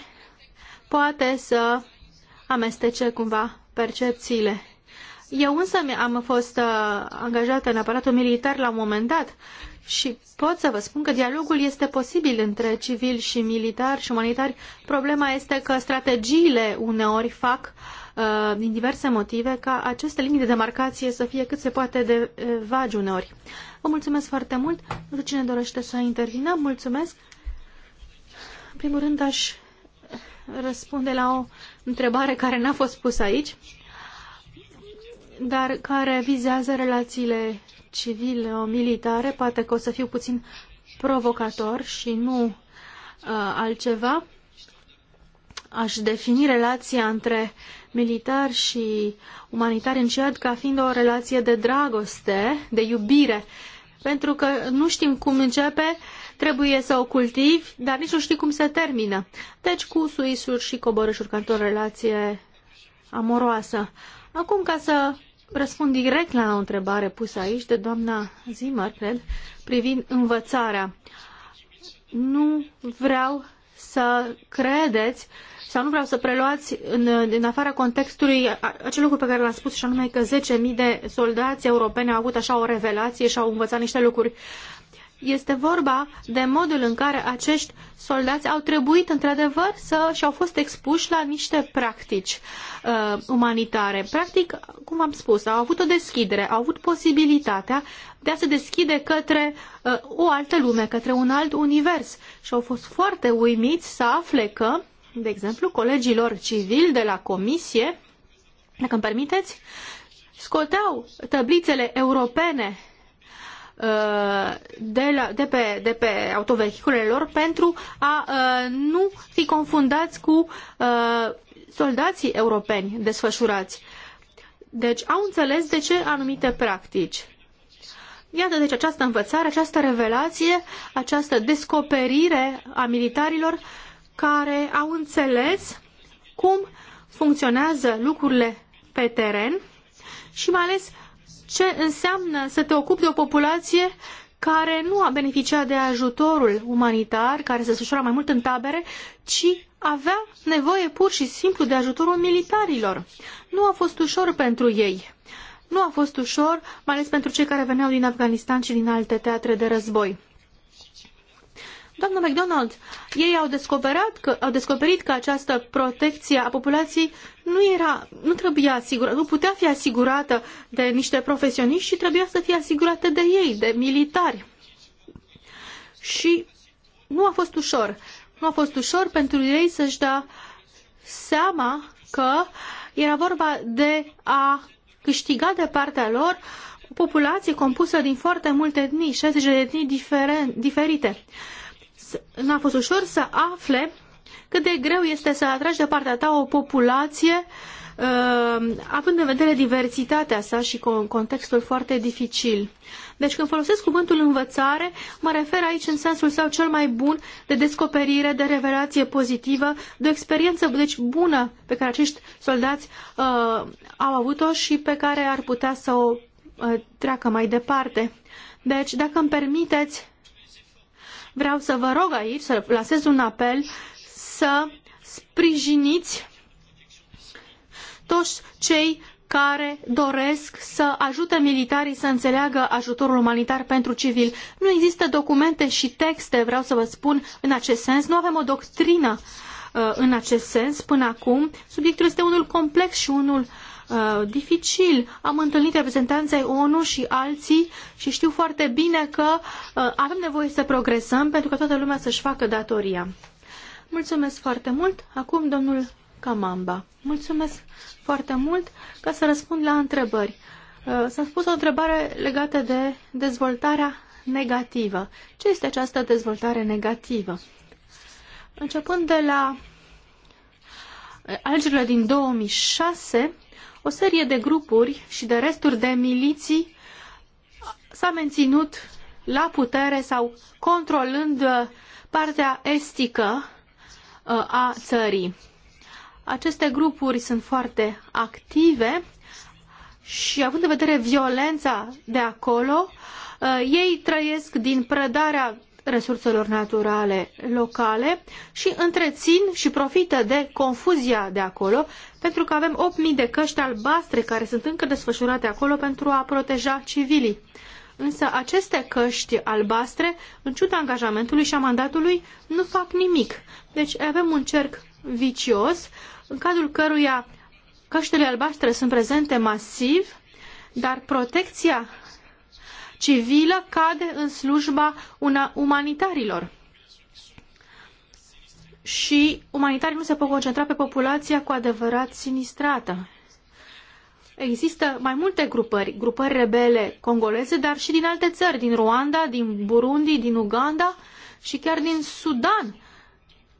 poate să amestece cumva percepțiile. Eu însă am fost uh, angajată în aparatul militar la un moment dat și pot să vă spun că dialogul este posibil între civili și militari și umanitari. Problema este că strategiile uneori fac uh, din diverse motive ca aceste linii de demarcație să fie cât se poate de uh, vagi uneori. Vă mulțumesc foarte mult. Nu cine dorește să intervină. Mulțumesc. În primul rând aș răspunde la o întrebare care n-a fost pusă aici, dar care vizează relațiile civil-militare, poate că o să fiu puțin provocator și nu uh, altceva. Aș defini relația între militar și umanitar în Ciad ca fiind o relație de dragoste, de iubire, pentru că nu știm cum începe, trebuie să o cultivi, dar nici nu știi cum se termină. Deci cu suisuri și coborâșuri ca într-o relație amoroasă. Acum, ca să răspund direct la o întrebare pusă aici de doamna Zimmer, cred, privind învățarea. Nu vreau să credeți sau nu vreau să preluați în, în afara contextului acel lucru pe care l-am spus și anume că 10.000 de soldați europeni au avut așa o revelație și au învățat niște lucruri uh, este vorba de modul în care acești soldați au trebuit într-adevăr să și au fost expuși la niște practici uh, umanitare. Practic, cum am spus, au avut o deschidere, au avut posibilitatea de a se deschide către uh, o altă lume, către un alt univers și au fost foarte uimiți să afle că, de exemplu, colegilor civili de la comisie, dacă îmi permiteți, scoteau tăblițele europene Uh, de, la, de, pe, de pe autovehiculele lor pentru a uh, nu fi confundați cu uh, soldații europeni desfășurați. Deci au înțeles de ce anumite practici. Iată deci această învățare, această revelație, această descoperire a militarilor care au înțeles cum funcționează lucrurile pe teren și mai ales ce înseamnă să te ocupi de o populație care nu a beneficiat de ajutorul umanitar, care se desfășura mai mult în tabere, ci avea nevoie pur și simplu de ajutorul militarilor. Nu a fost ușor pentru ei. Nu a fost ușor, mai ales pentru cei care veneau din Afganistan și din alte teatre de război. Doamna McDonald, ei au descoperit, că, au descoperit că această protecție a populației nu, era, nu trebuia asigurată, nu putea fi asigurată de niște profesioniști și trebuia să fie asigurată de ei, de militari. Și nu a fost ușor. Nu a fost ușor pentru ei să-și dea seama că era vorba de a câștiga de partea lor o populație compusă din foarte multe etnii, 60 de etnii diferite n-a fost ușor să afle cât de greu este să atragi de partea ta o populație uh, având în vedere diversitatea sa și cu un contextul foarte dificil. Deci când folosesc cuvântul învățare, mă refer aici în sensul său cel mai bun de descoperire, de revelație pozitivă, de o experiență deci bună pe care acești soldați uh, au avut-o și pe care ar putea să o uh, treacă mai departe. Deci, dacă îmi permiteți, Vreau să vă rog aici să lansez un apel să sprijiniți toți cei care doresc să ajute militarii să înțeleagă ajutorul umanitar pentru civil. Nu există documente și texte, vreau să vă spun, în acest sens. Nu avem o doctrină uh, în acest sens până acum. Subiectul este unul complex și unul uh, Uh, dificil. Am întâlnit reprezentanții ONU și alții și știu foarte bine că uh, avem nevoie să progresăm pentru că toată lumea să-și facă datoria. Mulțumesc foarte mult. Acum domnul Camamba. Mulțumesc foarte mult ca să răspund la întrebări. Uh, s-a spus o întrebare legată de dezvoltarea negativă. Ce este această dezvoltare negativă? Începând de la alegerile din 2006, o serie de grupuri și de resturi de miliții s-a menținut la putere sau controlând uh, partea estică uh, a țării. Aceste grupuri sunt foarte active și având în vedere violența de acolo, uh, ei trăiesc din prădarea resurselor naturale locale și întrețin și profită de confuzia de acolo, pentru că avem 8.000 de căști albastre care sunt încă desfășurate acolo pentru a proteja civilii. Însă aceste căști albastre, în ciuda angajamentului și a mandatului, nu fac nimic. Deci avem un cerc vicios, în cadrul căruia căștile albastre sunt prezente masiv, dar protecția civilă cade în slujba una umanitarilor. Și umanitarii nu se pot concentra pe populația cu adevărat sinistrată. Există mai multe grupări, grupări rebele congoleze, dar și din alte țări, din Rwanda, din Burundi, din Uganda și chiar din Sudan,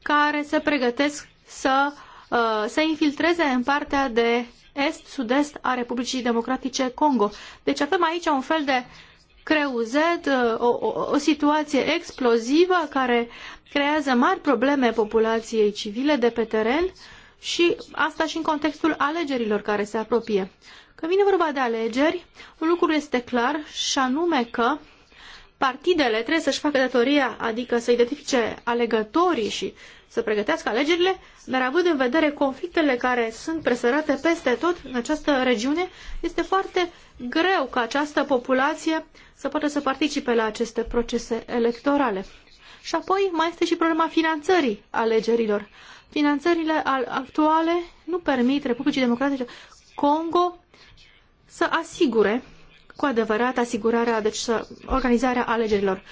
care se pregătesc să uh, se infiltreze în partea de est-sud-est -est a Republicii Democratice Congo. Deci avem aici un fel de Creu Z, o, o, o situație explozivă care creează mari probleme populației civile de pe teren și asta și în contextul alegerilor care se apropie. Când vine vorba de alegeri, un lucru este clar și anume că partidele trebuie să-și facă datoria, adică să identifice alegătorii și să pregătească alegerile, dar având în vedere conflictele care sunt presărate peste tot în această regiune, este foarte greu ca această populație să poată să participe la aceste procese electorale. Și apoi mai este și problema finanțării alegerilor. Finanțările actuale nu permit Republicii Democratice Congo să asigure cu adevărat asigurarea, deci organizarea alegerilor.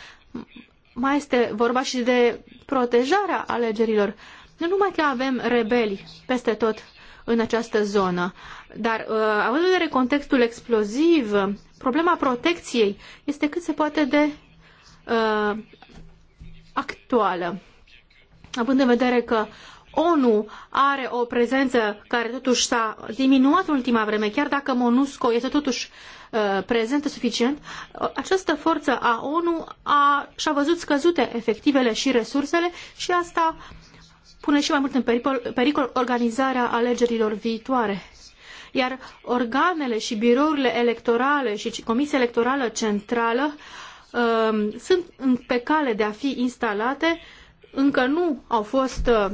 Mai este vorba și de protejarea alegerilor. Nu numai că avem rebeli peste tot în această zonă, dar uh, având în vedere contextul exploziv, problema protecției este cât se poate de uh, actuală. Având în vedere că ONU are o prezență care totuși s-a diminuat în ultima vreme, chiar dacă MONUSCO este totuși uh, prezentă suficient, uh, această forță a ONU a, și-a văzut scăzute efectivele și resursele și asta pune și mai mult în pericol, pericol organizarea alegerilor viitoare. Iar organele și birourile electorale și Comisia Electorală Centrală uh, sunt pe cale de a fi instalate uh, încă nu au fost uh,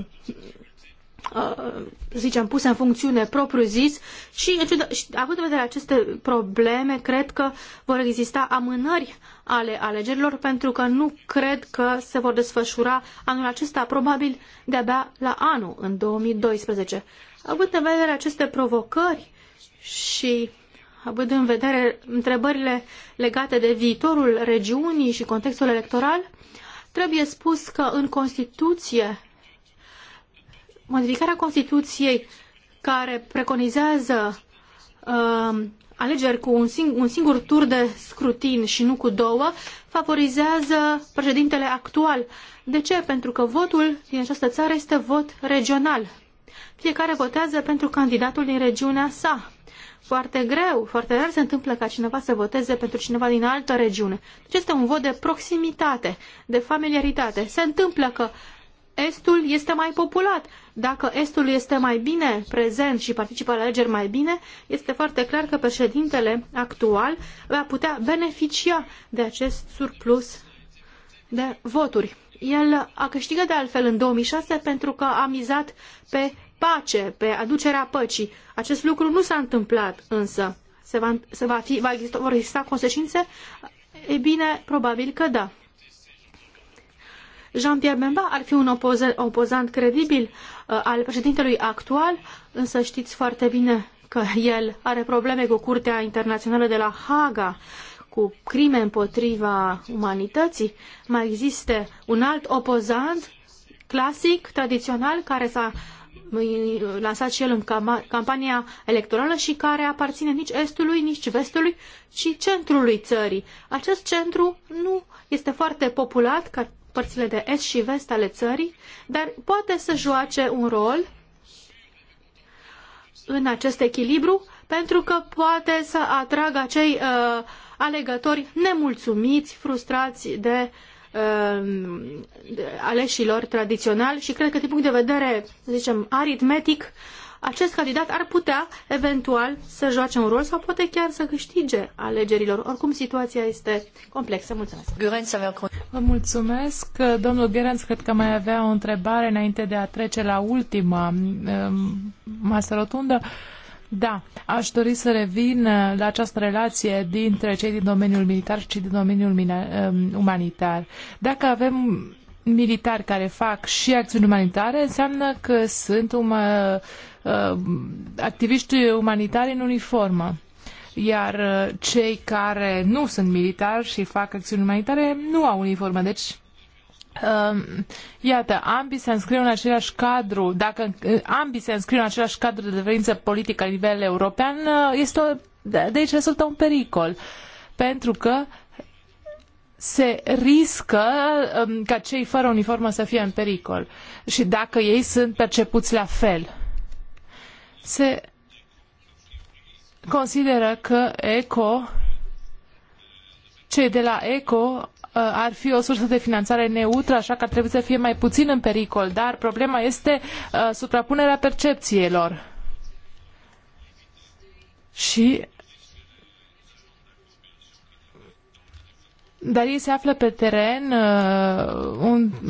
uh, zicem, puse în funcțiune propriu-zis și, în și având în vedere aceste probleme, cred că vor exista amânări ale alegerilor pentru că nu cred că se vor desfășura anul acesta, probabil de-abia la anul, în 2012. Având în vedere aceste provocări și având în vedere întrebările legate de viitorul regiunii și contextul electoral, Trebuie spus că în Constituție, modificarea Constituției care preconizează uh, alegeri cu un, sing- un singur tur de scrutin și nu cu două, favorizează președintele actual. De ce? Pentru că votul din această țară este vot regional. Fiecare votează pentru candidatul din regiunea sa foarte greu, foarte rar se întâmplă ca cineva să voteze pentru cineva din altă regiune. Deci este un vot de proximitate, de familiaritate. Se întâmplă că Estul este mai populat. Dacă Estul este mai bine prezent și participă la alegeri mai bine, este foarte clar că președintele actual va putea beneficia de acest surplus de voturi. El a câștigat de altfel în 2006 pentru că a mizat pe pace, pe aducerea păcii. Acest lucru nu s-a întâmplat însă. Se va, se va fi, va exista, vor exista consecințe? E bine, probabil că da. Jean-Pierre Bemba ar fi un opoze, opozant credibil uh, al președintelui actual, însă știți foarte bine că el are probleme cu Curtea Internațională de la Haga, cu crime împotriva umanității. Mai există un alt opozant clasic, tradițional, care s-a uh, lansat și el în campania electorală și care aparține nici estului, nici vestului, ci centrului țării. Acest centru nu este foarte populat ca părțile de est și vest ale țării, dar poate să joace un rol în acest echilibru pentru că poate să atragă acei uh, alegători nemulțumiți, frustrați de uh, Um, aleșilor tradițional și cred că din punct de vedere, să zicem, aritmetic, acest candidat ar putea eventual să joace un rol sau poate chiar să câștige alegerilor. Oricum, situația este complexă. Mulțumesc! Vă mulțumesc! Domnul Gerenț, cred că mai avea o întrebare înainte de a trece la ultima um, masă rotundă. Da, aș dori să revin uh, la această relație dintre cei din domeniul militar și cei din domeniul um, umanitar. Dacă avem militari care fac și acțiuni umanitare, înseamnă că sunt um, uh, uh activiști umanitari în uniformă. Iar uh, cei care nu sunt militari și fac acțiuni umanitare nu au uniformă, deci Ehm, iată, ambii se înscriu în același cadru, dacă eh, ambii se înscriu în același cadru de referință politică la nivel european, eh, este o, de aici rezultă un pericol, pentru că se riscă ehm, ca cei fără uniformă să fie în pericol și dacă ei sunt percepuți la fel. Se consideră că ECO, cei de la ECO Uh, ar fi o sursă de finanțare neutră, așa că ar trebui să fie mai puțin în pericol, dar problema este uh, suprapunerea percepțiilor. Și Dar ei se află pe teren uh,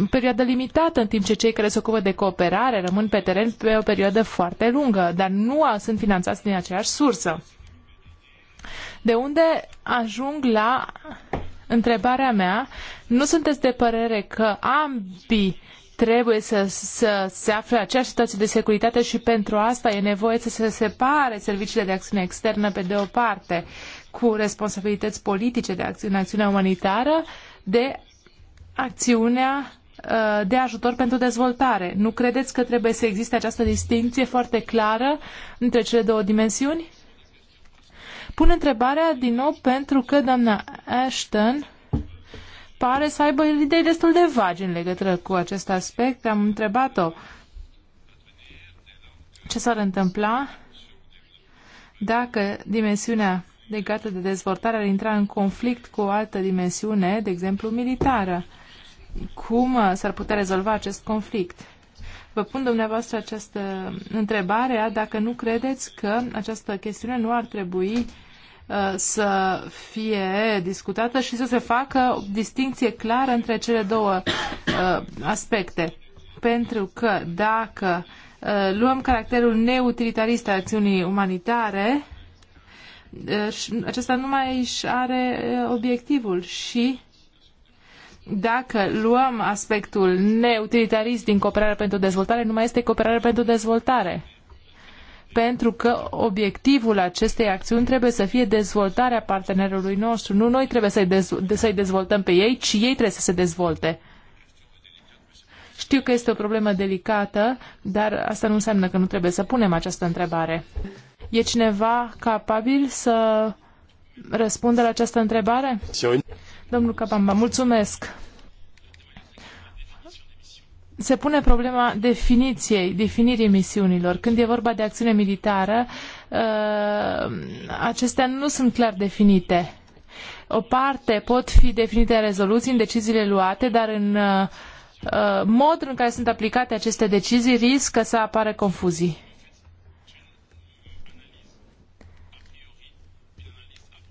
o perioadă limitată, în timp ce cei care se ocupă de cooperare rămân pe teren pe o perioadă foarte lungă, dar nu sunt finanțați din aceeași sursă. De unde ajung la Întrebarea mea, nu sunteți de părere că ambii trebuie să, să se afle aceeași situație de securitate și pentru asta e nevoie să se separe serviciile de acțiune externă pe de o parte cu responsabilități politice de acțiune, acțiunea umanitară de acțiunea uh, de ajutor pentru dezvoltare. Nu credeți că trebuie să existe această distinție foarte clară între cele două dimensiuni? Pun întrebarea din nou pentru că doamna Ashton pare să aibă idei destul de vagi în legătură cu acest aspect. Am întrebat-o ce s-ar întâmpla dacă dimensiunea legată de dezvoltare ar intra în conflict cu o altă dimensiune, de exemplu militară. Cum s-ar putea rezolva acest conflict? vă pun dumneavoastră această întrebare, dacă nu credeți că această chestiune nu ar trebui uh, să fie discutată și să se facă o distinție clară între cele două uh, aspecte. Pentru că dacă uh, luăm caracterul neutilitarist al acțiunii umanitare, acesta nu mai își are obiectivul și dacă luăm aspectul neutilitarist din cooperare pentru dezvoltare, nu mai este cooperare pentru dezvoltare. Pentru că obiectivul acestei acțiuni trebuie să fie dezvoltarea partenerului nostru. Nu noi trebuie să-i, dez- să dezvoltăm pe ei, ci ei trebuie să se dezvolte. Știu că este o problemă delicată, dar asta nu înseamnă că nu trebuie să punem această întrebare. E cineva capabil să răspundă la această întrebare? Domnul Capamba, mulțumesc. Se pune problema definiției, definirii misiunilor. Când e vorba de acțiune militară, uh, acestea nu sunt clar definite. O parte pot fi definite în rezoluții, în deciziile luate, dar în uh, uh, modul în care sunt aplicate aceste decizii riscă să apară confuzii.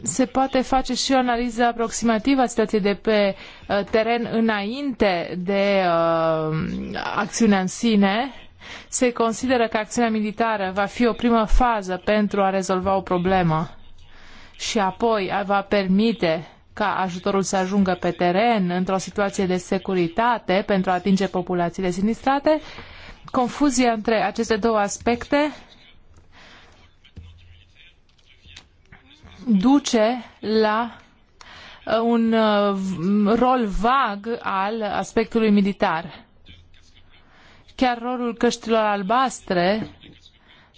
se poate face și o analiză aproximativă a situației de pe uh, teren înainte de uh, acțiunea în sine. Se consideră că acțiunea militară va fi o primă fază pentru a rezolva o problemă și apoi va permite ca ajutorul să ajungă pe teren într-o situație de securitate pentru a atinge populațiile sinistrate. Confuzia între aceste două aspecte duce la uh, un uh, rol vag al aspectului militar. Chiar rolul căștilor albastre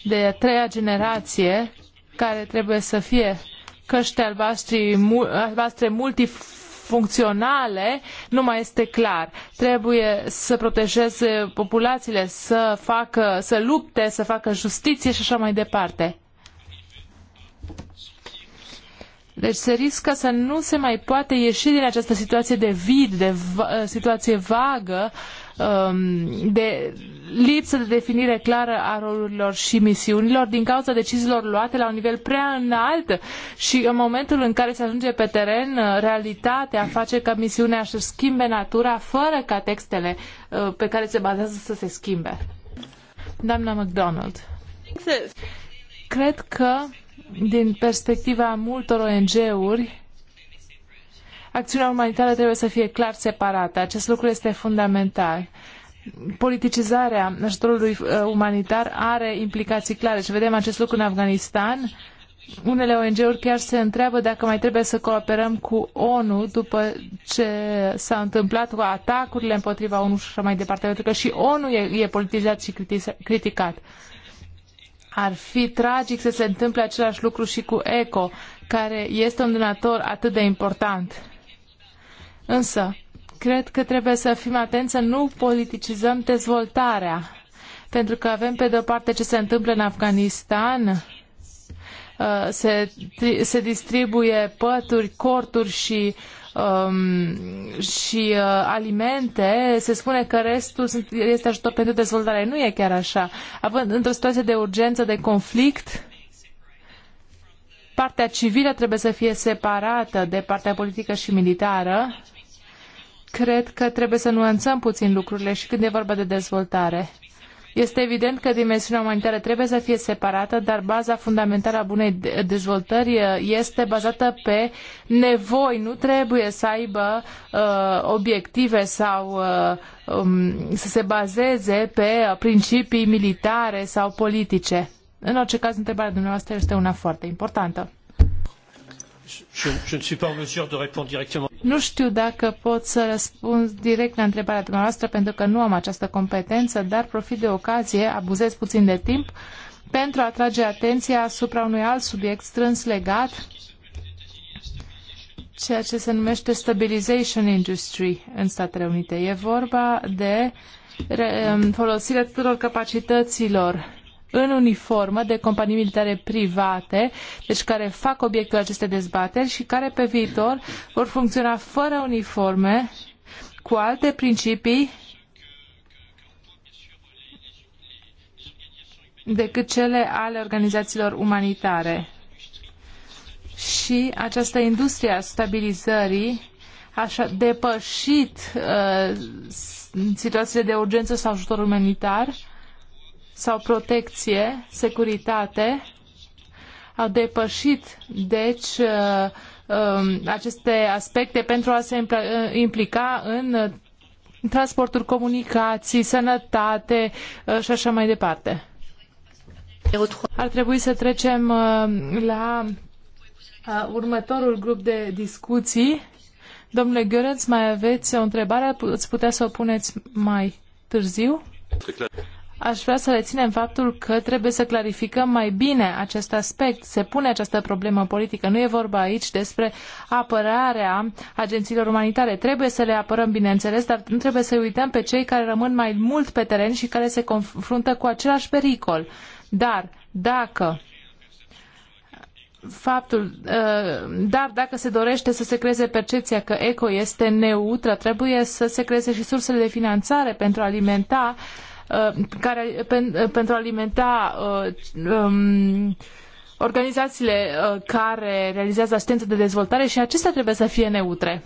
de a treia generație, care trebuie să fie căști albastri, albastre multifuncționale, nu mai este clar. Trebuie să protejeze populațiile, să facă, să lupte, să facă justiție și așa mai departe. Deci se riscă să nu se mai poate ieși din această situație de vid, de va, uh, situație vagă, um, de lipsă de definire clară a rolurilor și misiunilor din cauza deciziilor luate la un nivel prea înalt și în momentul în care se ajunge pe teren, uh, realitatea face ca misiunea să schimbe natura fără ca textele uh, pe care se bazează să se schimbe. Doamna McDonald, cred că din perspectiva multor ONG-uri, acțiunea umanitară trebuie să fie clar separată. Acest lucru este fundamental. Politicizarea ajutorului uh, umanitar are implicații clare și vedem acest lucru în Afganistan. Unele ONG-uri chiar se întreabă dacă mai trebuie să cooperăm cu ONU după ce s-a întâmplat cu atacurile împotriva ONU și așa mai departe, pentru că și ONU e, e politizat și criticat. Ar fi tragic să se întâmple același lucru și cu ECO, care este un donator atât de important. Însă, cred că trebuie să fim atenți să nu politicizăm dezvoltarea, pentru că avem pe de-o parte ce se întâmplă în Afganistan, uh, se, se distribuie pături, corturi și uh, um, și uh, alimente, se spune că restul sunt, este ajutor pentru dezvoltare. Nu e chiar așa. Având într-o situație de urgență, de conflict, partea civilă trebuie să fie separată de partea politică și militară. Cred că trebuie să nuanțăm puțin lucrurile și când e vorba de dezvoltare. Este evident că dimensiunea umanitară trebuie să fie separată, dar baza fundamentală a bunei dezvoltări uh, este bazată pe nevoi. Nu trebuie să aibă uh, obiective sau uh, um, să se bazeze pe uh, principii militare sau politice. În orice caz, întrebarea dumneavoastră este una foarte importantă. Nu știu dacă pot să răspund direct la întrebarea dumneavoastră pentru că nu am această competență, dar profit de ocazie, abuzez puțin de timp pentru a atrage atenția asupra unui alt subiect strâns legat, ceea ce se numește stabilization industry în Statele Unite. E vorba de um, folosirea tuturor capacităților în uniformă de companii militare private, deci care fac obiectul acestei dezbateri și care pe viitor vor funcționa fără uniforme, cu alte principii decât cele ale organizațiilor umanitare. Și această industrie a stabilizării așa depășit uh, situațiile de urgență sau ajutor umanitar sau protecție, securitate, au depășit, deci, uh, um, aceste aspecte pentru a se uh, implica în uh, transportul, comunicații, sănătate și așa mai departe. Ar trebui să trecem la următorul grup de discuții. Domnule Gheorenț, mai aveți o întrebare? Ați putea să o puneți mai târziu? aș vrea să reținem faptul că trebuie să clarificăm mai bine acest aspect. Se pune această problemă politică. Nu e vorba aici despre apărarea agențiilor umanitare. Trebuie să le apărăm, bineînțeles, dar nu trebuie să uităm pe cei care rămân mai mult pe teren și care se confruntă cu același pericol. Dar dacă faptul, uh, dar dacă se dorește să se creeze percepția că ECO este neutră, trebuie să se creeze și sursele de finanțare pentru a alimenta uh, Uh, care, pen, uh, pentru a alimenta uh, um, organizațiile care realizează asistență de dezvoltare și acestea trebuie să fie neutre.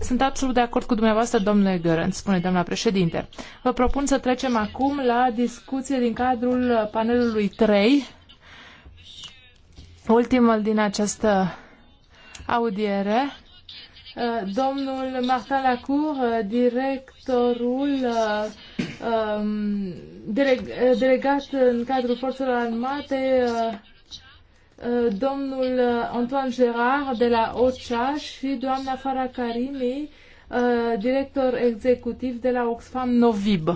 Sunt absolut de acord cu dumneavoastră, domnule Gărânt, spune doamna președinte. Vă propun să trecem acum la discuție din cadrul panelului 3, ultimul din această audiere. Uh, domnul Martin Lacour, uh, directorul uh, um, delegat în cadrul forțelor armate, domnul Antoine Gerard de la OCHA și doamna Farah Karimi, director executiv de la Oxfam Novib.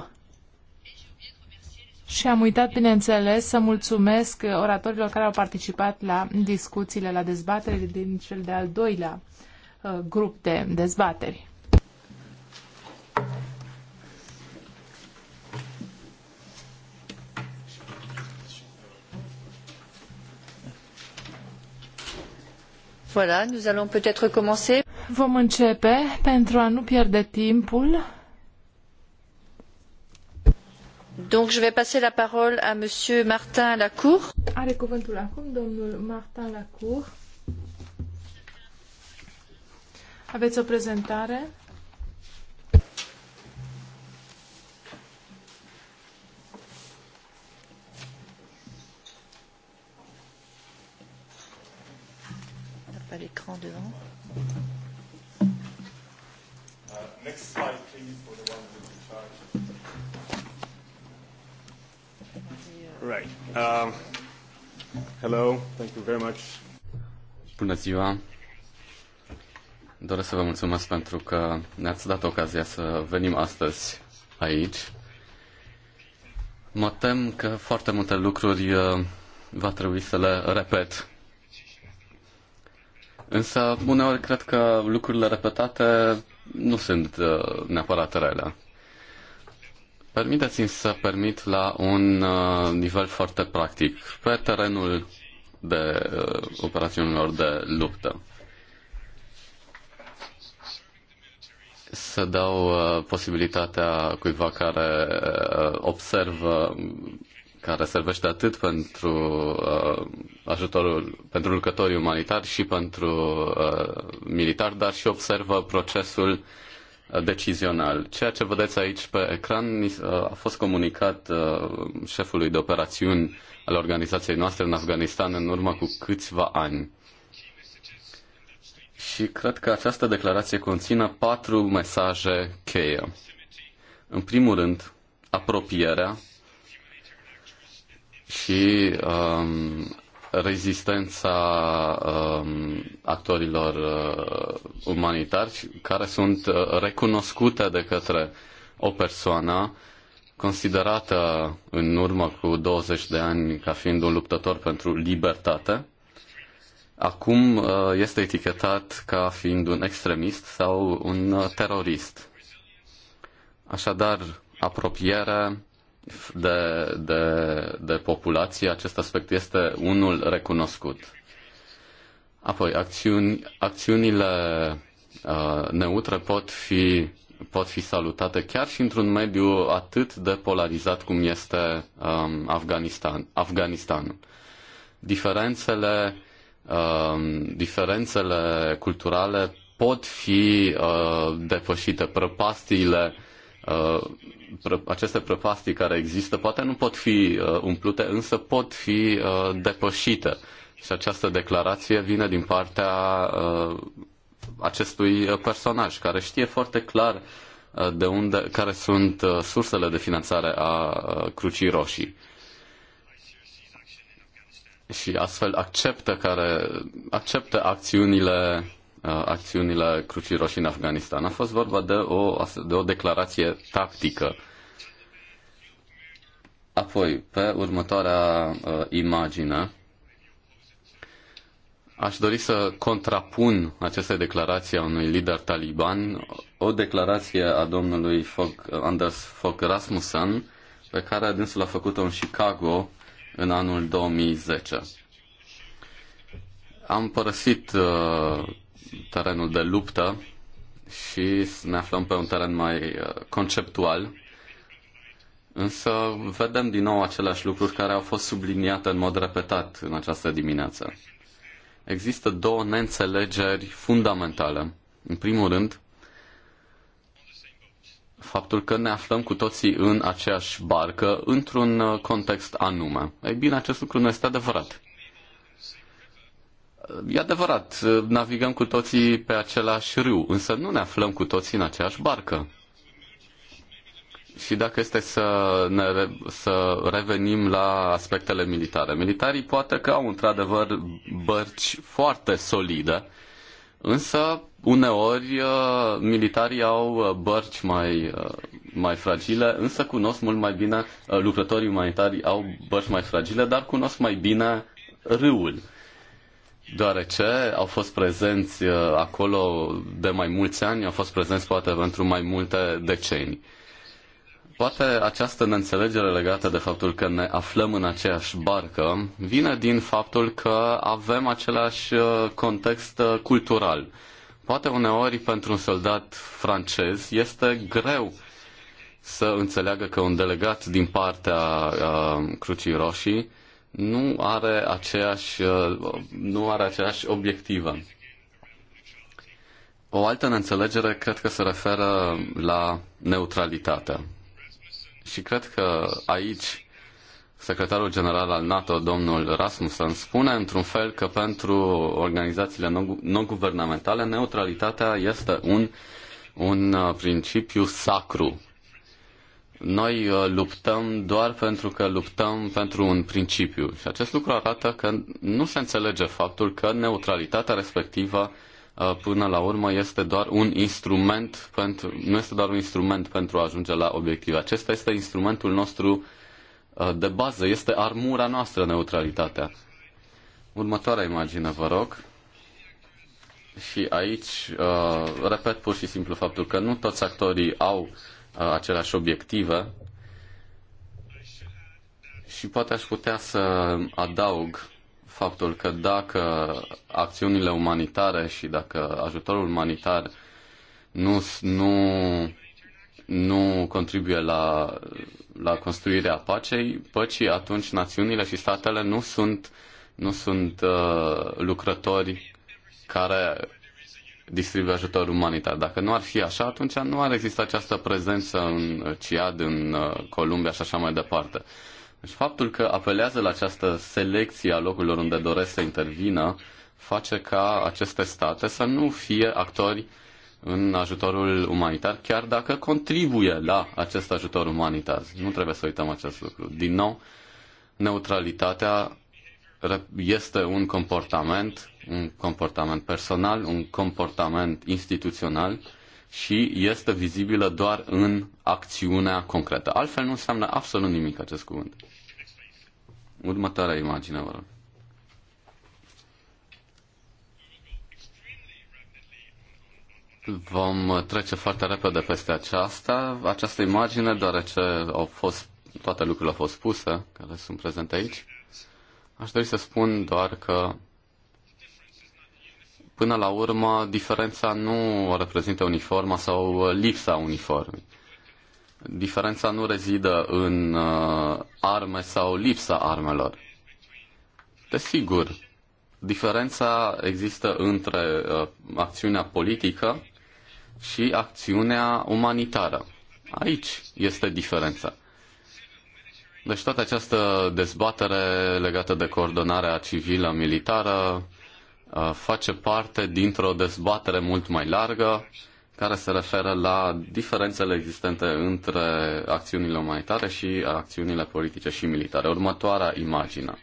Și am uitat, bineînțeles, să mulțumesc oratorilor care au participat la discuțiile, la dezbatere din cel de-al doilea Uh, grup de dezbateri. Voilà, nous allons peut-être commencer. Vom începe pentru a nu pierde timpul. Donc je vais passer la parole à monsieur Martin Lacour. Are cuvântul acum domnul Martin Lacour Aveți o prezentare? Uh, right. Um, hello. Thank you very much. Bună ziua. Doresc să vă mulțumesc pentru că ne-ați dat ocazia să venim astăzi aici. Mă tem că foarte multe lucruri uh, va trebui să le repet. Însă, uneori, cred că lucrurile repetate nu sunt uh, neapărat rele. Permiteți-mi să permit la un uh, nivel foarte practic, pe terenul de operațiunilor de luptă. să dau uh, posibilitatea cuiva care uh, observă, care servește atât pentru uh, ajutorul pentru lucrătorii umanitari și pentru militar, dar și observă procesul decizional. Ceea ce vedeți aici pe ecran a fost comunicat șefului de operațiuni al organizației noastre în Afganistan în urmă cu câțiva ani. Și cred că această declarație conține patru mesaje cheie. În primul rând, apropierea și um, rezistența um, actorilor uh, umanitari care sunt uh, recunoscute de către o persoană considerată în urmă cu 20 de ani ca fiind un luptător pentru libertate acum uh, este etichetat ca fiind un extremist sau un uh, terorist. Așadar, apropierea de, de, de populație, acest aspect este unul recunoscut. Apoi, acțiuni, acțiunile uh, neutre pot fi, pot fi salutate chiar și într-un mediu atât de polarizat cum este um, Afganistan, Afganistanul. Diferențele Um, diferențele culturale pot fi uh, depășite, prăpastiile uh, aceste prăpastii care există poate nu pot fi uh, umplute, însă pot fi depășite. Și această declarație vine din partea acestui personaj care știe foarte clar de unde, care sunt sursele de finanțare a Crucii Roșii și astfel acceptă, care, acceptă acțiunile, uh, acțiunile Crucii Roșii în Afganistan. A fost vorba de o, de o declarație tactică. Apoi, pe următoarea uh, imagine, aș dori să contrapun aceste declarații a unui lider taliban, o declarație a domnului Fog, Anders Fogh Rasmussen, pe care dânsul a făcut-o în Chicago în anul 2010. Am părăsit uh, terenul de luptă și ne aflăm pe un teren mai uh, conceptual, însă vedem din nou aceleași lucruri care au fost subliniate în mod repetat în această dimineață. Există două neînțelegeri fundamentale. În primul rând, faptul că ne aflăm cu toții în aceeași barcă, într-un uh, context anume. Ei bine, acest lucru nu este adevărat. Uh, e adevărat, uh, navigăm cu toții pe același râu, însă nu ne aflăm cu toții în aceeași barcă. Și dacă este să, ne, să revenim la aspectele militare. Militarii poate că au într-adevăr bărci foarte solide, însă Uneori, uh, militarii au uh, bărci mai, uh, mai fragile, însă cunosc mult mai bine, lucrătorii umanitari au bărci mai fragile, dar cunosc mai bine râul deoarece au fost prezenți acolo de mai mulți ani, au fost prezenți poate pentru mai multe decenii. Poate această neînțelegere legată de faptul că ne aflăm în aceeași barcă vine din faptul că avem același context cultural. Poate uneori pentru un soldat francez este greu să înțeleagă că un delegat din partea uh, Crucii Roșii nu are aceeași, nu are aceeași obiectivă. O altă neînțelegere cred că se referă la neutralitate. Și cred că aici secretarul general al NATO, domnul Rasmussen, spune într-un fel că pentru organizațiile non-guvernamentale neutralitatea este un, un uh, principiu sacru. Noi uh, luptăm doar pentru că luptăm pentru un principiu și acest lucru arată că nu se înțelege faptul că neutralitatea respectivă uh, până la urmă este doar un instrument pentru, nu este doar un instrument pentru a ajunge la obiective. Acesta este instrumentul nostru Uh, de bază, este armura noastră, neutralitatea. Următoarea imagine, vă rog. Și aici uh, repet pur și simplu faptul că nu toți actorii au uh, aceleași obiective și poate aș putea să adaug faptul că dacă acțiunile umanitare și dacă ajutorul umanitar nu, nu nu contribuie la, la construirea pacei, păcii, atunci națiunile și statele nu sunt, nu sunt uh, lucrători care distribuie ajutor umanitar. Dacă nu ar fi așa, atunci nu ar exista această prezență în Ciad, în uh, Columbia și așa mai departe. Deci faptul că apelează la această selecție a locurilor unde doresc să intervină face ca aceste state să nu fie actori uh, în ajutorul umanitar, chiar dacă contribuie la acest ajutor umanitar. Nu trebuie să uităm acest lucru. Din nou, neutralitatea este un comportament, un comportament personal, un comportament instituțional și este vizibilă doar în acțiunea concretă. Altfel nu înseamnă absolut nimic acest cuvânt. Următoarea imagine, vă rog. Vom trece foarte repede peste aceasta, această imagine, deoarece au fost, toate lucrurile au fost spuse, care sunt prezente aici. Aș dori să spun doar că până la urmă diferența nu reprezintă uniforma sau lipsa uniformii. Diferența nu rezidă în uh, arme sau lipsa armelor. Desigur, diferența există între uh, acțiunea politică și acțiunea umanitară. Aici este diferența. Deci toată această dezbatere legată de coordonarea civilă-militară uh, face parte dintr-o dezbatere mult mai largă care se referă la diferențele existente între acțiunile umanitare și acțiunile politice și militare. Următoarea imagine.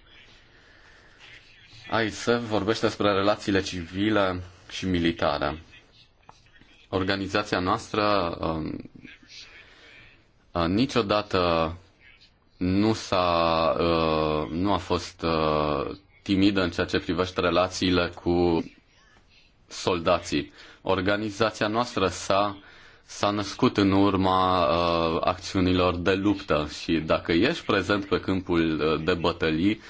Aici se vorbește despre relațiile civile și militare organizația noastră um, uh, niciodată nu, s-a, uh, nu a fost uh, timidă în ceea ce privește relațiile cu soldații. Organizația noastră s-a, s-a născut în urma uh, acțiunilor de luptă și dacă ești prezent pe câmpul de bătălii, uh,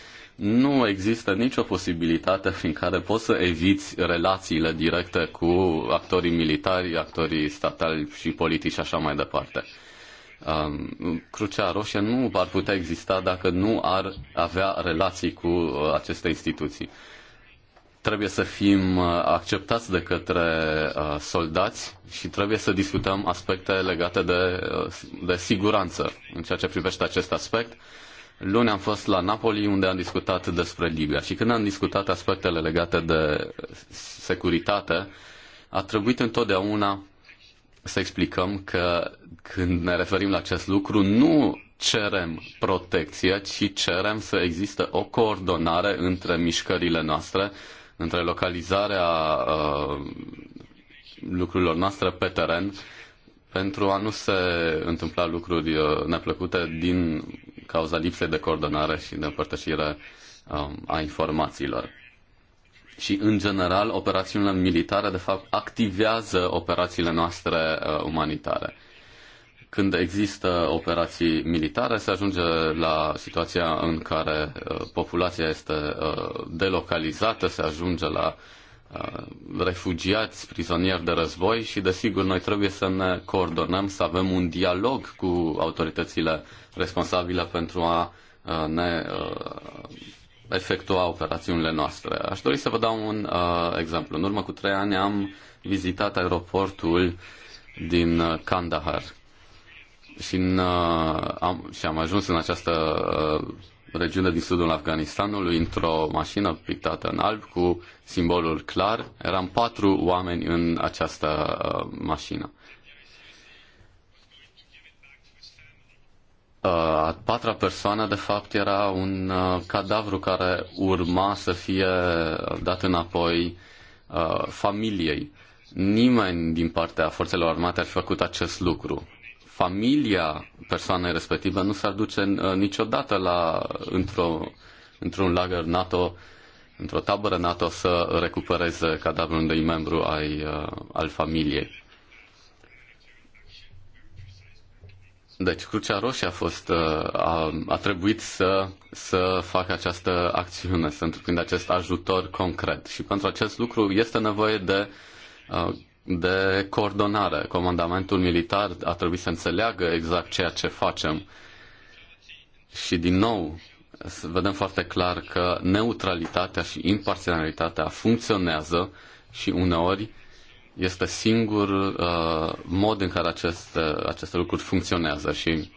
nu există nicio posibilitate prin care poți să eviți relațiile directe cu actorii militari, actorii statali și politici și așa mai departe. Um, Crucea Roșie nu ar putea exista dacă nu ar avea relații cu uh, aceste instituții. Trebuie să fim uh, acceptați de către uh, soldați și trebuie să discutăm aspecte legate de, de siguranță în ceea ce privește acest aspect Luni am fost la Napoli unde am discutat despre Libia și când am discutat aspectele legate de securitate, a trebuit întotdeauna să explicăm că când ne referim la acest lucru, nu cerem protecție, ci cerem să existe o coordonare între mișcările noastre, între localizarea uh, lucrurilor noastre pe teren, pentru a nu se întâmpla lucruri uh, neplăcute din cauza lipsei de coordonare și de împărtășire um, a informațiilor. Și, în general, operațiunile militare, de fapt, activează operațiile noastre uh, umanitare când există operații militare, se ajunge la situația în care uh, populația este uh, delocalizată, se ajunge la refugiați, prizonieri de război și, desigur, noi trebuie să ne coordonăm, să avem un dialog cu autoritățile responsabilă pentru a ne efectua operațiunile noastre. Aș dori să vă dau un exemplu. În urmă cu trei ani am vizitat aeroportul din Kandahar și, în, am, și am ajuns în această regiune din sudul Afganistanului într-o mașină pictată în alb cu simbolul clar. Eram patru oameni în această uh, mașină. Uh, a patra persoană, de fapt, era un uh, cadavru care urma să fie dat înapoi uh, familiei. Nimeni din partea forțelor armate ar fi făcut acest lucru. Familia persoanei respective nu s-ar duce niciodată la, într-o, într-un lagăr NATO, într-o tabără NATO să recupereze cadavrul unui membru ai, al familiei. Deci Crucea Roșie a fost uh, a, a trebuit să, să facă această acțiune, să întreprindă acest ajutor concret. Și pentru acest lucru este nevoie de, uh, de coordonare. Comandamentul militar a trebuit să înțeleagă exact ceea ce facem. Și din nou, vedem foarte clar că neutralitatea și imparțialitatea funcționează și uneori este singur uh, mod în care aceste, aceste lucruri funcționează și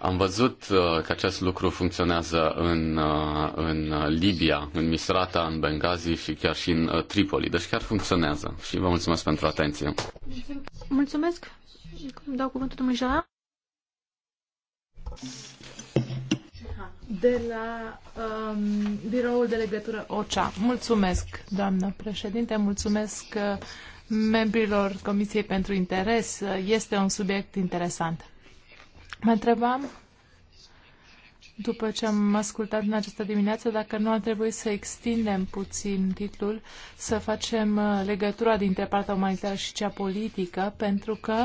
am văzut uh, că acest lucru funcționează în, uh, în Libia, în Misrata, în Benghazi și chiar și în uh, Tripoli. Deci chiar funcționează și vă mulțumesc pentru atenție. Mulțumesc. Dau cuvântul domnului Jara de la um, biroul de legătură OCEA. Mulțumesc, doamnă președinte, mulțumesc uh, membrilor Comisiei pentru Interes. Uh, este un subiect interesant. Mă întrebam, după ce am ascultat în această dimineață, dacă nu ar trebui să extindem puțin titlul, să facem uh, legătura dintre partea umanitară și cea politică, pentru că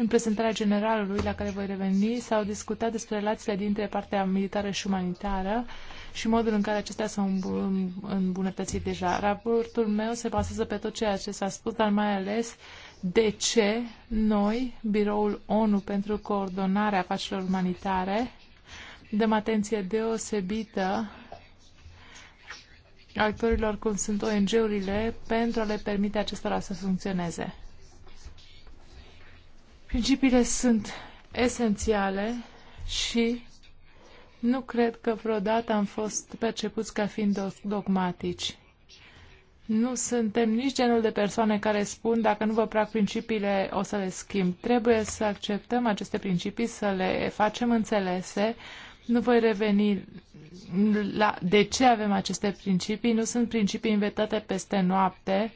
În prezentarea generalului, la care voi reveni, s-au discutat despre relațiile dintre partea militară și umanitară și modul în care acestea s-au îmbunătățit deja. Raportul meu se bazează pe tot ceea ce s-a spus, dar mai ales de ce noi, Biroul ONU pentru coordonarea afacerilor umanitare, dăm atenție deosebită actorilor cum sunt ONG-urile pentru a le permite acestora să funcționeze. Principiile sunt esențiale și nu cred că vreodată am fost percepuți ca fiind dogmatici. Nu suntem nici genul de persoane care spun dacă nu vă plac principiile, o să le schimb. Trebuie să acceptăm aceste principii, să le facem înțelese. Nu voi reveni la de ce avem aceste principii. Nu sunt principii inventate peste noapte,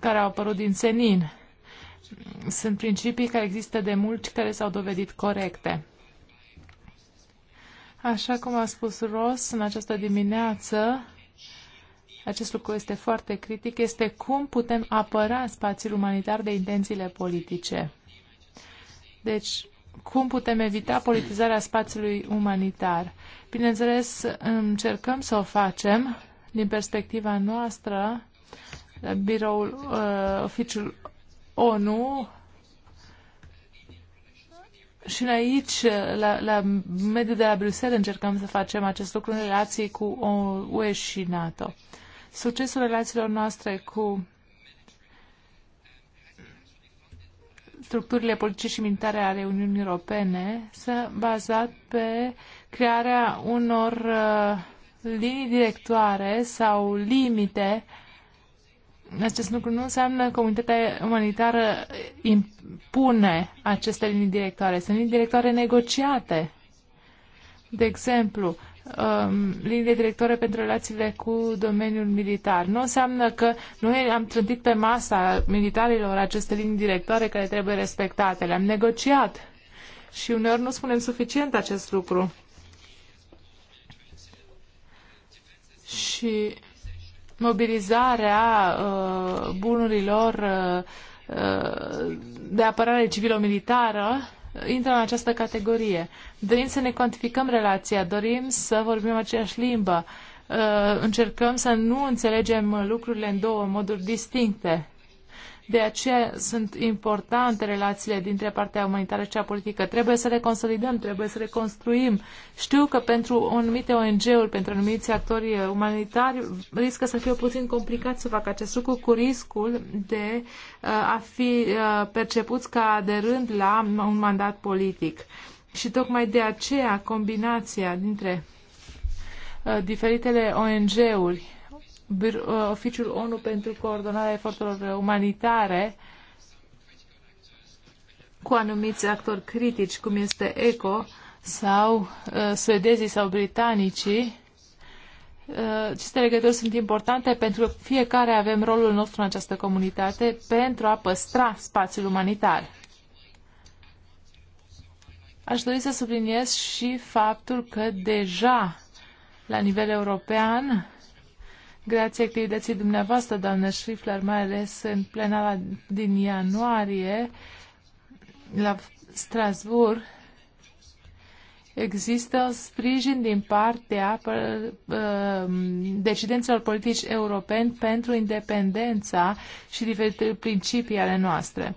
care au apărut din senin sunt principii care există de mult și care s-au dovedit corecte. Așa cum a spus Ross în această dimineață, acest lucru este foarte critic, este cum putem apăra spațiul umanitar de intențiile politice. Deci, cum putem evita politizarea spațiului umanitar? Bineînțeles, încercăm să o facem din perspectiva noastră, biroul, uh, oficiul nu! și noi aici, la, la mediul de la Bruxelles, încercăm să facem acest lucru în relație cu UE și NATO. Succesul relațiilor noastre cu structurile politice și militare ale Uniunii Europene s-a bazat pe crearea unor uh, linii directoare sau limite uh, acest lucru nu înseamnă că comunitatea umanitară impune aceste linii directoare. Sunt linii directoare negociate. De exemplu, um, linii directoare pentru relațiile cu domeniul militar. Nu înseamnă că noi am trântit pe masa militarilor aceste linii directoare care trebuie respectate. Le-am negociat. Și uneori nu spunem suficient acest lucru. Și mobilizarea uh, bunurilor uh, uh, de apărare civilo-militară intră în această categorie. Dorim să ne cuantificăm relația, dorim să vorbim aceeași limbă, încercăm să nu înțelegem lucrurile în două moduri distincte. De aceea sunt importante relațiile dintre partea umanitară și cea politică. Trebuie să le consolidăm, trebuie să le construim. Știu că pentru anumite ONG-uri, pentru anumiți actori umanitari, riscă să fie puțin complicat să facă acest lucru cu riscul de uh, a fi uh, percepuți ca aderând la un mandat politic. Și tocmai de aceea combinația dintre uh, diferitele ONG-uri Uh, oficiul ONU pentru coordonarea eforturilor umanitare cu anumiți actori critici, cum este ECO sau uh, suedezii sau britanicii. Uh, aceste legături sunt importante pentru că fiecare avem rolul nostru în această comunitate pentru a păstra spațiul umanitar. Aș dori să subliniez și faptul că deja la nivel european Grație activității dumneavoastră, doamnă Schrifler, mai ales în plenara din ianuarie la Strasbourg, există sprijin din partea uh, decidenților politici europeni pentru independența și diferite principii ale noastre.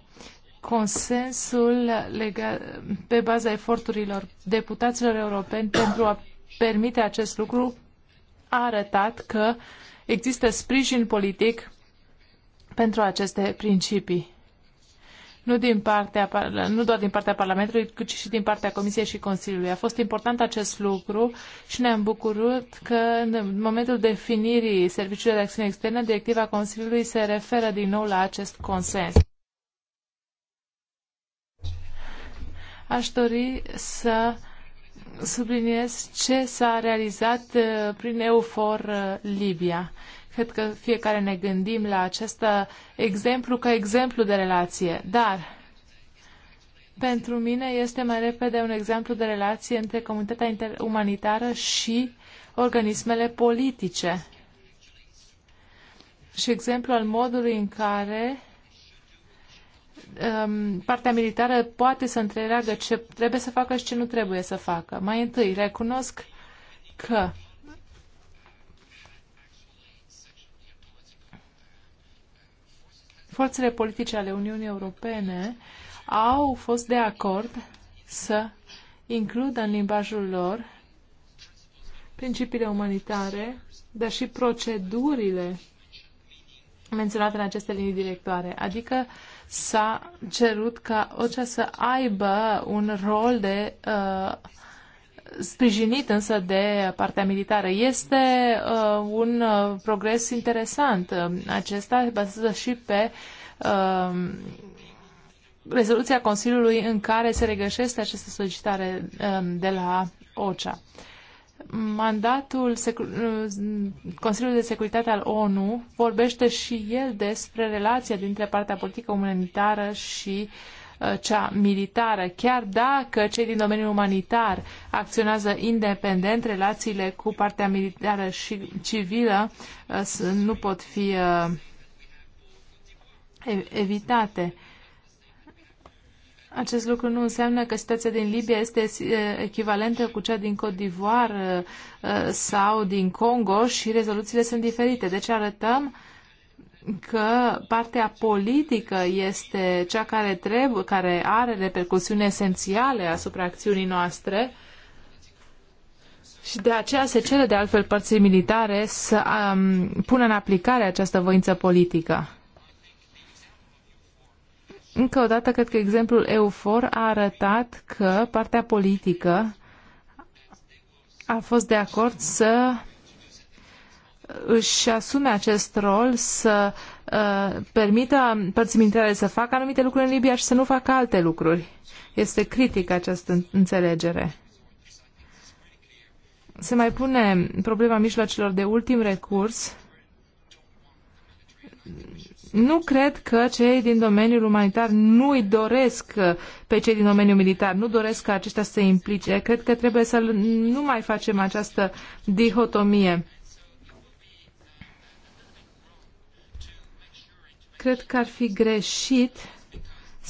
Consensul legat pe baza eforturilor deputaților europeni pentru a permite acest lucru a arătat că uh, există sprijin politic pentru aceste principii. Nu, din partea, nu doar din partea Parlamentului, ci și din partea Comisiei și Consiliului. A fost important acest lucru și ne-am bucurat că în momentul definirii Serviciului de Acțiune Externă, directiva Consiliului se referă din nou la acest consens. Aș dori să subliniez ce s-a realizat uh, prin EUFOR uh, Libia. Cred că fiecare ne gândim la acest exemplu ca exemplu de relație, dar pentru mine este mai repede un exemplu de relație între comunitatea umanitară și organismele politice. Și exemplu al modului în care Um, partea militară poate să întreagă ce trebuie să facă și ce nu trebuie să facă. Mai întâi, recunosc că forțele politice ale Uniunii Europene au fost de acord să includă în limbajul lor principiile umanitare, dar și procedurile menționate în aceste linii directoare. Adică uh, s-a cerut ca OCEA să aibă un rol de uh, sprijinit însă de partea militară. Este uh, un uh, progres interesant. Acesta se bazează și pe uh, rezoluția Consiliului în care se regăsește această solicitare uh, de la OCEA. Uh, mandatul uh, Consiliului de Securitate al ONU vorbește și el despre relația dintre partea politică umanitară și uh, cea militară. Chiar dacă cei din domeniul umanitar acționează independent, relațiile cu partea militară și civilă uh, nu pot fi evitate. Acest lucru nu înseamnă că situația din Libia este eh, echivalentă cu cea din Côte d'Ivoire eh, sau din Congo și rezoluțiile sunt diferite. Deci arătăm că partea politică este cea care trebuie, care are repercusiuni esențiale asupra acțiunii noastre și de aceea se cere de altfel părții militare să um, pună în aplicare această voință politică. Încă o dată, cred că exemplul EUFOR a arătat că partea politică a fost de acord să își asume acest rol, să uh, permită părții militare să facă anumite lucruri în Libia și să nu facă alte lucruri. Este critic această înțelegere. Se mai pune problema mijloacelor de ultim recurs nu cred că cei din domeniul umanitar nu îi doresc uh, pe cei din domeniul militar, nu doresc ca aceștia să se implice. Cred că trebuie să nu mai facem această dihotomie. Cred că ar fi greșit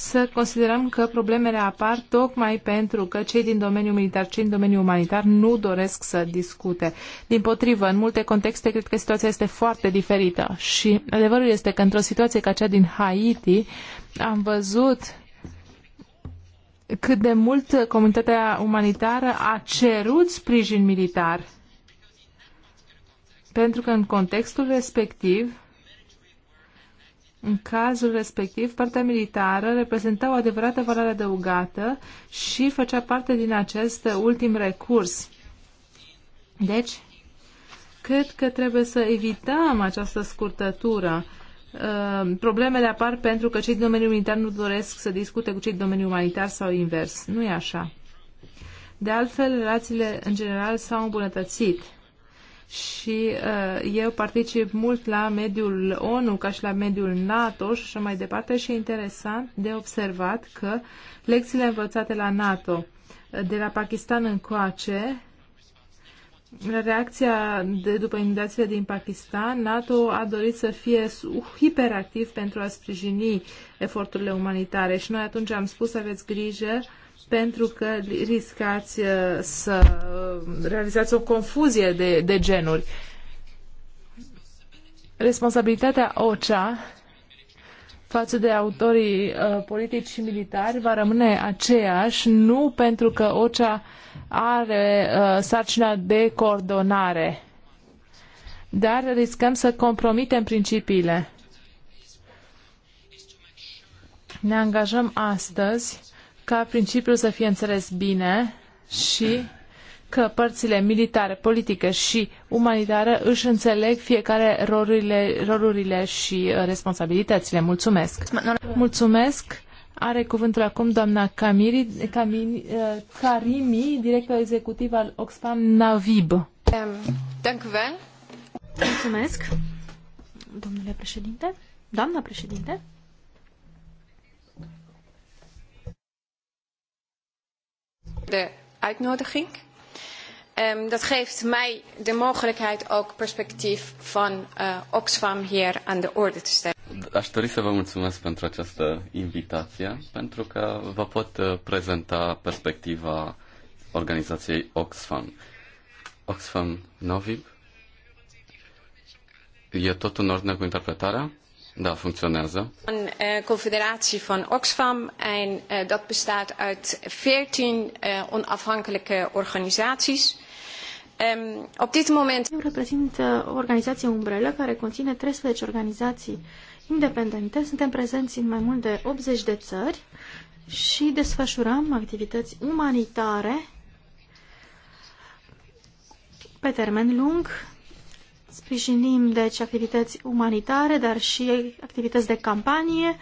să considerăm că problemele apar tocmai pentru că cei din domeniul militar, cei din domeniul umanitar nu doresc să discute. Din potrivă, în multe contexte, cred că situația este foarte diferită și adevărul este că într-o situație ca cea din Haiti am văzut cât de mult comunitatea umanitară a cerut sprijin militar. Pentru că în contextul respectiv, în cazul respectiv, partea militară reprezenta o adevărată valoare adăugată și făcea parte din acest ultim recurs. Deci, cred că trebuie să evităm această scurtătură. Uh, problemele apar pentru că cei din domeniul militar nu doresc să discute cu cei din domeniul umanitar sau invers. Nu e așa. De altfel, relațiile în general s-au îmbunătățit și uh, eu particip mult la mediul ONU ca și la mediul NATO și așa mai departe și e interesant de observat că lecțiile învățate la NATO uh, de la Pakistan încoace reacția de după inundațiile din Pakistan, NATO a dorit să fie hiperactiv pentru a sprijini eforturile umanitare și noi atunci am spus aveți grijă pentru că riscați uh, să uh, realizați o confuzie de, de genuri. Responsabilitatea OCEA față de autorii uh, politici și militari va rămâne aceeași, nu pentru că OCEA are uh, sarcina de coordonare, dar riscăm să compromitem principiile. Ne angajăm astăzi ca principiul să fie înțeles bine și că părțile militare, politică și umanitară își înțeleg fiecare rolurile, rolurile și uh, responsabilitățile. Mulțumesc! Mulțumesc! Are cuvântul acum doamna Camiri, Camini, uh, Karimi, director executiv al Oxfam Navib. Mulțumesc, domnule președinte, doamna președinte. de uitnodiging. Um, dat geeft mij de mogelijkheid ook perspectief van uh, Oxfam hier aan de orde te stellen. Aș dori să vă mulțumesc pentru această invitație, pentru că vă pot eh, prezenta perspectiva organizației Oxfam. Oxfam Novib. E tot în ordine cu interpretarea? Da, funcționează. Een uh, confederatie van Oxfam en uh, dat bestaat uit 14 uh, eh, onafhankelijke organisaties. Um, op dit moment... Eu reprezint o organizație umbrelă care conține 13 organizații independente. Suntem prezenți în mai mult de 80 de țări și desfășurăm activități umanitare pe termen lung Sprijinim, deci, activități umanitare, dar și activități de campanie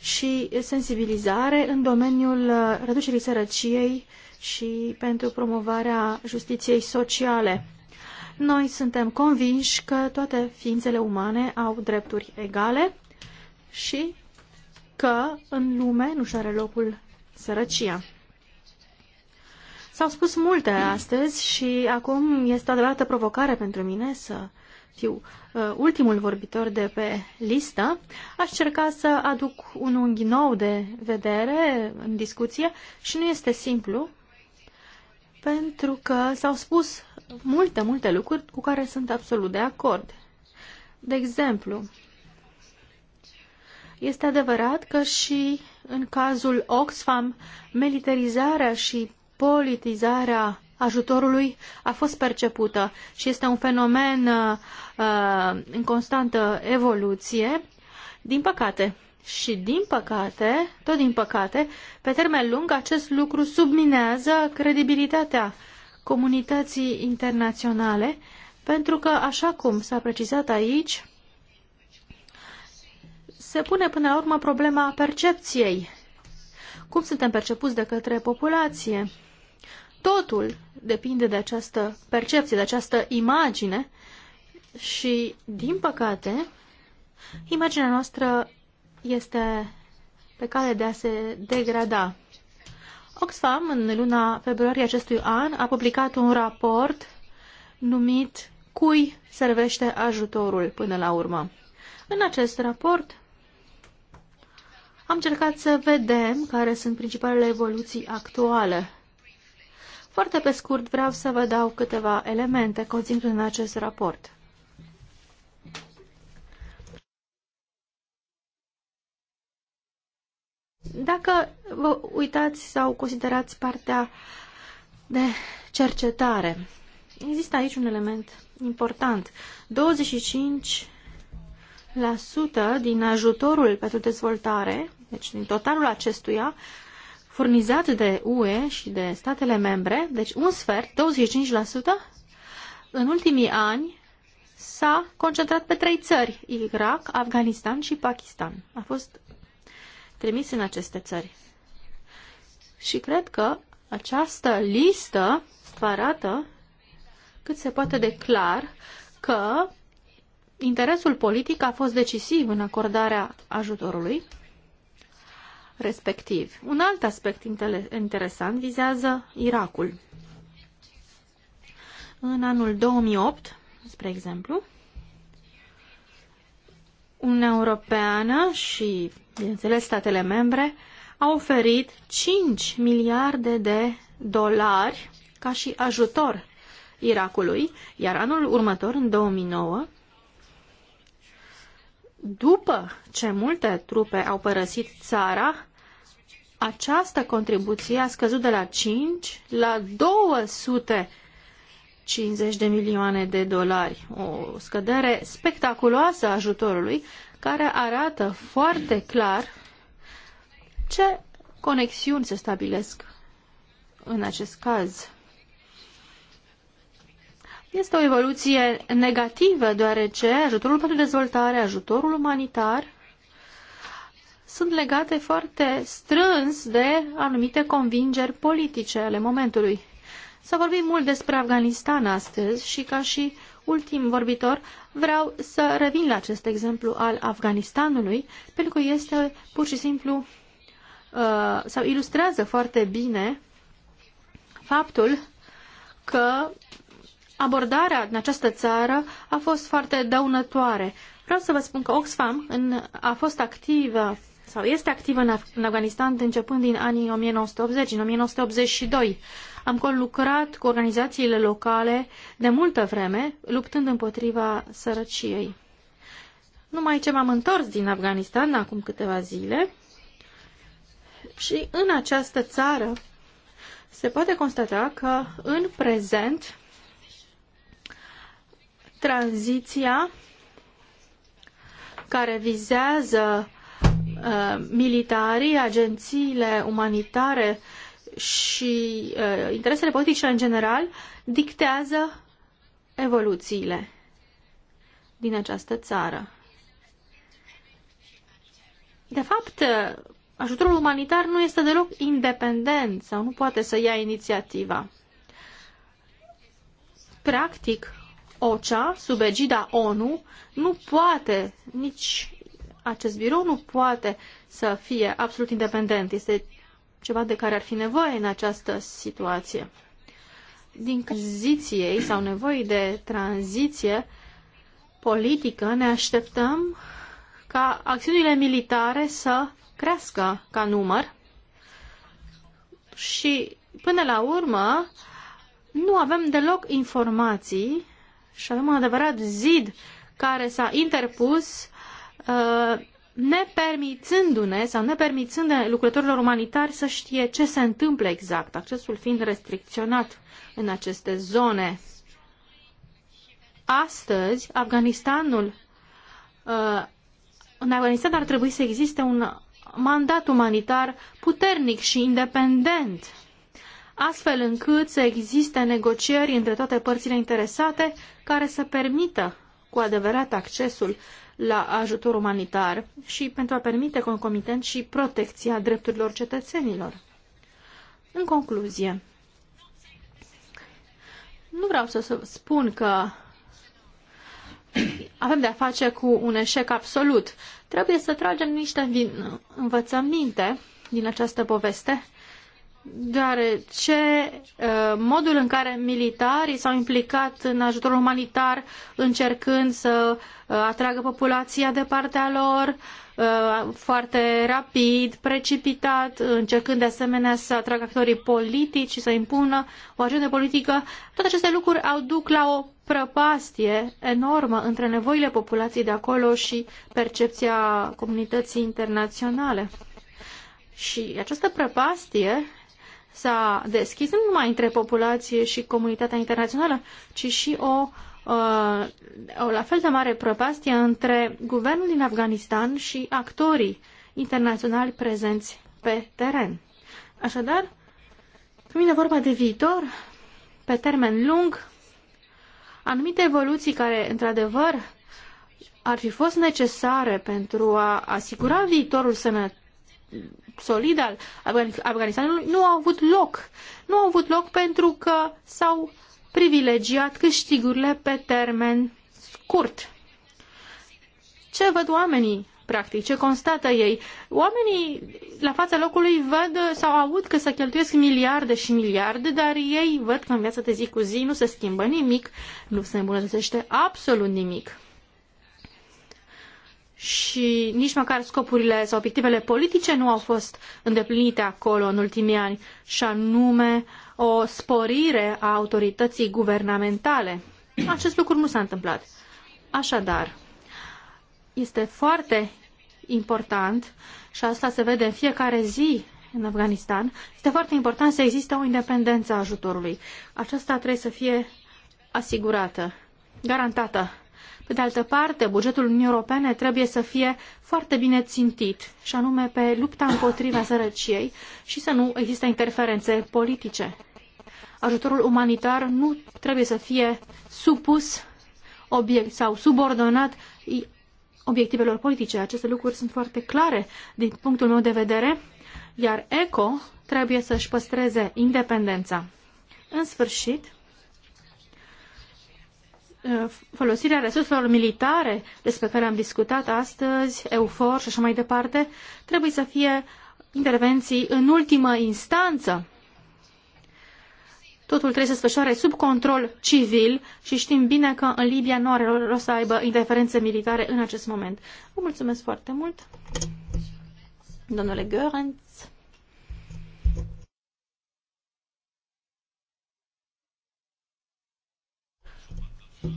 și sensibilizare în domeniul uh, reducerii sărăciei și pentru promovarea justiției sociale. Noi suntem convinși că toate ființele umane au drepturi egale și că în lume nu-și are locul sărăcia. S-au spus multe astăzi și acum este o adevărată provocare pentru mine să fiu uh, ultimul vorbitor de pe listă, aș cerca să aduc un unghi nou de vedere în discuție și nu este simplu, pentru că s-au spus multe, multe lucruri cu care sunt absolut de acord. De exemplu, este adevărat că și în cazul Oxfam, militarizarea și politizarea ajutorului a fost percepută și este un fenomen uh, uh, în constantă evoluție, din păcate. Și din păcate, tot din păcate, pe termen lung acest lucru subminează credibilitatea comunității internaționale, pentru că, așa cum s-a precizat aici, se pune până la urmă problema percepției. Cum suntem percepuți de către populație? Totul depinde de această percepție, de această imagine și, din păcate, imaginea noastră este pe cale de a se degrada. Oxfam, în luna februarie acestui an, a publicat un raport numit Cui servește ajutorul până la urmă. În acest raport am încercat să vedem care sunt principalele evoluții actuale foarte pe scurt vreau să vă dau câteva elemente conținut în acest raport. Dacă vă uitați sau considerați partea de cercetare, există aici un element important. 25% din ajutorul pentru dezvoltare, deci din totalul acestuia, furnizat de UE și de statele membre, deci un sfert, 25%, în ultimii ani s-a concentrat pe trei țări, Irak, Afganistan și Pakistan. A fost trimis în aceste țări. Și cred că această listă vă arată cât se poate de clar că interesul politic a fost decisiv în acordarea ajutorului respectiv. Un alt aspect interesant vizează Irakul. În anul 2008, spre exemplu, Uniunea Europeană și, bineînțeles, statele membre au oferit 5 miliarde de dolari ca și ajutor Irakului, iar anul următor, în 2009, după ce multe trupe au părăsit țara, această contribuție a scăzut de la 5 la 250 de milioane de dolari. O scădere spectaculoasă a ajutorului care arată foarte clar ce conexiuni se stabilesc în acest caz. Este o evoluție negativă, deoarece ajutorul pentru dezvoltare, ajutorul umanitar sunt legate foarte strâns de anumite convingeri politice ale momentului. S-a vorbit mult despre Afganistan astăzi și ca și ultim vorbitor vreau să revin la acest exemplu al Afganistanului, pentru că este pur și simplu uh, sau ilustrează foarte bine faptul că abordarea în această țară a fost foarte dăunătoare. Vreau să vă spun că Oxfam în, a fost activă sau este activă în, Af- în Afganistan începând din anii 1980, în 1982. Am conlucrat cu organizațiile locale de multă vreme, luptând împotriva sărăciei. Numai ce m-am întors din Afganistan acum câteva zile și în această țară se poate constata că în prezent tranziția care vizează uh, militarii, agențiile umanitare și uh, interesele politice în general dictează evoluțiile din această țară. De fapt, uh, ajutorul umanitar nu este deloc independent sau nu poate să ia inițiativa. Practic, OCHA, sub egida ONU, nu poate, nici acest birou nu poate să fie absolut independent. Este ceva de care ar fi nevoie în această situație. Din tranziției sau nevoii de tranziție politică ne așteptăm ca acțiunile militare să crească ca număr și până la urmă nu avem deloc informații și avem un adevărat zid care s-a interpus uh, nepermițându-ne sau nepermițând lucrătorilor umanitari să știe ce se întâmplă exact, accesul fiind restricționat în aceste zone. Astăzi, Afganistanul, uh, în Afganistan ar trebui să existe un mandat umanitar puternic și independent astfel încât să existe negocieri între toate părțile interesate care să permită cu adevărat accesul la ajutor umanitar și pentru a permite concomitent și protecția drepturilor cetățenilor. În concluzie, nu vreau să spun că avem de-a face cu un eșec absolut. Trebuie să tragem niște învățăminte din această poveste deoarece uh, modul în care militarii s-au implicat în ajutorul umanitar încercând să uh, atragă populația de partea lor uh, foarte rapid, precipitat, încercând de asemenea să atragă actorii politici și să impună o agendă politică, toate aceste lucruri au duc la o prăpastie enormă între nevoile populației de acolo și percepția comunității internaționale. Și această prăpastie s-a deschis nu numai între populație și comunitatea internațională, ci și o, uh, o la fel de mare prăpastie între guvernul din Afganistan și actorii internaționali prezenți pe teren. Așadar, când vine vorba de viitor, pe termen lung, anumite evoluții care, într-adevăr, ar fi fost necesare pentru a asigura viitorul sănătății solid al Afganistanului nu au avut loc. Nu au avut loc pentru că s-au privilegiat câștigurile pe termen scurt. Ce văd oamenii? Practic, ce constată ei? Oamenii la fața locului văd sau aud că se cheltuiesc miliarde și miliarde, dar ei văd că în viața de zi cu zi nu se schimbă nimic, nu se îmbunătățește absolut nimic și nici măcar scopurile sau obiectivele politice nu au fost îndeplinite acolo în ultimii ani, și anume o sporire a autorității guvernamentale. Acest lucru nu s-a întâmplat. Așadar, este foarte important și asta se vede în fiecare zi în Afganistan, este foarte important să existe o independență a ajutorului. Aceasta trebuie să fie asigurată, garantată. Pe de altă parte, bugetul Uniunii Europene trebuie să fie foarte bine țintit, și anume pe lupta împotriva sărăciei și să nu există interferențe politice. Ajutorul umanitar nu trebuie să fie supus obiect sau subordonat obiectivelor politice. Aceste lucruri sunt foarte clare din punctul meu de vedere, iar ECO trebuie să-și păstreze independența. În sfârșit, folosirea resurselor militare despre care am discutat astăzi, EUFOR și așa mai departe, trebuie să fie intervenții în ultimă instanță. Totul trebuie să se desfășoare sub control civil și știm bine că în Libia nu are rost să aibă interferențe militare în acest moment. Vă mulțumesc foarte mult, domnule Görenț.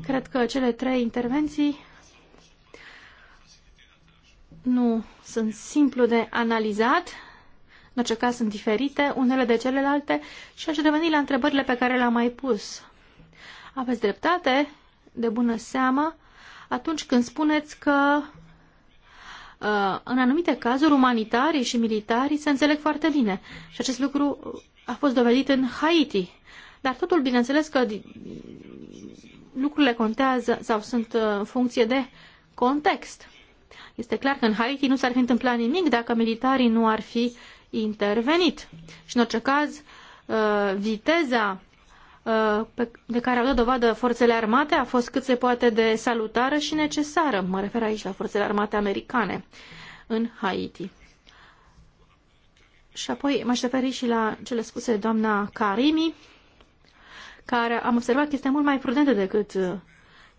Cred că cele trei intervenții nu sunt simplu de analizat, în orice caz sunt diferite unele de celelalte și aș reveni la întrebările pe care le-am mai pus. Aveți dreptate, de bună seamă, atunci când spuneți că uh, în anumite cazuri umanitarii și militarii se înțeleg foarte bine și acest lucru a fost dovedit în Haiti. Dar totul, bineînțeles, că lucrurile contează sau sunt uh, în funcție de context. Este clar că în Haiti nu s-ar fi întâmplat nimic dacă militarii nu ar fi intervenit. Și în orice caz, uh, viteza uh, de care au dat dovadă forțele armate a fost cât se poate de salutară și necesară. Mă refer aici la forțele armate americane în Haiti. Și apoi m-aș referi și la cele spuse doamna Karimi care am observat că este mult mai prudentă decât uh,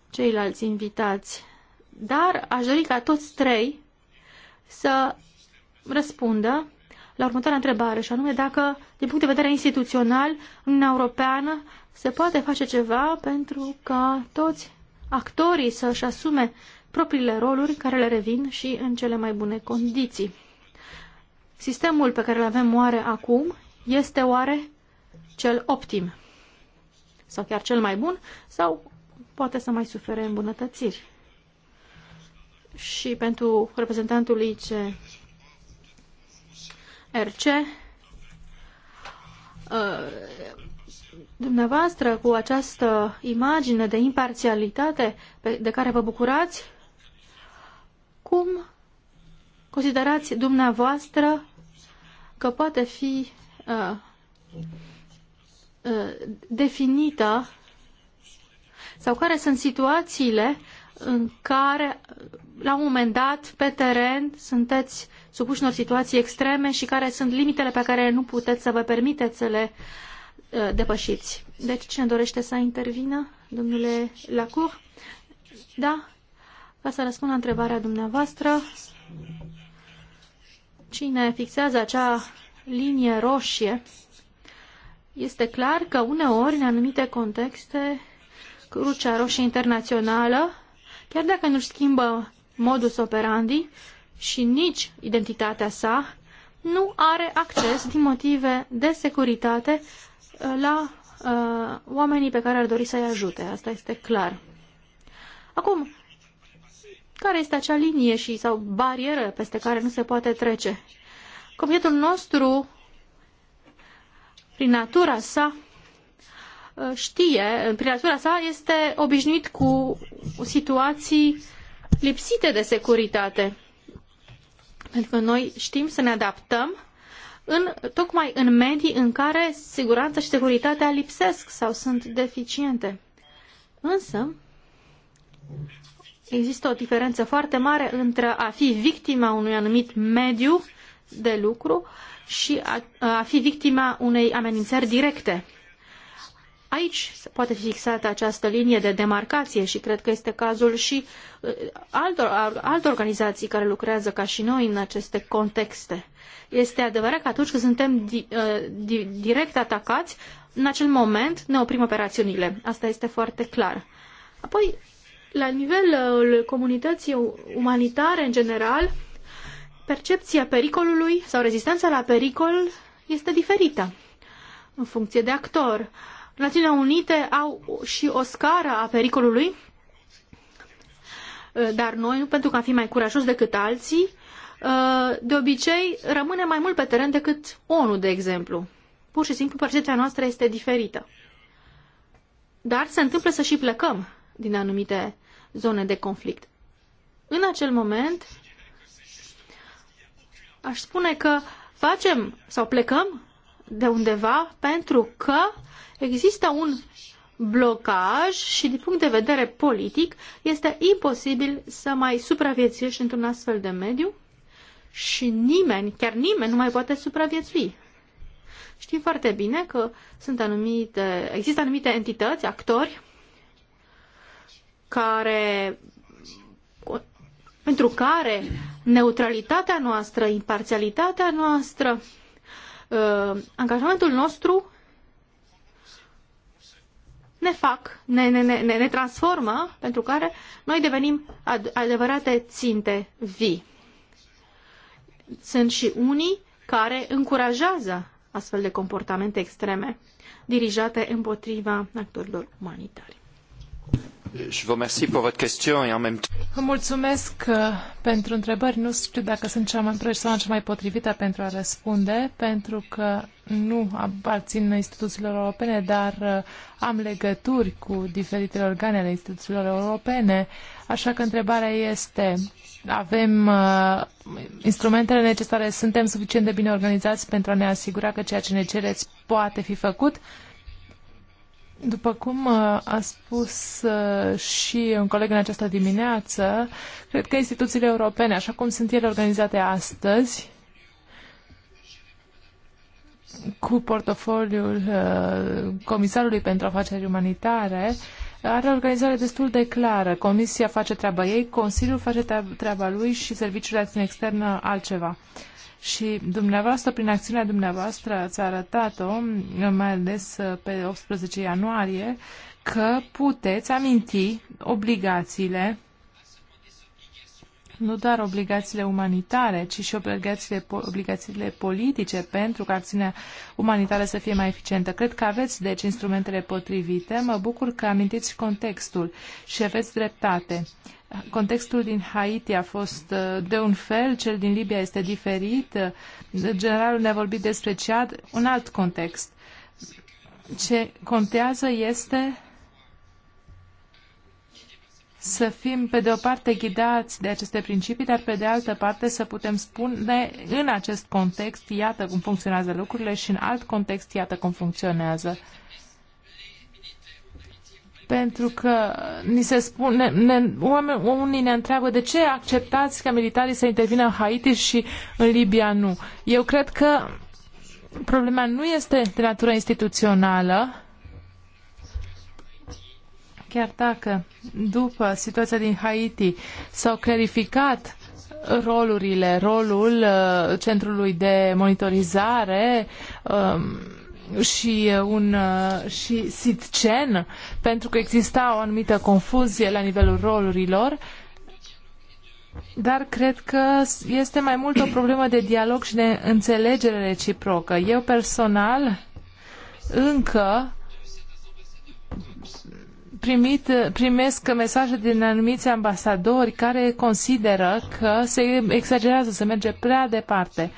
ceilalți invitați. Dar aș dori ca toți trei să răspundă la următoarea întrebare, și anume dacă, din punct de vedere instituțional, în Europeană se poate face ceva pentru ca toți actorii să-și asume propriile roluri care le revin și în cele mai bune condiții. Sistemul pe care îl avem oare acum este oare cel optim? sau chiar cel mai bun, sau poate să mai sufere îmbunătățiri. Și pentru reprezentantul ICRC, uh, dumneavoastră, cu această imagine de imparțialitate de care vă bucurați, cum considerați dumneavoastră că poate fi uh, Uh, definită sau care sunt situațiile în care, la un moment dat, pe teren, sunteți supuși unor situații extreme și care sunt limitele pe care nu puteți să vă permiteți să le uh, depășiți. Deci, cine dorește să intervină? Domnule Lacour? Da? Ca să răspund la întrebarea dumneavoastră, cine fixează acea linie roșie este clar că uneori, în anumite contexte, Crucea Roșie Internațională, chiar dacă nu-și schimbă modus operandi și nici identitatea sa, nu are acces, din motive de securitate, uh, la uh, oamenii pe care ar dori să-i ajute. Asta este clar. Acum, care este acea linie și sau barieră peste care nu se poate trece? Comitetul nostru prin natura sa uh, știe, prin natura sa este obișnuit cu situații lipsite de securitate. Pentru că noi știm să ne adaptăm în, tocmai în medii în care siguranța și securitatea lipsesc sau sunt deficiente. Însă, există o diferență foarte mare între a fi victima unui anumit mediu de lucru uh, și a, a fi victima unei amenințări directe. Aici poate fi fixată această linie de demarcație și cred că este cazul și uh, altor, altor organizații care lucrează ca și noi în aceste contexte. Este adevărat că atunci când suntem di, uh, di, direct atacați, în acel moment ne oprim operațiunile. Asta este foarte clar. Apoi, la nivelul comunității umanitare în general, percepția pericolului sau rezistența la pericol este diferită în funcție de actor. Națiunile Unite au și o scară a pericolului, dar noi, nu pentru că am fi mai curajoși decât alții, de obicei rămâne mai mult pe teren decât ONU, de exemplu. Pur și simplu percepția noastră este diferită. Dar se întâmplă să și plecăm din anumite zone de conflict. În acel moment, aș spune că facem sau plecăm de undeva pentru că există un blocaj și din punct de vedere politic este imposibil să mai supraviețuiești într-un astfel de mediu și nimeni, chiar nimeni nu mai poate supraviețui. Știm foarte bine că sunt anumite, există anumite entități, actori, care pentru care neutralitatea noastră, imparțialitatea noastră, uh, angajamentul nostru ne fac, ne, ne, ne, ne transformă, pentru care noi devenim ad- adevărate ținte vii. Sunt și unii care încurajează astfel de comportamente extreme dirijate împotriva actorilor umanitari. Mulțumesc uh, pentru întrebări. Nu știu dacă sunt cea mai persoană cea mai potrivită pentru a răspunde, pentru că nu aparțin instituțiilor europene, dar uh, am legături cu diferitele organe ale instituțiilor europene. Așa că întrebarea este, avem uh, instrumentele necesare, suntem suficient de bine organizați pentru a ne asigura că ceea ce ne cereți poate fi făcut? Uh, după cum uh, a spus uh, și un coleg în această dimineață, cred că instituțiile europene, așa cum sunt ele organizate astăzi, cu portofoliul uh, Comisarului pentru Afaceri Umanitare, are o organizare destul de clară. Comisia face treaba ei, Consiliul face treaba lui și Serviciul de Acțiune Externă altceva. Uh, și dumneavoastră, prin acțiunea dumneavoastră, ați arătat-o, mai ales uh, pe 18 ianuarie, că puteți aminti obligațiile nu doar obligațiile umanitare, ci și obligațiile, obligațiile politice pentru ca acțiunea umanitară să fie mai eficientă. Cred că aveți, deci, instrumentele potrivite. Mă bucur că amintiți contextul și aveți dreptate. Contextul din Haiti a fost uh, de un fel, cel din Libia este diferit. Generalul ne-a vorbit despre Ciad, un alt context. Ce contează este să fim, pe de o parte, ghidați de aceste principii, dar pe de altă parte să putem spune în acest context, iată cum funcționează lucrurile și în alt context, iată cum funcționează. Pentru că ni se spune, ne, oameni, unii ne întreabă de ce acceptați ca militarii să intervină în Haiti și în Libia nu. Eu cred că problema nu este de natură instituțională, Chiar dacă după situația din Haiti s-au clarificat rolurile, rolul uh, centrului de monitorizare um, și uh, un uh, și SITCEN, pentru că exista o anumită confuzie la nivelul rolurilor, dar cred că este mai mult o problemă de dialog și de înțelegere reciprocă. Eu personal încă primit, primesc mesaje din anumiți ambasadori care consideră că se exagerează, se merge prea departe.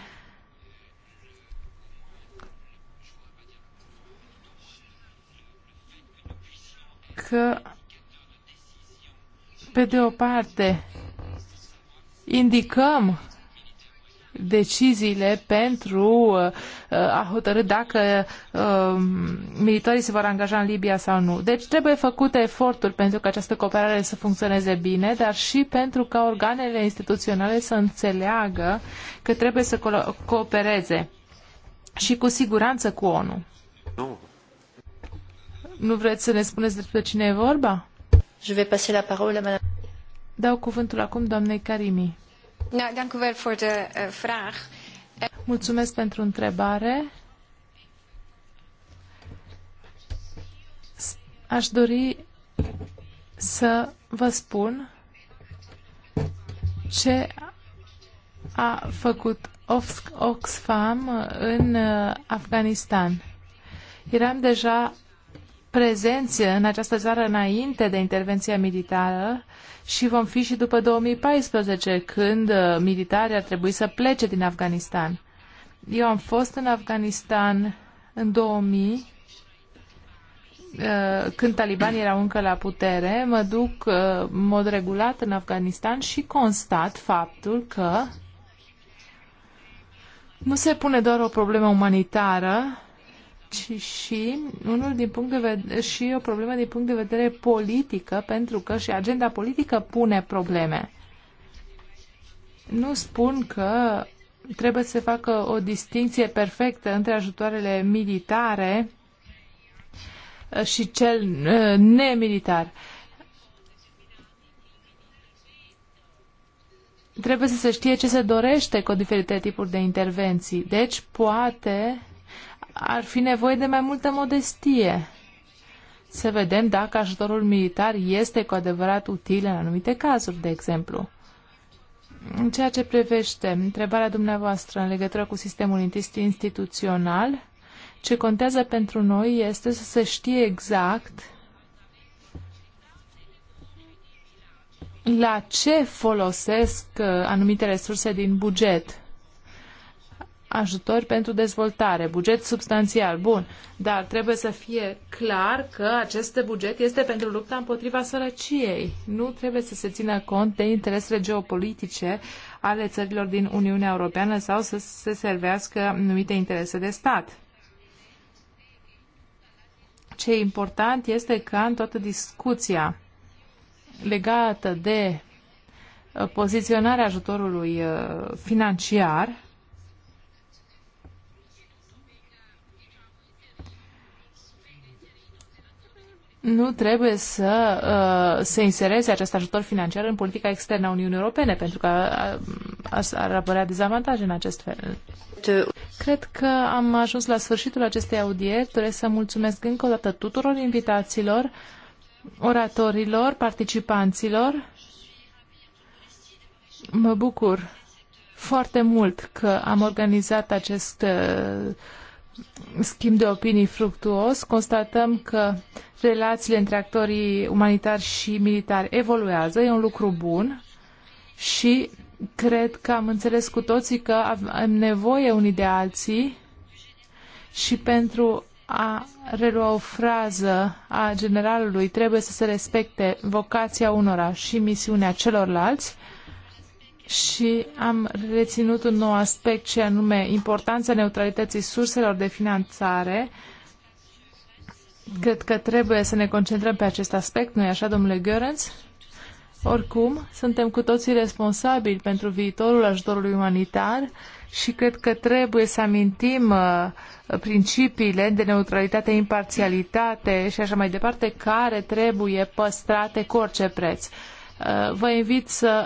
Că, pe de o parte, indicăm deciziile pentru uh, a hotărâ dacă uh, militarii se vor angaja în Libia sau nu. Deci trebuie făcute eforturi pentru că această cooperare să funcționeze bine, dar și pentru ca organele instituționale să înțeleagă că trebuie să coopereze și cu siguranță cu ONU. Nu. Nu vreți să ne spuneți despre cine e vorba? Je vais passer la parole madame. Dau cuvântul acum doamnei Karimi. Nou, dank u wel voor de uh, vraag. Mulțumesc pentru întrebare. Aș dori să vă spun ce a făcut Oxfam în eh, Afganistan. Eram deja prezenți în această țară înainte de intervenția militară și vom fi și după 2014, când uh, militarii ar trebui să plece din Afganistan. Eu am fost în Afganistan în 2000, uh, când talibanii erau încă la putere, mă duc uh, în mod regulat în Afganistan și constat faptul că nu se pune doar o problemă umanitară, ci și, unul din punct de vedere, și o problemă din punct de vedere politică, pentru că și agenda politică pune probleme. Nu spun că trebuie să se facă o distinție perfectă între ajutoarele militare și cel ă, nemilitar. Trebuie să se știe ce se dorește cu diferite tipuri de intervenții. Deci, poate ar fi nevoie de mai multă modestie. Să vedem dacă ajutorul militar este cu adevărat util în anumite cazuri, de exemplu. În ceea ce privește întrebarea dumneavoastră în legătură cu sistemul instituțional, ce contează pentru noi este să se știe exact la ce folosesc uh, anumite resurse din buget ajutor pentru dezvoltare, buget substanțial, bun, dar trebuie să fie clar că acest buget este pentru lupta împotriva sărăciei. Nu trebuie să se țină cont de interesele geopolitice ale țărilor din Uniunea Europeană sau să se servească numite interese de stat. Ce important este că în toată discuția legată de uh, poziționarea ajutorului uh, financiar, nu trebuie să uh, se insereze acest ajutor financiar în politica externă a Uniunii Europene, pentru că uh, ar apărea dezavantaje în acest fel. Cred că am ajuns la sfârșitul acestei audieri. Doresc să mulțumesc încă o dată tuturor invitațiilor, oratorilor, participanților. Mă bucur foarte mult că am organizat acest uh, schimb de opinii fructuos, constatăm că relațiile între actorii umanitari și militari evoluează, e un lucru bun și cred că am înțeles cu toții că avem nevoie unii de alții și pentru a relua o frază a generalului, trebuie să se respecte vocația unora și misiunea celorlalți și am reținut un nou aspect și anume importanța neutralității surselor de finanțare. Cred că trebuie să ne concentrăm pe acest aspect, nu-i așa, domnule Görens? Oricum, suntem cu toții responsabili pentru viitorul ajutorului umanitar și cred că trebuie să amintim uh, principiile de neutralitate, imparțialitate și așa mai departe, care trebuie păstrate cu orice preț. Uh, vă invit să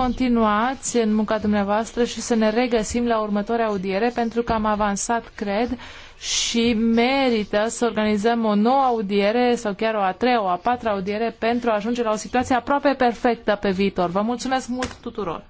continuați în munca dumneavoastră și să ne regăsim la următoarea audiere pentru că am avansat, cred, și merită să organizăm o nouă audiere sau chiar o a treia, o a patra audiere pentru a ajunge la o situație aproape perfectă pe viitor. Vă mulțumesc mult tuturor!